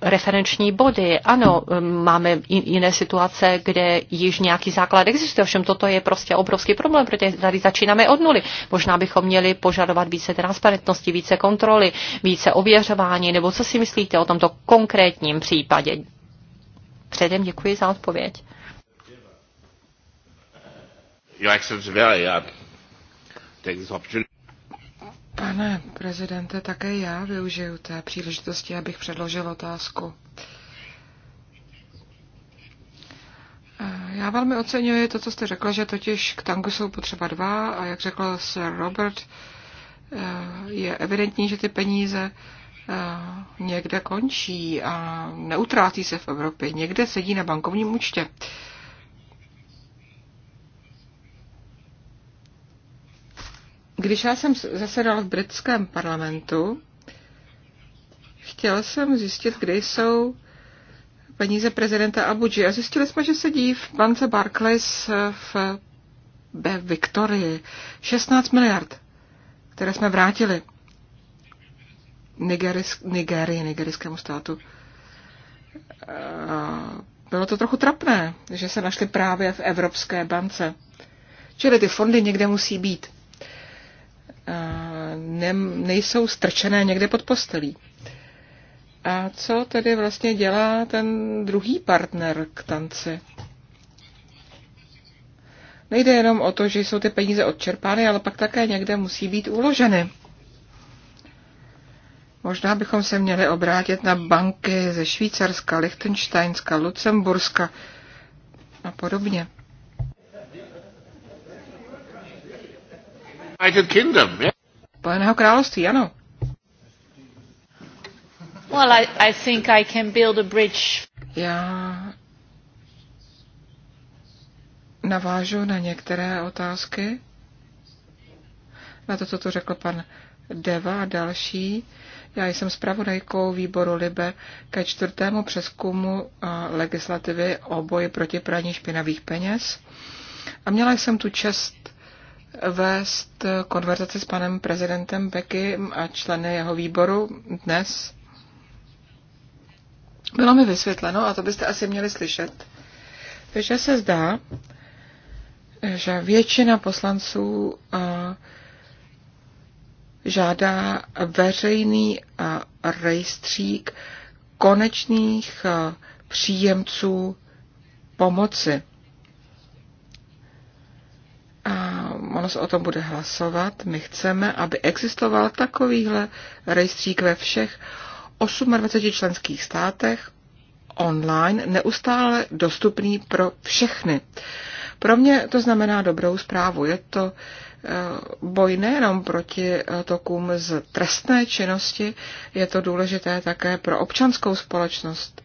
referenční body. Ano, um, máme jiné situace, kde již nějaký základ existuje, ovšem toto je prostě obrovský problém, protože tady začínáme od nuly. Možná bychom měli požadovat více transparentnosti, více kontroly, více ověřování, nebo co si myslíte o tomto konkrétním případě? Předem děkuji za odpověď. Your Excellency, yeah, yeah. Take this opportunity. Pane prezidente, také já využiju té příležitosti, abych předložil otázku. Já velmi oceňuji to, co jste řekla, že totiž k tangu jsou potřeba dva a jak řekl Sir Robert, eh, je evidentní, že ty peníze eh, někde končí a neutrácí se v Evropě, někde sedí na bankovním účtě. Když já jsem zasedal v britském parlamentu, chtěl jsem zjistit, kde jsou peníze prezidenta Abuji a zjistili jsme, že sedí v bance Barclays v ve Viktorii. 16 miliard, které jsme vrátili Nigerii, nigerijskému státu. Eh, bylo to trochu trapné, že se našli právě v Evropské bance. Čili ty fondy někde musí být ne, nejsou strčené někde pod postelí. A co tedy vlastně dělá ten druhý partner k tanci? Nejde jenom o to, že jsou ty peníze odčerpány, ale pak také někde musí být uloženy. Možná bychom se měli obrátit na banky ze Švýcarska, Lichtensteinska, Lucemburska a podobně. United Kingdom, yeah. Spojeného království, ano. Well, I, I think I can build a bridge. Já navážu na některé otázky, na to, co to řekl pan Deva a další. Já jsem zpravodajkou výboru Libe ke čtvrtému přeskumu eh, legislativy o boji proti praní špinavých peněz. A měla jsem tu čest vést konverzaci s panem prezidentem Beky a členy jeho výboru dnes. Bylo mi vysvětleno, a to byste asi měli slyšet, že se zdá, že většina poslanců eh, žádá veřejný eh, rejstřík konečných eh, příjemců pomoci. ono se o tom bude hlasovat. My chceme, aby existoval takovýhle rejstřík ve všech 28 členských státech online, neustále dostupný pro všechny. Pro mě to znamená dobrou zprávu. Je to eh, boj nejenom proti tokům z trestné činnosti, je to důležité také pro občanskou společnost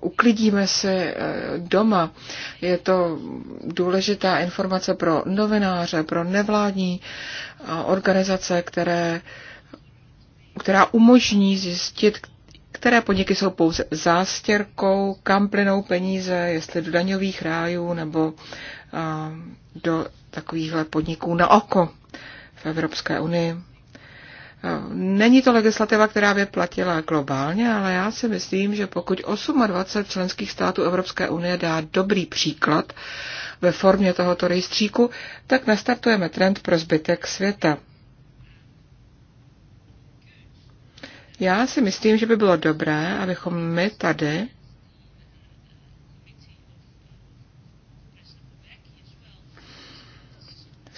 uklidíme se eh, doma. Je to důležitá informace pro novináře, pro nevládní eh, organizace, které, která umožní zjistit, které podniky jsou pouze zástěrkou, kam plynou peníze, jestli do daňových rájů nebo eh, do takovýchhle podniků na oko v Evropské unii. No, není to legislativa, která by platila globálně, ale já si myslím, že pokud 28 členských států Evropské unie dá dobrý příklad ve formě tohoto rejstříku, tak nastartujeme trend pro zbytek světa. Já si myslím, že by bylo dobré, abychom my tady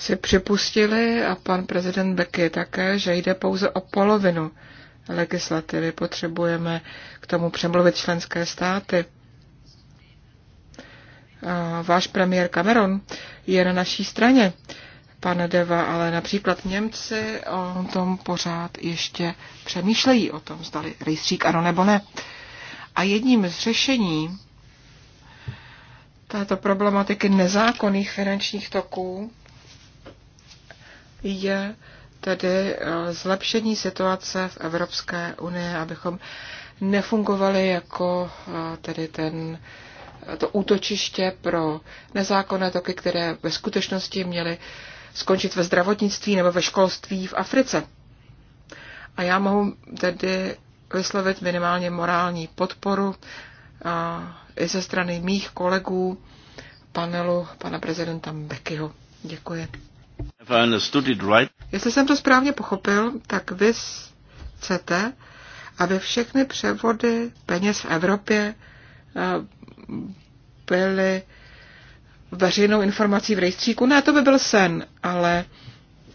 si připustili, a pan prezident Beky také, že jde pouze o polovinu legislativy. Potřebujeme k tomu přemluvit členské státy. Váš premiér Cameron je na naší straně, pane Deva, ale například Němci o tom pořád ještě přemýšlejí o tom, zdali rejstřík ano nebo ne. A jedním z řešení této problematiky nezákonných finančních toků je tedy eh, zlepšení situace v Evropské unii, abychom nefungovali jako eh, tedy ten, eh, to útočiště pro nezákonné toky, které ve skutečnosti měly skončit ve zdravotnictví nebo ve školství v Africe. A já mohu tedy vyslovit minimálně morální podporu a, i ze strany mých kolegů panelu pana prezidenta Bekyho. Děkuji. Jestli jsem to správně pochopil, tak vy chcete, aby všechny převody peněz v Evropě eh, byly veřejnou informací v rejstříku. Ne, to by byl sen, ale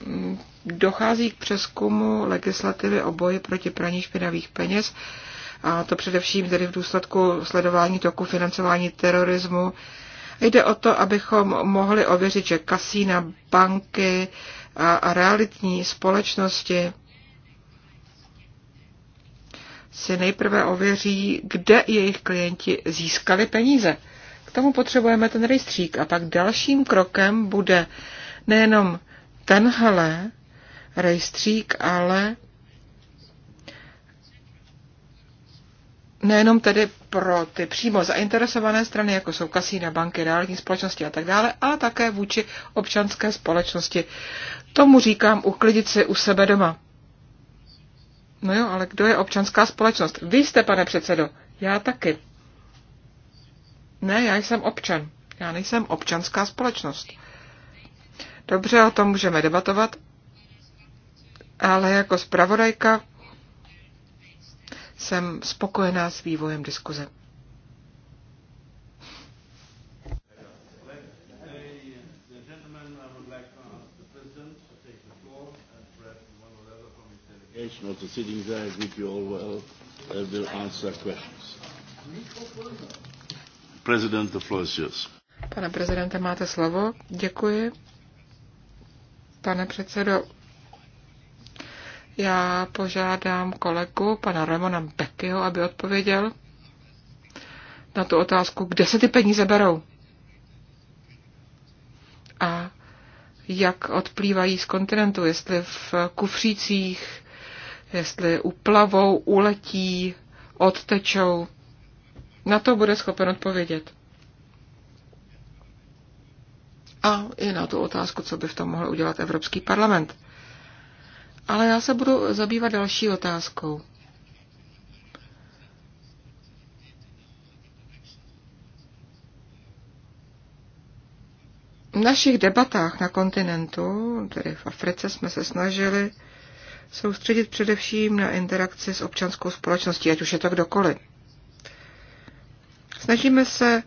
mm, dochází k přeskumu legislativy o boji proti praní špinavých peněz, a to především tedy v důsledku sledování toku financování terorismu, Jde o to, abychom mohli ověřit, že kasína, banky a realitní společnosti si nejprve ověří, kde jejich klienti získali peníze. K tomu potřebujeme ten rejstřík a pak dalším krokem bude nejenom tenhle rejstřík, ale nejenom tedy pro ty přímo zainteresované strany, jako jsou kasína, banky, reální společnosti a tak dále, ale také vůči občanské společnosti. Tomu říkám uklidit si u sebe doma. No jo, ale kdo je občanská společnost? Vy jste, pane předsedo, já taky. Ne, já jsem občan. Já nejsem občanská společnost. Dobře, o tom můžeme debatovat, ale jako zpravodajka jsem spokojená s vývojem diskuze. Uh, Pane prezidente, máte slovo. Děkuji. Pane předsedo, já požádám kolegu, pana Ramona Beckyho, aby odpověděl na tu otázku, kde se ty peníze berou a jak odplývají z kontinentu, jestli v kufřících, jestli uplavou, uletí, odtečou. Na to bude schopen odpovědět. A i na tu otázku, co by v tom mohl udělat Evropský parlament. Ale já se budu zabývat další otázkou. V našich debatách na kontinentu, tedy v Africe, jsme se snažili soustředit především na interakci s občanskou společností, ať už je to kdokoliv. Snažíme se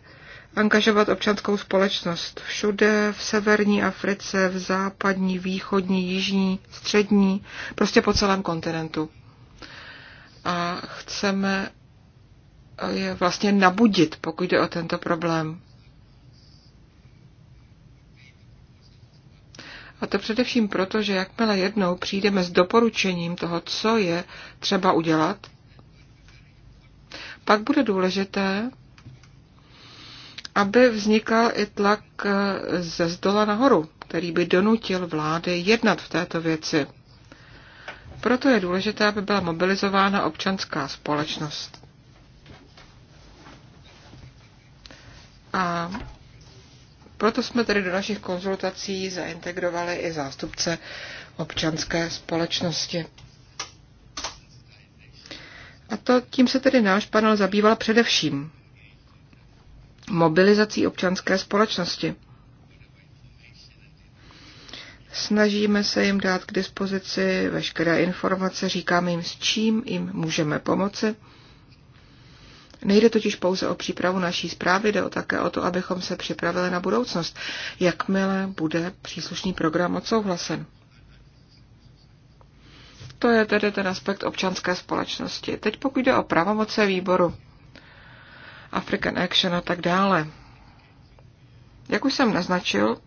angažovat občanskou společnost všude, v severní Africe, v západní, východní, jižní, střední, prostě po celém kontinentu. A chceme eh, je vlastně nabudit, pokud jde o tento problém. A to především proto, že jakmile jednou přijdeme s doporučením toho, co je třeba udělat, pak bude důležité, aby vznikal i tlak eh, ze zdola nahoru, který by donutil vlády jednat v této věci. Proto je důležité, aby byla mobilizována občanská společnost. A proto jsme tedy do našich konzultací zaintegrovali i zástupce občanské společnosti. A to tím se tedy náš panel zabýval především mobilizací občanské společnosti. Snažíme se jim dát k dispozici veškeré informace, říkáme jim, s čím jim můžeme pomoci. Nejde totiž pouze o přípravu naší zprávy, jde o také o to, abychom se připravili na budoucnost, jakmile bude příslušný program odsouhlasen. To je tedy ten aspekt občanské společnosti. Teď pokud jde o pravomoce výboru. African Action a tak dále. Jak už jsem naznačil,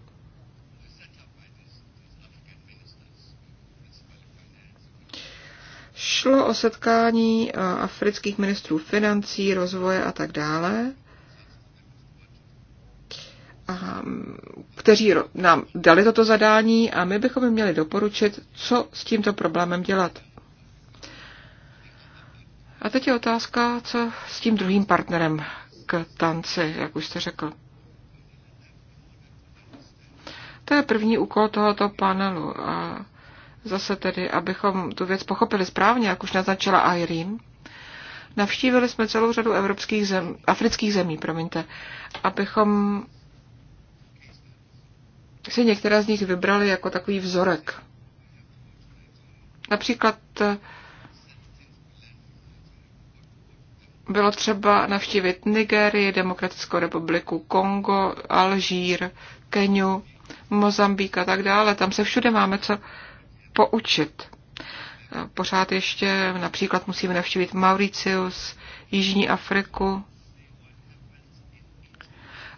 šlo o setkání eh, afrických ministrů financí, rozvoje a tak dále, a, hm, kteří nám dali toto zadání a my bychom jim měli doporučit, co s tímto problémem dělat. A teď je otázka, co s tím druhým partnerem k tanci, jak už jste řekl. To je první úkol tohoto panelu. A zase tedy, abychom tu věc pochopili správně, jak už naznačila Irene, navštívili jsme celou řadu evropských zem, afrických zemí, promiňte, abychom si některé z nich vybrali jako takový vzorek. Například bylo třeba navštívit Nigerii, Demokratickou republiku Kongo, Alžír, Keniu, Mozambík a tak dále. Tam se všude máme co poučit. Pořád ještě například musíme navštívit Mauricius, Jižní Afriku.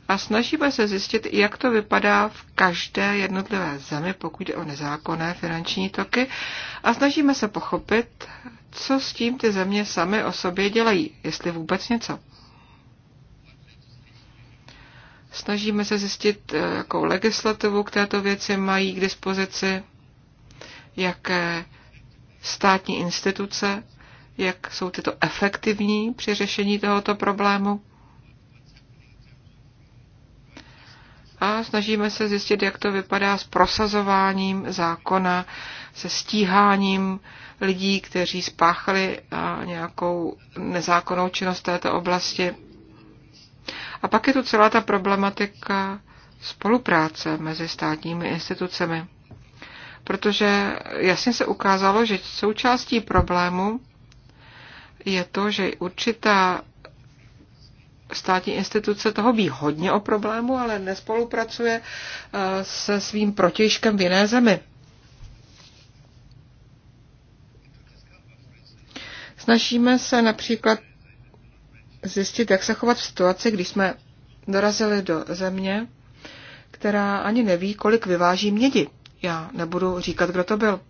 A snažíme se zjistit, jak to vypadá v každé jednotlivé zemi, pokud jde o nezákonné finanční toky. A snažíme se pochopit, co s tím ty země sami o sobě dělají, jestli vůbec něco. Snažíme se zjistit, eh, jakou legislativu k této věci mají k dispozici, jaké státní instituce, jak jsou tyto efektivní při řešení tohoto problému. a snažíme se zjistit, jak to vypadá s prosazováním zákona, se stíháním lidí, kteří spáchali nějakou nezákonnou činnost v této oblasti. A pak je tu celá ta problematika spolupráce mezi státními institucemi. Protože jasně se ukázalo, že součástí problému je to, že určitá státní instituce toho ví hodně o problému, ale nespolupracuje eh, se svým protějškem v jiné zemi. Snažíme se například zjistit, jak se chovat v situaci, když jsme dorazili do země, která ani neví, kolik vyváží mědi. Já nebudu říkat, kdo to byl.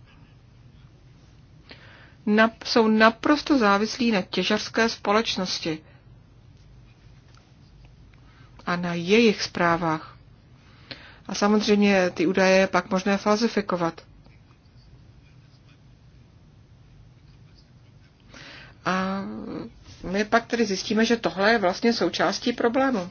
Na, jsou naprosto závislí na těžarské společnosti a na jejich zprávách. A samozřejmě ty údaje je pak možné falzifikovat. A my pak tedy zjistíme, že tohle je vlastně součástí problému.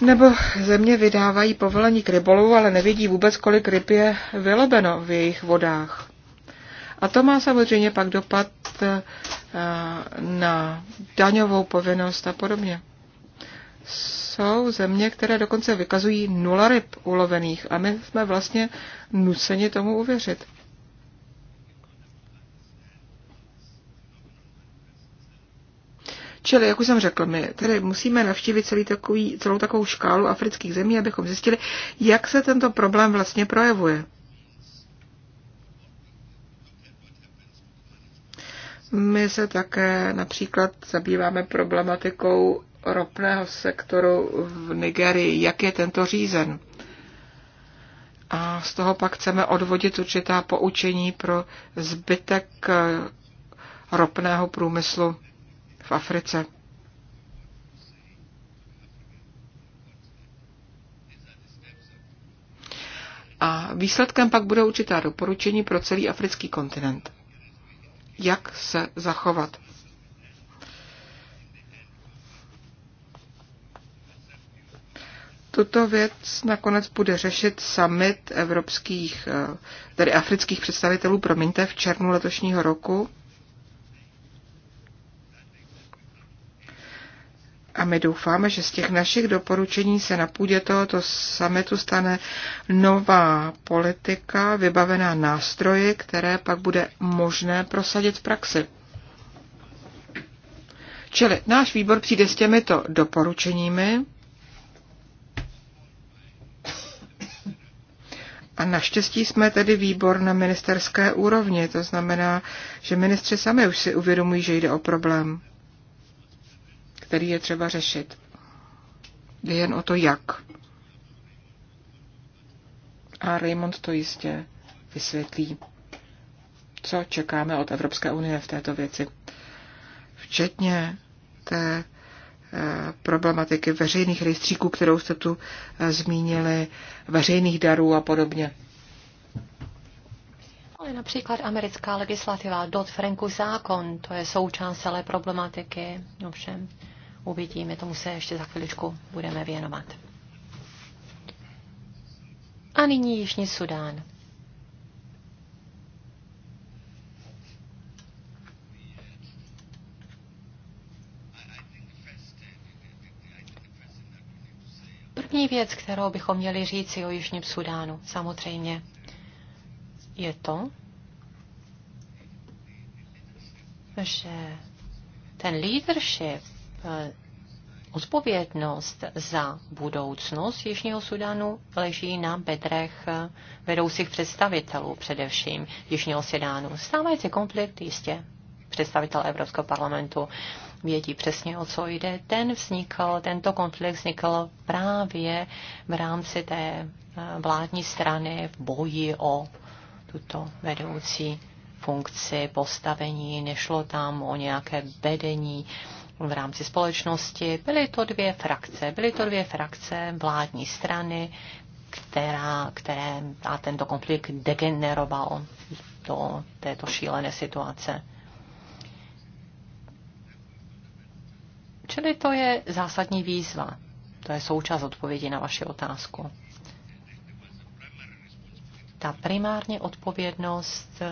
Nebo země vydávají povolení k rybolovu, ale nevidí vůbec, kolik ryb je vylobeno v jejich vodách. A to má samozřejmě pak dopad eh, na daňovou povinnost a podobně. Jsou země, které dokonce vykazují nula ryb ulovených a my jsme vlastně nuceni tomu uvěřit. Čili, jak už jsem řekl, my tedy musíme navštívit celý takový, celou takovou škálu afrických zemí, abychom zjistili, jak se tento problém vlastně projevuje. My se také například zabýváme problematikou ropného sektoru v Nigerii, jak je tento řízen. A z toho pak chceme odvodit určitá poučení pro zbytek eh, ropného průmyslu v Africe. A výsledkem pak budou určitá doporučení pro celý africký kontinent jak se zachovat. Tuto věc nakonec bude řešit summit evropských, eh, tedy afrických představitelů, promiňte, v červnu letošního roku. a my doufáme, že z těch našich doporučení se na půdě tohoto sametu stane nová politika vybavená nástroji, které pak bude možné prosadit v praxi. Čili náš výbor přijde s těmito doporučeními a naštěstí jsme tedy výbor na ministerské úrovni, to znamená, že ministři sami už si uvědomují, že jde o problém který je třeba řešit. Jde jen o to, jak. A Raymond to jistě vysvětlí, co čekáme od Evropské unie v této věci. Včetně té eh, problematiky veřejných rejstříků, kterou jste tu eh, zmínili, veřejných darů a podobně. Ale například americká legislativa, Dodd-Frankův zákon, to je součást celé problematiky, ovšem. No uvidíme, tomu se ještě za chviličku budeme věnovat. A nyní Jižní Sudán. První věc, kterou bychom měli říci o Jižním Sudánu, samozřejmě, je to, že ten leadership Eh, odpovědnost za budoucnost Jižního Sudanu leží na bedrech eh, vedoucích představitelů především Jižního Sudánu. Stávající konflikt jistě představitel Evropského parlamentu vědí přesně, o co jde. Ten vznikl, tento konflikt vznikl právě v rámci té eh, vládní strany v boji o tuto vedoucí funkci, postavení. Nešlo tam o nějaké vedení v rámci společnosti. Byly to dvě frakce, byly to dvě frakce vládní strany, která, které a tento konflikt degeneroval do této šílené situace. Čili to je zásadní výzva. To je součást odpovědi na vaši otázku. Ta primárně odpovědnost,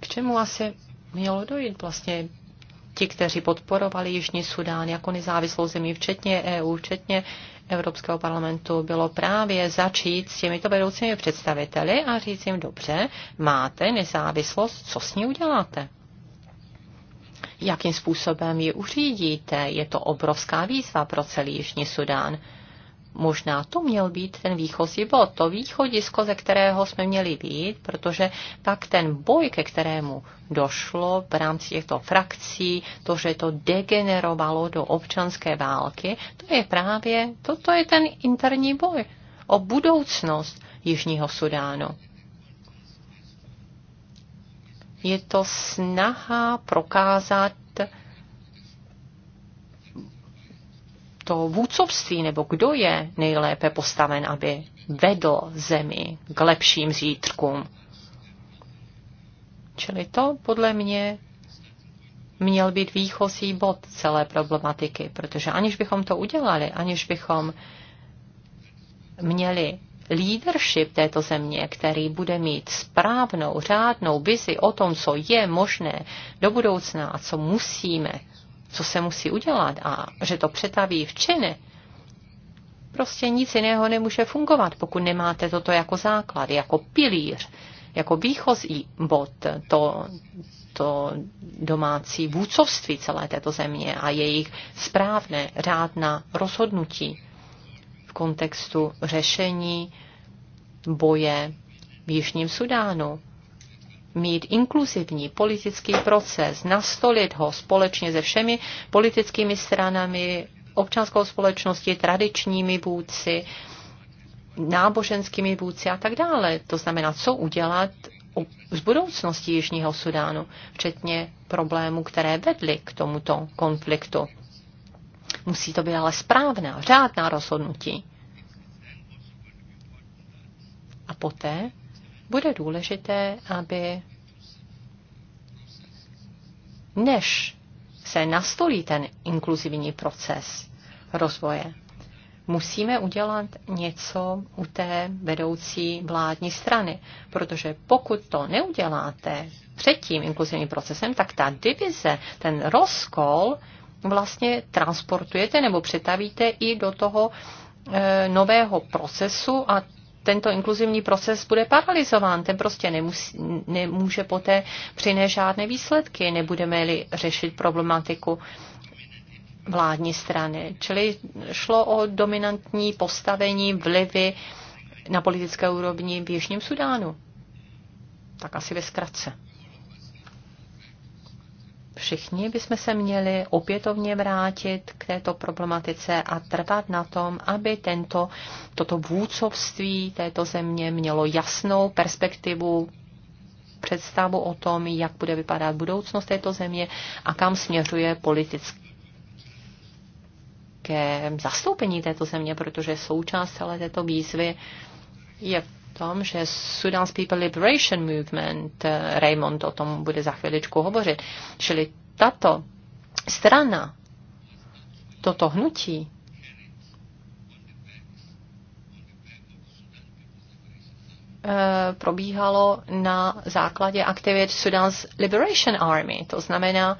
k čemu asi mělo dojít vlastně ti, kteří podporovali Jižní Sudán jako nezávislou zemi, včetně EU, včetně Evropského parlamentu, bylo právě začít s těmito vedoucími představiteli a říct jim, dobře, máte nezávislost, co s ní uděláte? Jakým způsobem ji uřídíte? Je to obrovská výzva pro celý Jižní Sudán. Možná to měl být ten výchozí bod, to východisko, ze kterého jsme měli být, protože pak ten boj, ke kterému došlo v rámci těchto frakcí, to, že to degenerovalo do občanské války, to je právě, to, to je ten interní boj o budoucnost Jižního Sudánu. Je to snaha prokázat to vůcovství, nebo kdo je nejlépe postaven, aby vedl zemi k lepším zítřkům. Čili to podle mě měl být výchozí bod celé problematiky, protože aniž bychom to udělali, aniž bychom měli leadership této země, který bude mít správnou, řádnou vizi o tom, co je možné do budoucna a co musíme co se musí udělat a že to přetaví v činy, prostě nic jiného nemůže fungovat, pokud nemáte toto jako základ, jako pilíř, jako výchozí bod, to, to domácí vůcovství celé této země a jejich správné, řádná rozhodnutí v kontextu řešení boje v Jižním Sudánu mít inkluzivní politický proces, nastolit ho společně se všemi politickými stranami, občanskou společností, tradičními vůdci, náboženskými vůdci a tak dále. To znamená, co udělat z budoucnosti Jižního Sudánu, včetně problémů, které vedly k tomuto konfliktu. Musí to být ale správná, řádná rozhodnutí. A poté bude důležité, aby než se nastolí ten inkluzivní proces rozvoje, musíme udělat něco u té vedoucí vládní strany, protože pokud to neuděláte před tím inkluzivním procesem, tak ta divize, ten rozkol vlastně transportujete nebo přetavíte i do toho e, nového procesu a tento inkluzivní proces bude paralizován. Ten prostě nemusí, nemůže poté přinést žádné výsledky, nebudeme-li řešit problematiku vládní strany. Čili šlo o dominantní postavení vlivy na politické úrovni v Jižním Sudánu. Tak asi ve zkratce všichni bychom se měli opětovně vrátit k této problematice a trvat na tom, aby tento, toto vůcovství této země mělo jasnou perspektivu, představu o tom, jak bude vypadat budoucnost této země a kam směřuje politické zastoupení této země, protože součást celé této výzvy je tom, že Sudan's People Liberation Movement, eh, Raymond o tom bude za chviličku hovořit, čili tato strana, toto hnutí, eh, probíhalo na základě aktivit Sudan's Liberation Army. To znamená,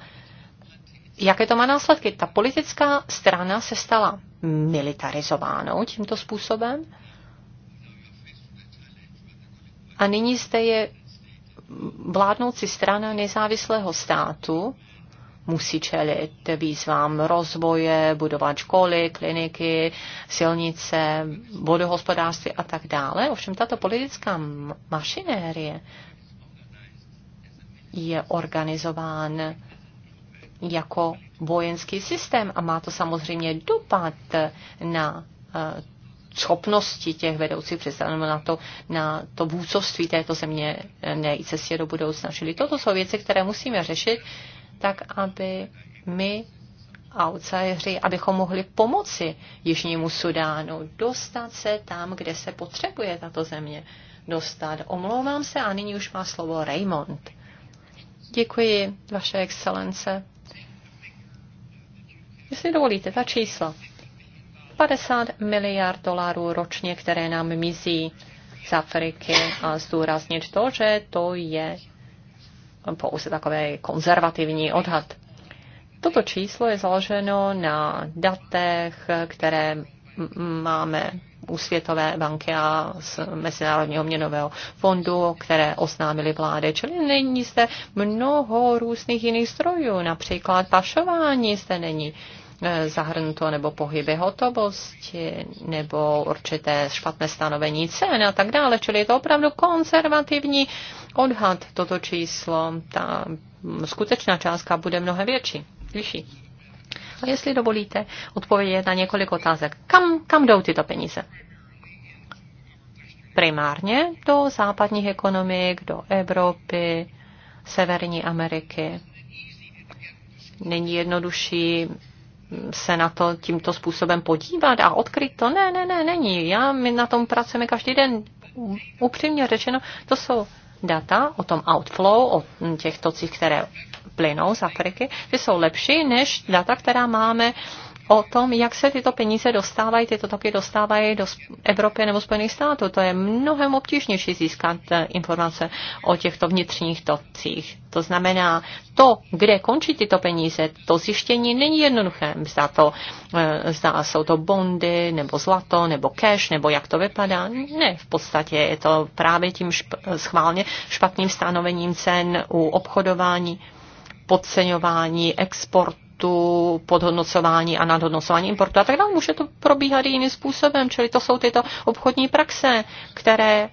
jaké to má následky. Ta politická strana se stala militarizovanou tímto způsobem a nyní zde je vládnoucí strana nezávislého státu, musí čelit výzvám rozvoje, budovat školy, kliniky, silnice, vodohospodářství a tak dále. Ovšem tato politická mašinérie je organizován jako vojenský systém a má to samozřejmě dopad na eh, schopnosti těch vedoucích představitelů na to, na to vůcovství této země eh, nejí cestě do budoucna. Čili toto jsou věci, které musíme řešit, tak aby my outsideri, abychom mohli pomoci Jižnímu Sudánu dostat se tam, kde se potřebuje tato země dostat. Omlouvám se a nyní už má slovo Raymond. Děkuji, vaše excelence. Jestli dovolíte, ta čísla. 150 miliard dolarů ročně, které nám mizí z Afriky a zdůraznit to, že to je pouze takový konzervativní odhad. Toto číslo je založeno na datech, které máme u Světové banky a z Mezinárodního měnového fondu, které oznámili vlády. Čili není zde mnoho různých jiných strojů, například pašování zde není zahrnuto nebo pohyby hotovosti, nebo určité špatné stanovení cen a tak dále. Čili je to opravdu konzervativní odhad toto číslo. Ta skutečná částka bude mnohem větší, vyšší. A jestli dovolíte odpovědět na několik otázek. Kam, kam jdou tyto peníze? Primárně do západních ekonomik, do Evropy, Severní Ameriky. Není jednodušší se na to tímto způsobem podívat a odkryt to. Ne, ne, ne, není. Já, my na tom pracujeme každý den. Upřímně řečeno, to jsou data o tom outflow, o těch tocích, které plynou z Afriky, ty jsou lepší než data, která máme o tom, jak se tyto peníze dostávají, tyto toky dostávají do Evropy nebo Spojených států. To je mnohem obtížnější získat eh, informace o těchto vnitřních tocích. To znamená, to, kde končí tyto peníze, to zjištění není jednoduché. Zda, to, eh, zda jsou to bondy, nebo zlato, nebo cash, nebo jak to vypadá. Ne, v podstatě je to právě tím šp- schválně špatným stanovením cen u obchodování, podceňování, exportu importu, podhodnocování a nadhodnocování importu a tak dále. Může to probíhat i jiným způsobem, čili to jsou tyto obchodní praxe, které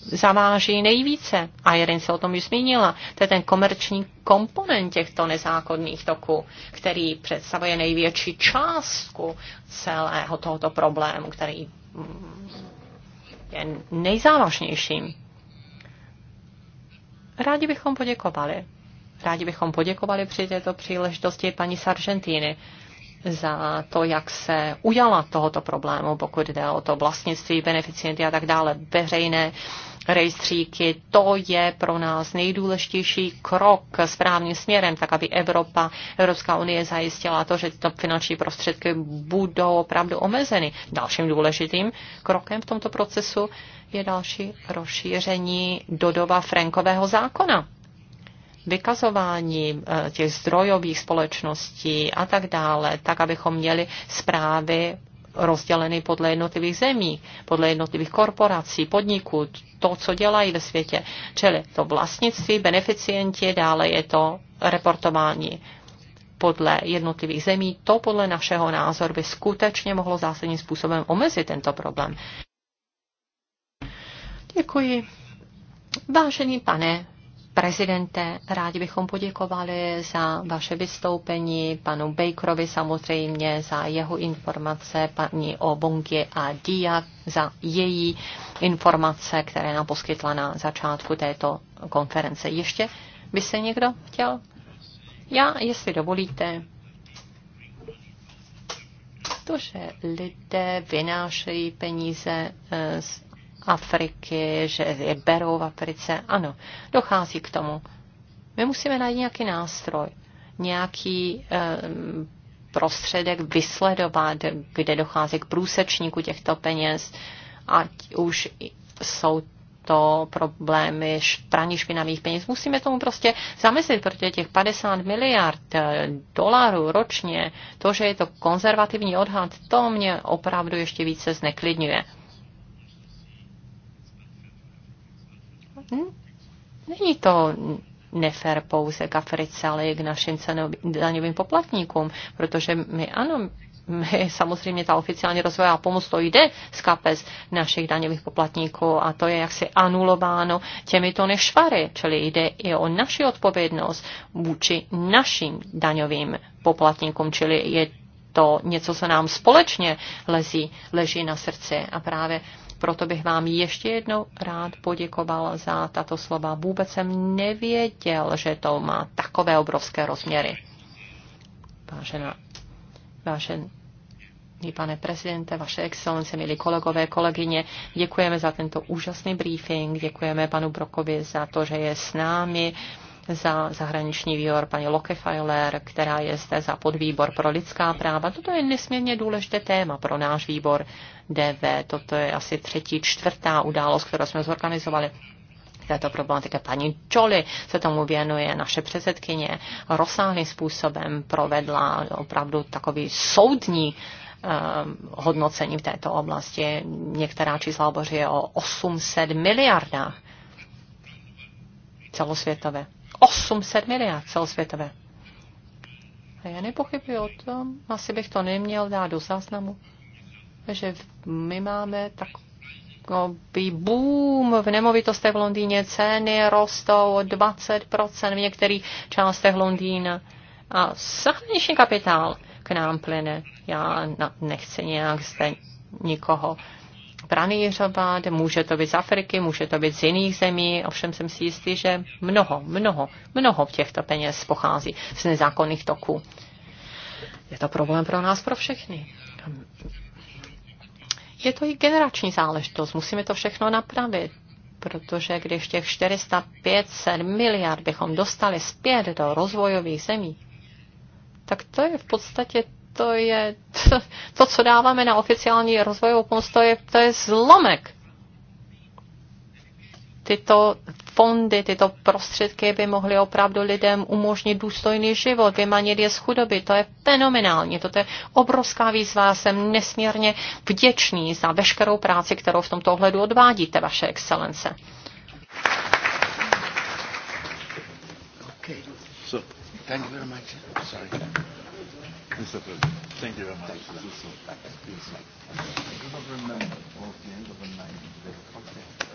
zaváží nejvíce. A jeden se o tom už zmínila. To je ten komerční komponent těchto nezákonných toků, který představuje největší částku celého tohoto problému, který je nejzávažnějším. Rádi bychom poděkovali Rádi bychom poděkovali při této příležitosti paní Sargentini za to, jak se ujala tohoto problému, pokud jde o to vlastnictví, beneficienty a tak dále, veřejné rejstříky. To je pro nás nejdůležitější krok správným směrem, tak aby Evropa, Evropská unie zajistila to, že tyto finanční prostředky budou opravdu omezeny. Dalším důležitým krokem v tomto procesu je další rozšíření dodova Frankového zákona vykazování eh, těch zdrojových společností a tak dále, tak abychom měli zprávy rozděleny podle jednotlivých zemí, podle jednotlivých korporací, podniků, to, co dělají ve světě. Čili to vlastnictví, beneficienti, dále je to reportování podle jednotlivých zemí. To podle našeho názoru by skutečně mohlo zásadním způsobem omezit tento problém. Děkuji. Vážený pane prezidente, rádi bychom poděkovali za vaše vystoupení, panu Bakerovi samozřejmě za jeho informace, paní Obongi a Dia za její informace, které nám poskytla na začátku této konference. Ještě by se někdo chtěl? Já, jestli dovolíte, to, že lidé vynášejí peníze eh, z Afriky, že je berou v Africe. Ano, dochází k tomu. My musíme najít nějaký nástroj, nějaký um, prostředek vysledovat, kde dochází k průsečníku těchto peněz, ať už jsou to problémy praní špinavých peněz. Musíme tomu prostě zamyslet, protože těch 50 miliard eh, dolarů ročně, to, že je to konzervativní odhad, to mě opravdu ještě více zneklidňuje. Hm? Není to nefér pouze k Africe, ale i k našim daňovým poplatníkům, protože my ano, my, samozřejmě ta oficiální rozvojová pomoc to jde z kapes našich daňových poplatníků a to je jaksi anulováno těmito nešvary, čili jde i o naši odpovědnost vůči našim daňovým poplatníkům, čili je to něco, co nám společně lezí, leží na srdci a právě proto bych vám ještě jednou rád poděkoval za tato slova. Vůbec jsem nevěděl, že to má takové obrovské rozměry. Vážená, vážený pane prezidente, vaše excelence, milí kolegové, kolegyně, děkujeme za tento úžasný briefing, děkujeme panu Brokovi za to, že je s námi za zahraniční výbor paní Lockefeller, která je zde za podvýbor pro lidská práva. Toto je nesmírně důležité téma pro náš výbor DV. Toto je asi třetí, čtvrtá událost, kterou jsme zorganizovali této problematika. Paní Čoli se tomu věnuje, naše předsedkyně rozsáhlým způsobem provedla opravdu takový soudní ehm, hodnocení v této oblasti. Některá čísla hovoří o 800 miliardách celosvětové. 800 miliard celosvětové. A já nepochybuji o tom, asi bych to neměl dát do záznamu, že my máme takový boom v nemovitostech v Londýně. Ceny rostou o 20% v některých částech Londýna. A zahraniční kapitál k nám plyne. Já nechci nějak zde nikoho pranýřová, může to být z Afriky, může to být z jiných zemí, ovšem jsem si jistý, že mnoho, mnoho, mnoho těchto peněz pochází z nezákonných toků. Je to problém pro nás, pro všechny. Je to i generační záležitost, musíme to všechno napravit protože když těch 400-500 miliard bychom dostali zpět do rozvojových zemí, tak to je v podstatě to je to, to co dáváme na oficiální rozvojovou pomoc, to je, to je zlomek. Tyto fondy, tyto prostředky by mohly opravdu lidem umožnit důstojný život, vymanit je z chudoby. To je fenomenální, to je obrovská výzva. Jsem nesmírně vděčný za veškerou práci, kterou v tomto ohledu odvádíte, vaše excelence. Okay. So, thank you very much. Sorry. Mr. President. Thank you very much. Thank you. Thank you. Thank you. Thank you. Thank you. Thank you. Thank you.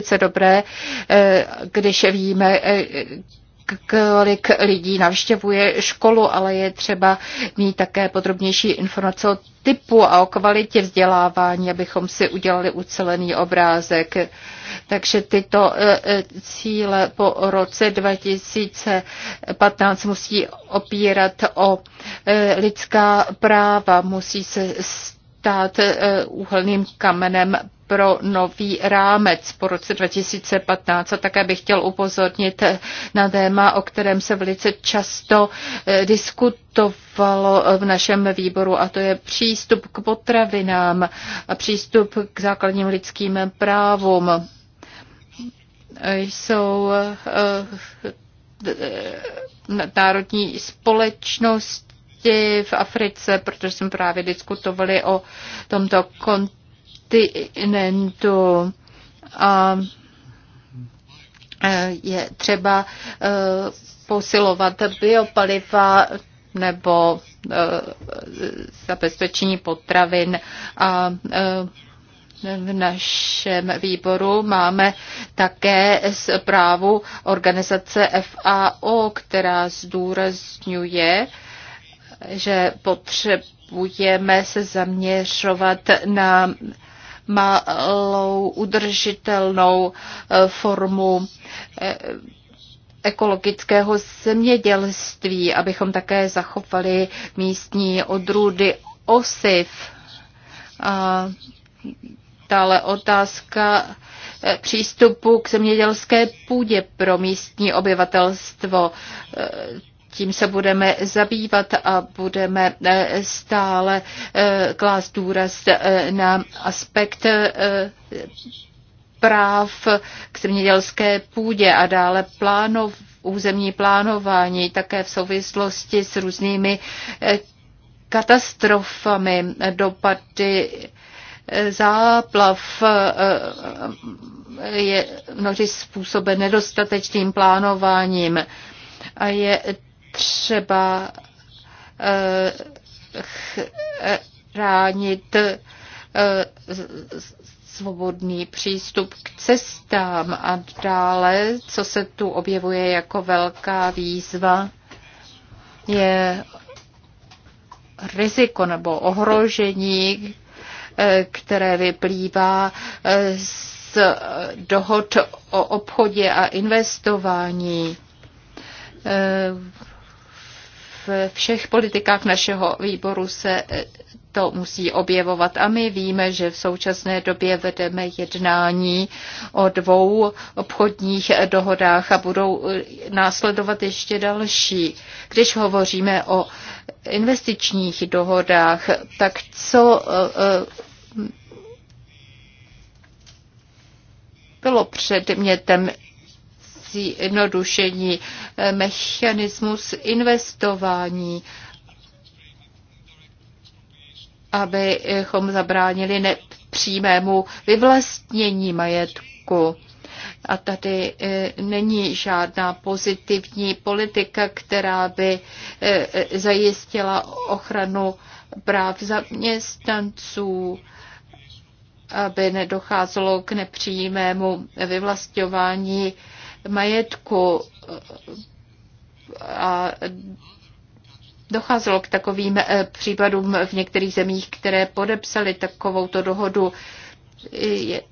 velice dobré, eh, když víme, eh, kolik lidí navštěvuje školu, ale je třeba mít také podrobnější informace o typu a o kvalitě vzdělávání, abychom si udělali ucelený obrázek. Takže tyto eh, cíle po roce 2015 musí opírat o lidská práva, musí se stát úhelným kamenem pro nový rámec po roce 2015 a také bych chtěl upozornit na téma, o kterém se velice často eh, diskutovalo eh, v našem výboru a to je přístup k potravinám a přístup k základním lidským právům. Jsou eh, národní společnosti v Africe, protože jsme právě diskutovali o tomto kontextu, kontinentu. A e, je třeba e, posilovat biopaliva nebo e, zabezpečení potravin a v našem výboru máme také zprávu organizace FAO, která zdůrazňuje, že potřebujeme se zaměřovat na malou udržitelnou eh, formu eh, ekologického zemědělství, abychom také zachovali místní odrůdy osiv. A dále otázka eh, přístupu k zemědělské půdě pro místní obyvatelstvo tím se budeme zabývat a budeme eh, stále eh, klást důraz eh, na aspekt práv k zemědělské půdě a dále plánov, územní plánování také v souvislosti s různými katastrofami, dopady záplav je množství způsoben nedostatečným plánováním a je třeba eh, chránit eh, svobodný přístup k cestám a dále, co se tu objevuje jako velká výzva, je riziko nebo ohrožení, eh, které vyplývá z dohod o obchodě a investování ve všech politikách našeho výboru se eh, to musí objevovat. A my víme, že v současné době vedeme jednání o dvou obchodních dohodách a budou eh, následovat ještě další. Když hovoříme o investičních dohodách, tak co eh, bylo předmětem zjednodušení, eh, mechanismus investování, abychom zabránili nepřímému vyvlastnění majetku. A tady eh, není žádná pozitivní politika, která by eh, zajistila ochranu práv zaměstnanců, aby nedocházelo k nepřímému vyvlastňování majetku a docházelo k takovým eh, případům v některých zemích, které podepsaly takovouto dohodu. Je,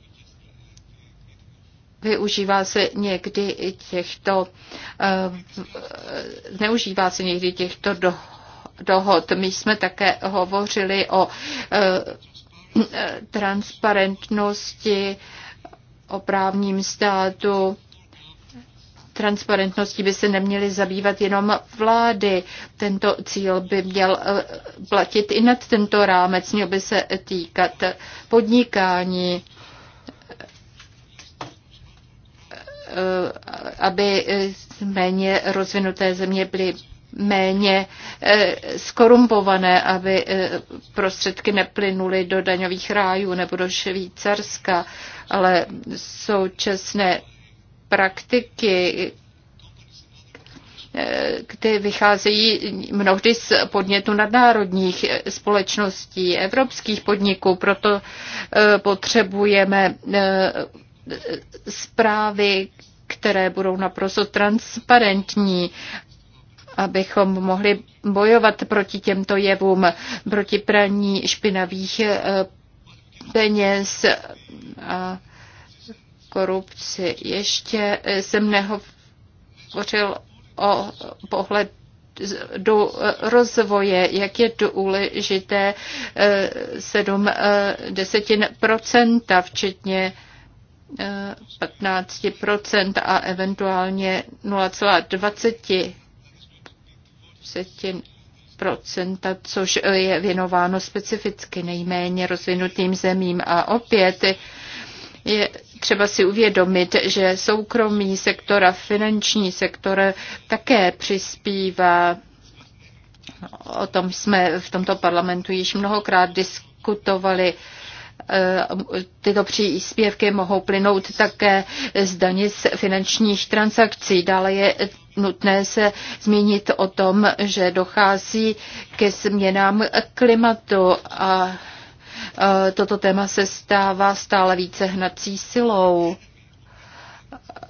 využívá se někdy těchto, eh, zneužívá se někdy těchto dohod. My jsme také hovořili o eh, transparentnosti, o právním státu, Transparentností by se neměly zabývat jenom vlády. Tento cíl by měl eh, platit i nad tento rámec, měl by se týkat podnikání eh, aby eh, méně rozvinuté země byly méně skorumpované, aby prostředky neplynuly do daňových rájů nebo do Švýcarska, ale současné praktiky, eh, které vycházejí mnohdy z podnětu nadnárodních společností, evropských podniků, proto eh, potřebujeme eh, zprávy, které budou naprosto transparentní, abychom mohli bojovat proti těmto jevům, proti praní špinavých peněz a korupci. Ještě eh, jsem nehovořil o pohled do eh, rozvoje, jak je důležité 7 eh, desetin procenta, včetně 15 a eventuálně 0,20 procenta, což je věnováno specificky nejméně rozvinutým zemím. A opět je třeba si uvědomit, že soukromý sektor a finanční sektor také přispívá. O tom jsme v tomto parlamentu již mnohokrát diskutovali eh, tyto příspěvky mohou plynout také z daně z finančních transakcí. Dále je nutné se zmínit o tom, že dochází ke změnám klimatu a Eh, toto téma se stává stále více hnací silou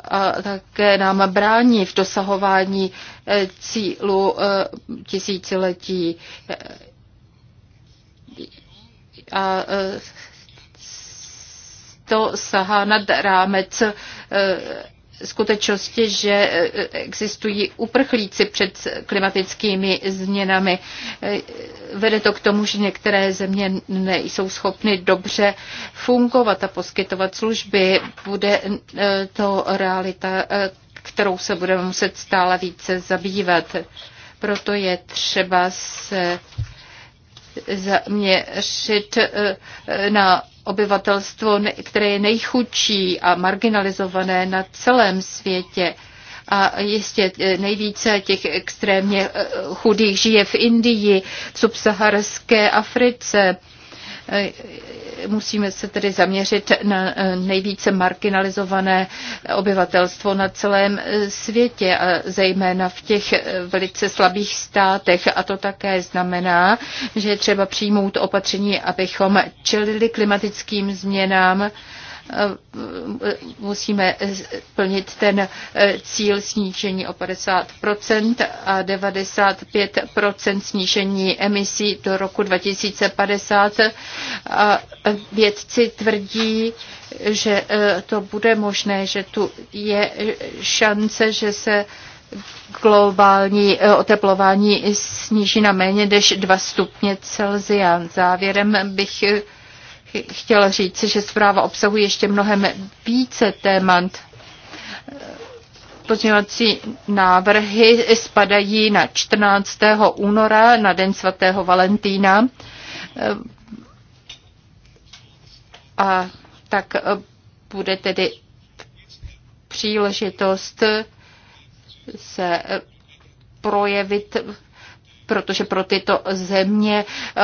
a eh, také nám brání v dosahování eh, cílu tisíciletí. A to sahá nad rámec skutečnosti, že e, e, existují uprchlíci před klimatickými změnami. E, vede to k tomu, že některé země nejsou schopny dobře fungovat a poskytovat služby. Bude to realita, kterou se budeme muset stále více zabývat. Proto je třeba se zaměřit na obyvatelstvo, které je nejchudší a marginalizované na celém světě. A jistě e, nejvíce těch extrémně e, chudých žije v Indii, v subsaharské Africe, Eh, musíme se tedy zaměřit na eh, nejvíce marginalizované obyvatelstvo na celém eh, světě a zejména v těch velice slabých státech. A to také znamená, že je třeba přijmout opatření, abychom čelili klimatickým změnám Eh, musíme plnit ten eh, cíl snížení o 50% a 95% snížení emisí do roku 2050. vědci tvrdí, že eh, to bude možné, že tu je šance, že se globální oteplování sníží na méně než 2 stupně Celsia. Závěrem bych chtěl říct, že zpráva obsahuje ještě mnohem více témat. Pozměňovací návrhy spadají na 14. února, na Den svatého Valentína. A tak bude tedy příležitost se projevit protože pro tyto země eh,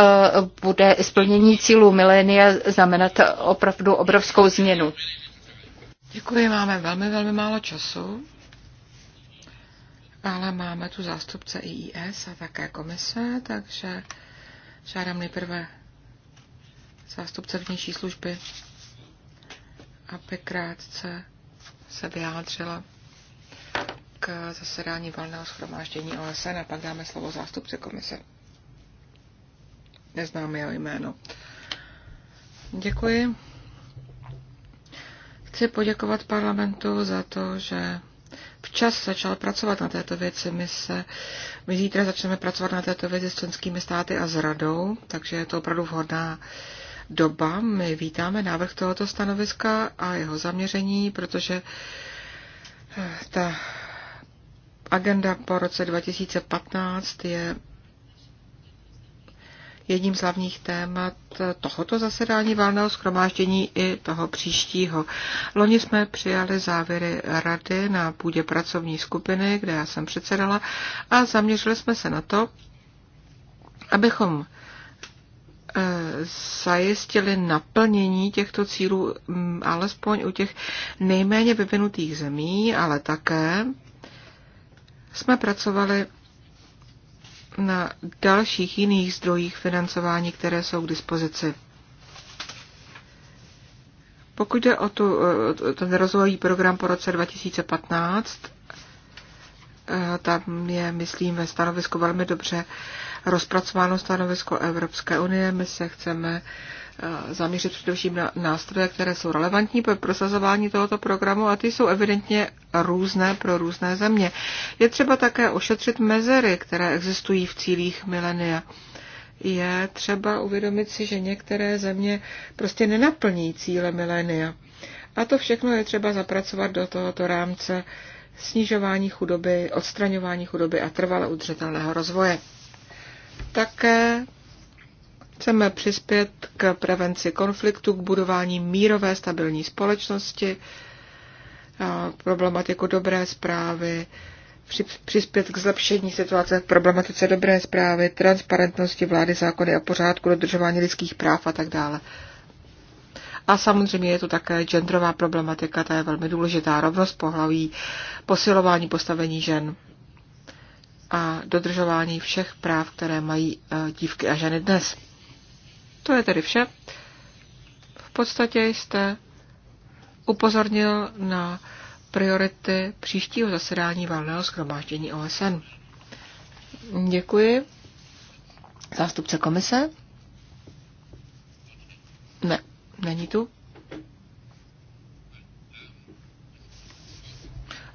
bude splnění cílů milénia znamenat opravdu obrovskou změnu. Děkuji, máme velmi, velmi málo času, ale máme tu zástupce IIS a také komise, takže žádám nejprve zástupce vnější služby, aby krátce se vyjádřila k zasedání valného schromáždění OSN a pak dáme slovo zástupci komise. Neznám jeho jméno. Děkuji. Chci poděkovat parlamentu za to, že včas začal pracovat na této věci. My, se, my zítra začneme pracovat na této věci s členskými státy a s radou, takže je to opravdu vhodná doba. My vítáme návrh tohoto stanoviska a jeho zaměření, protože ta Agenda po roce 2015 je jedním z hlavních témat tohoto zasedání válného schromáždění i toho příštího. Loni jsme přijali závěry rady na půdě pracovní skupiny, kde já jsem předsedala, a zaměřili jsme se na to, abychom e, zajistili naplnění těchto cílů alespoň u těch nejméně vyvinutých zemí, ale také jsme pracovali na dalších jiných zdrojích financování, které jsou k dispozici. Pokud jde o tu, eh, ten rozvojový program po roce 2015, eh, tam je, myslím, ve stanovisku velmi dobře rozpracováno stanovisko Evropské unie. My se chceme uh, Eh, zaměřit především na nástroje, které jsou relevantní pro prosazování tohoto programu a ty jsou evidentně různé pro různé země. Je třeba také ošetřit mezery, které existují v cílích milenia. Je třeba uvědomit si, že některé země prostě nenaplní cíle milénia. A to všechno je třeba zapracovat do tohoto rámce snižování chudoby, odstraňování chudoby a trvale udržitelného rozvoje. Také Chceme přispět k prevenci konfliktu, k budování mírové stabilní společnosti, problematiku dobré zprávy, přispět k zlepšení situace v problematice dobré zprávy, transparentnosti vlády, zákony a pořádku, dodržování lidských práv a tak dále. A samozřejmě je to také genderová problematika, ta je velmi důležitá, rovnost pohlaví, posilování postavení žen a dodržování všech práv, které mají eh, dívky a ženy dnes. To je tedy vše. V podstatě jste upozornil na priority příštího zasedání valného schromáždění OSN. Děkuji. Zástupce komise? Ne, není tu.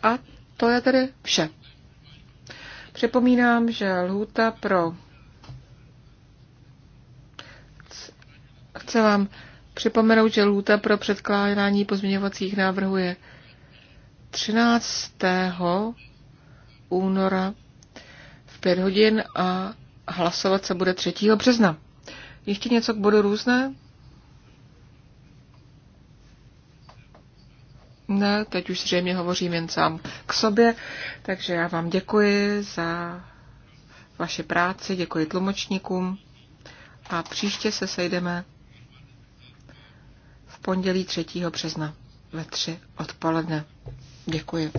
A to je tedy vše. Připomínám, že lhůta pro Chce vám připomenout, že lůta pro předkládání pozměňovacích návrhů je 13. února v 5 hodin a hlasovat se bude 3. března. Ještě něco k bodu různé? Ne, teď už zřejmě hovořím jen sám k sobě, takže já vám děkuji za vaše práci, děkuji tlumočníkům a příště se sejdeme pondělí 3. března ve 3 odpoledne. Děkuji.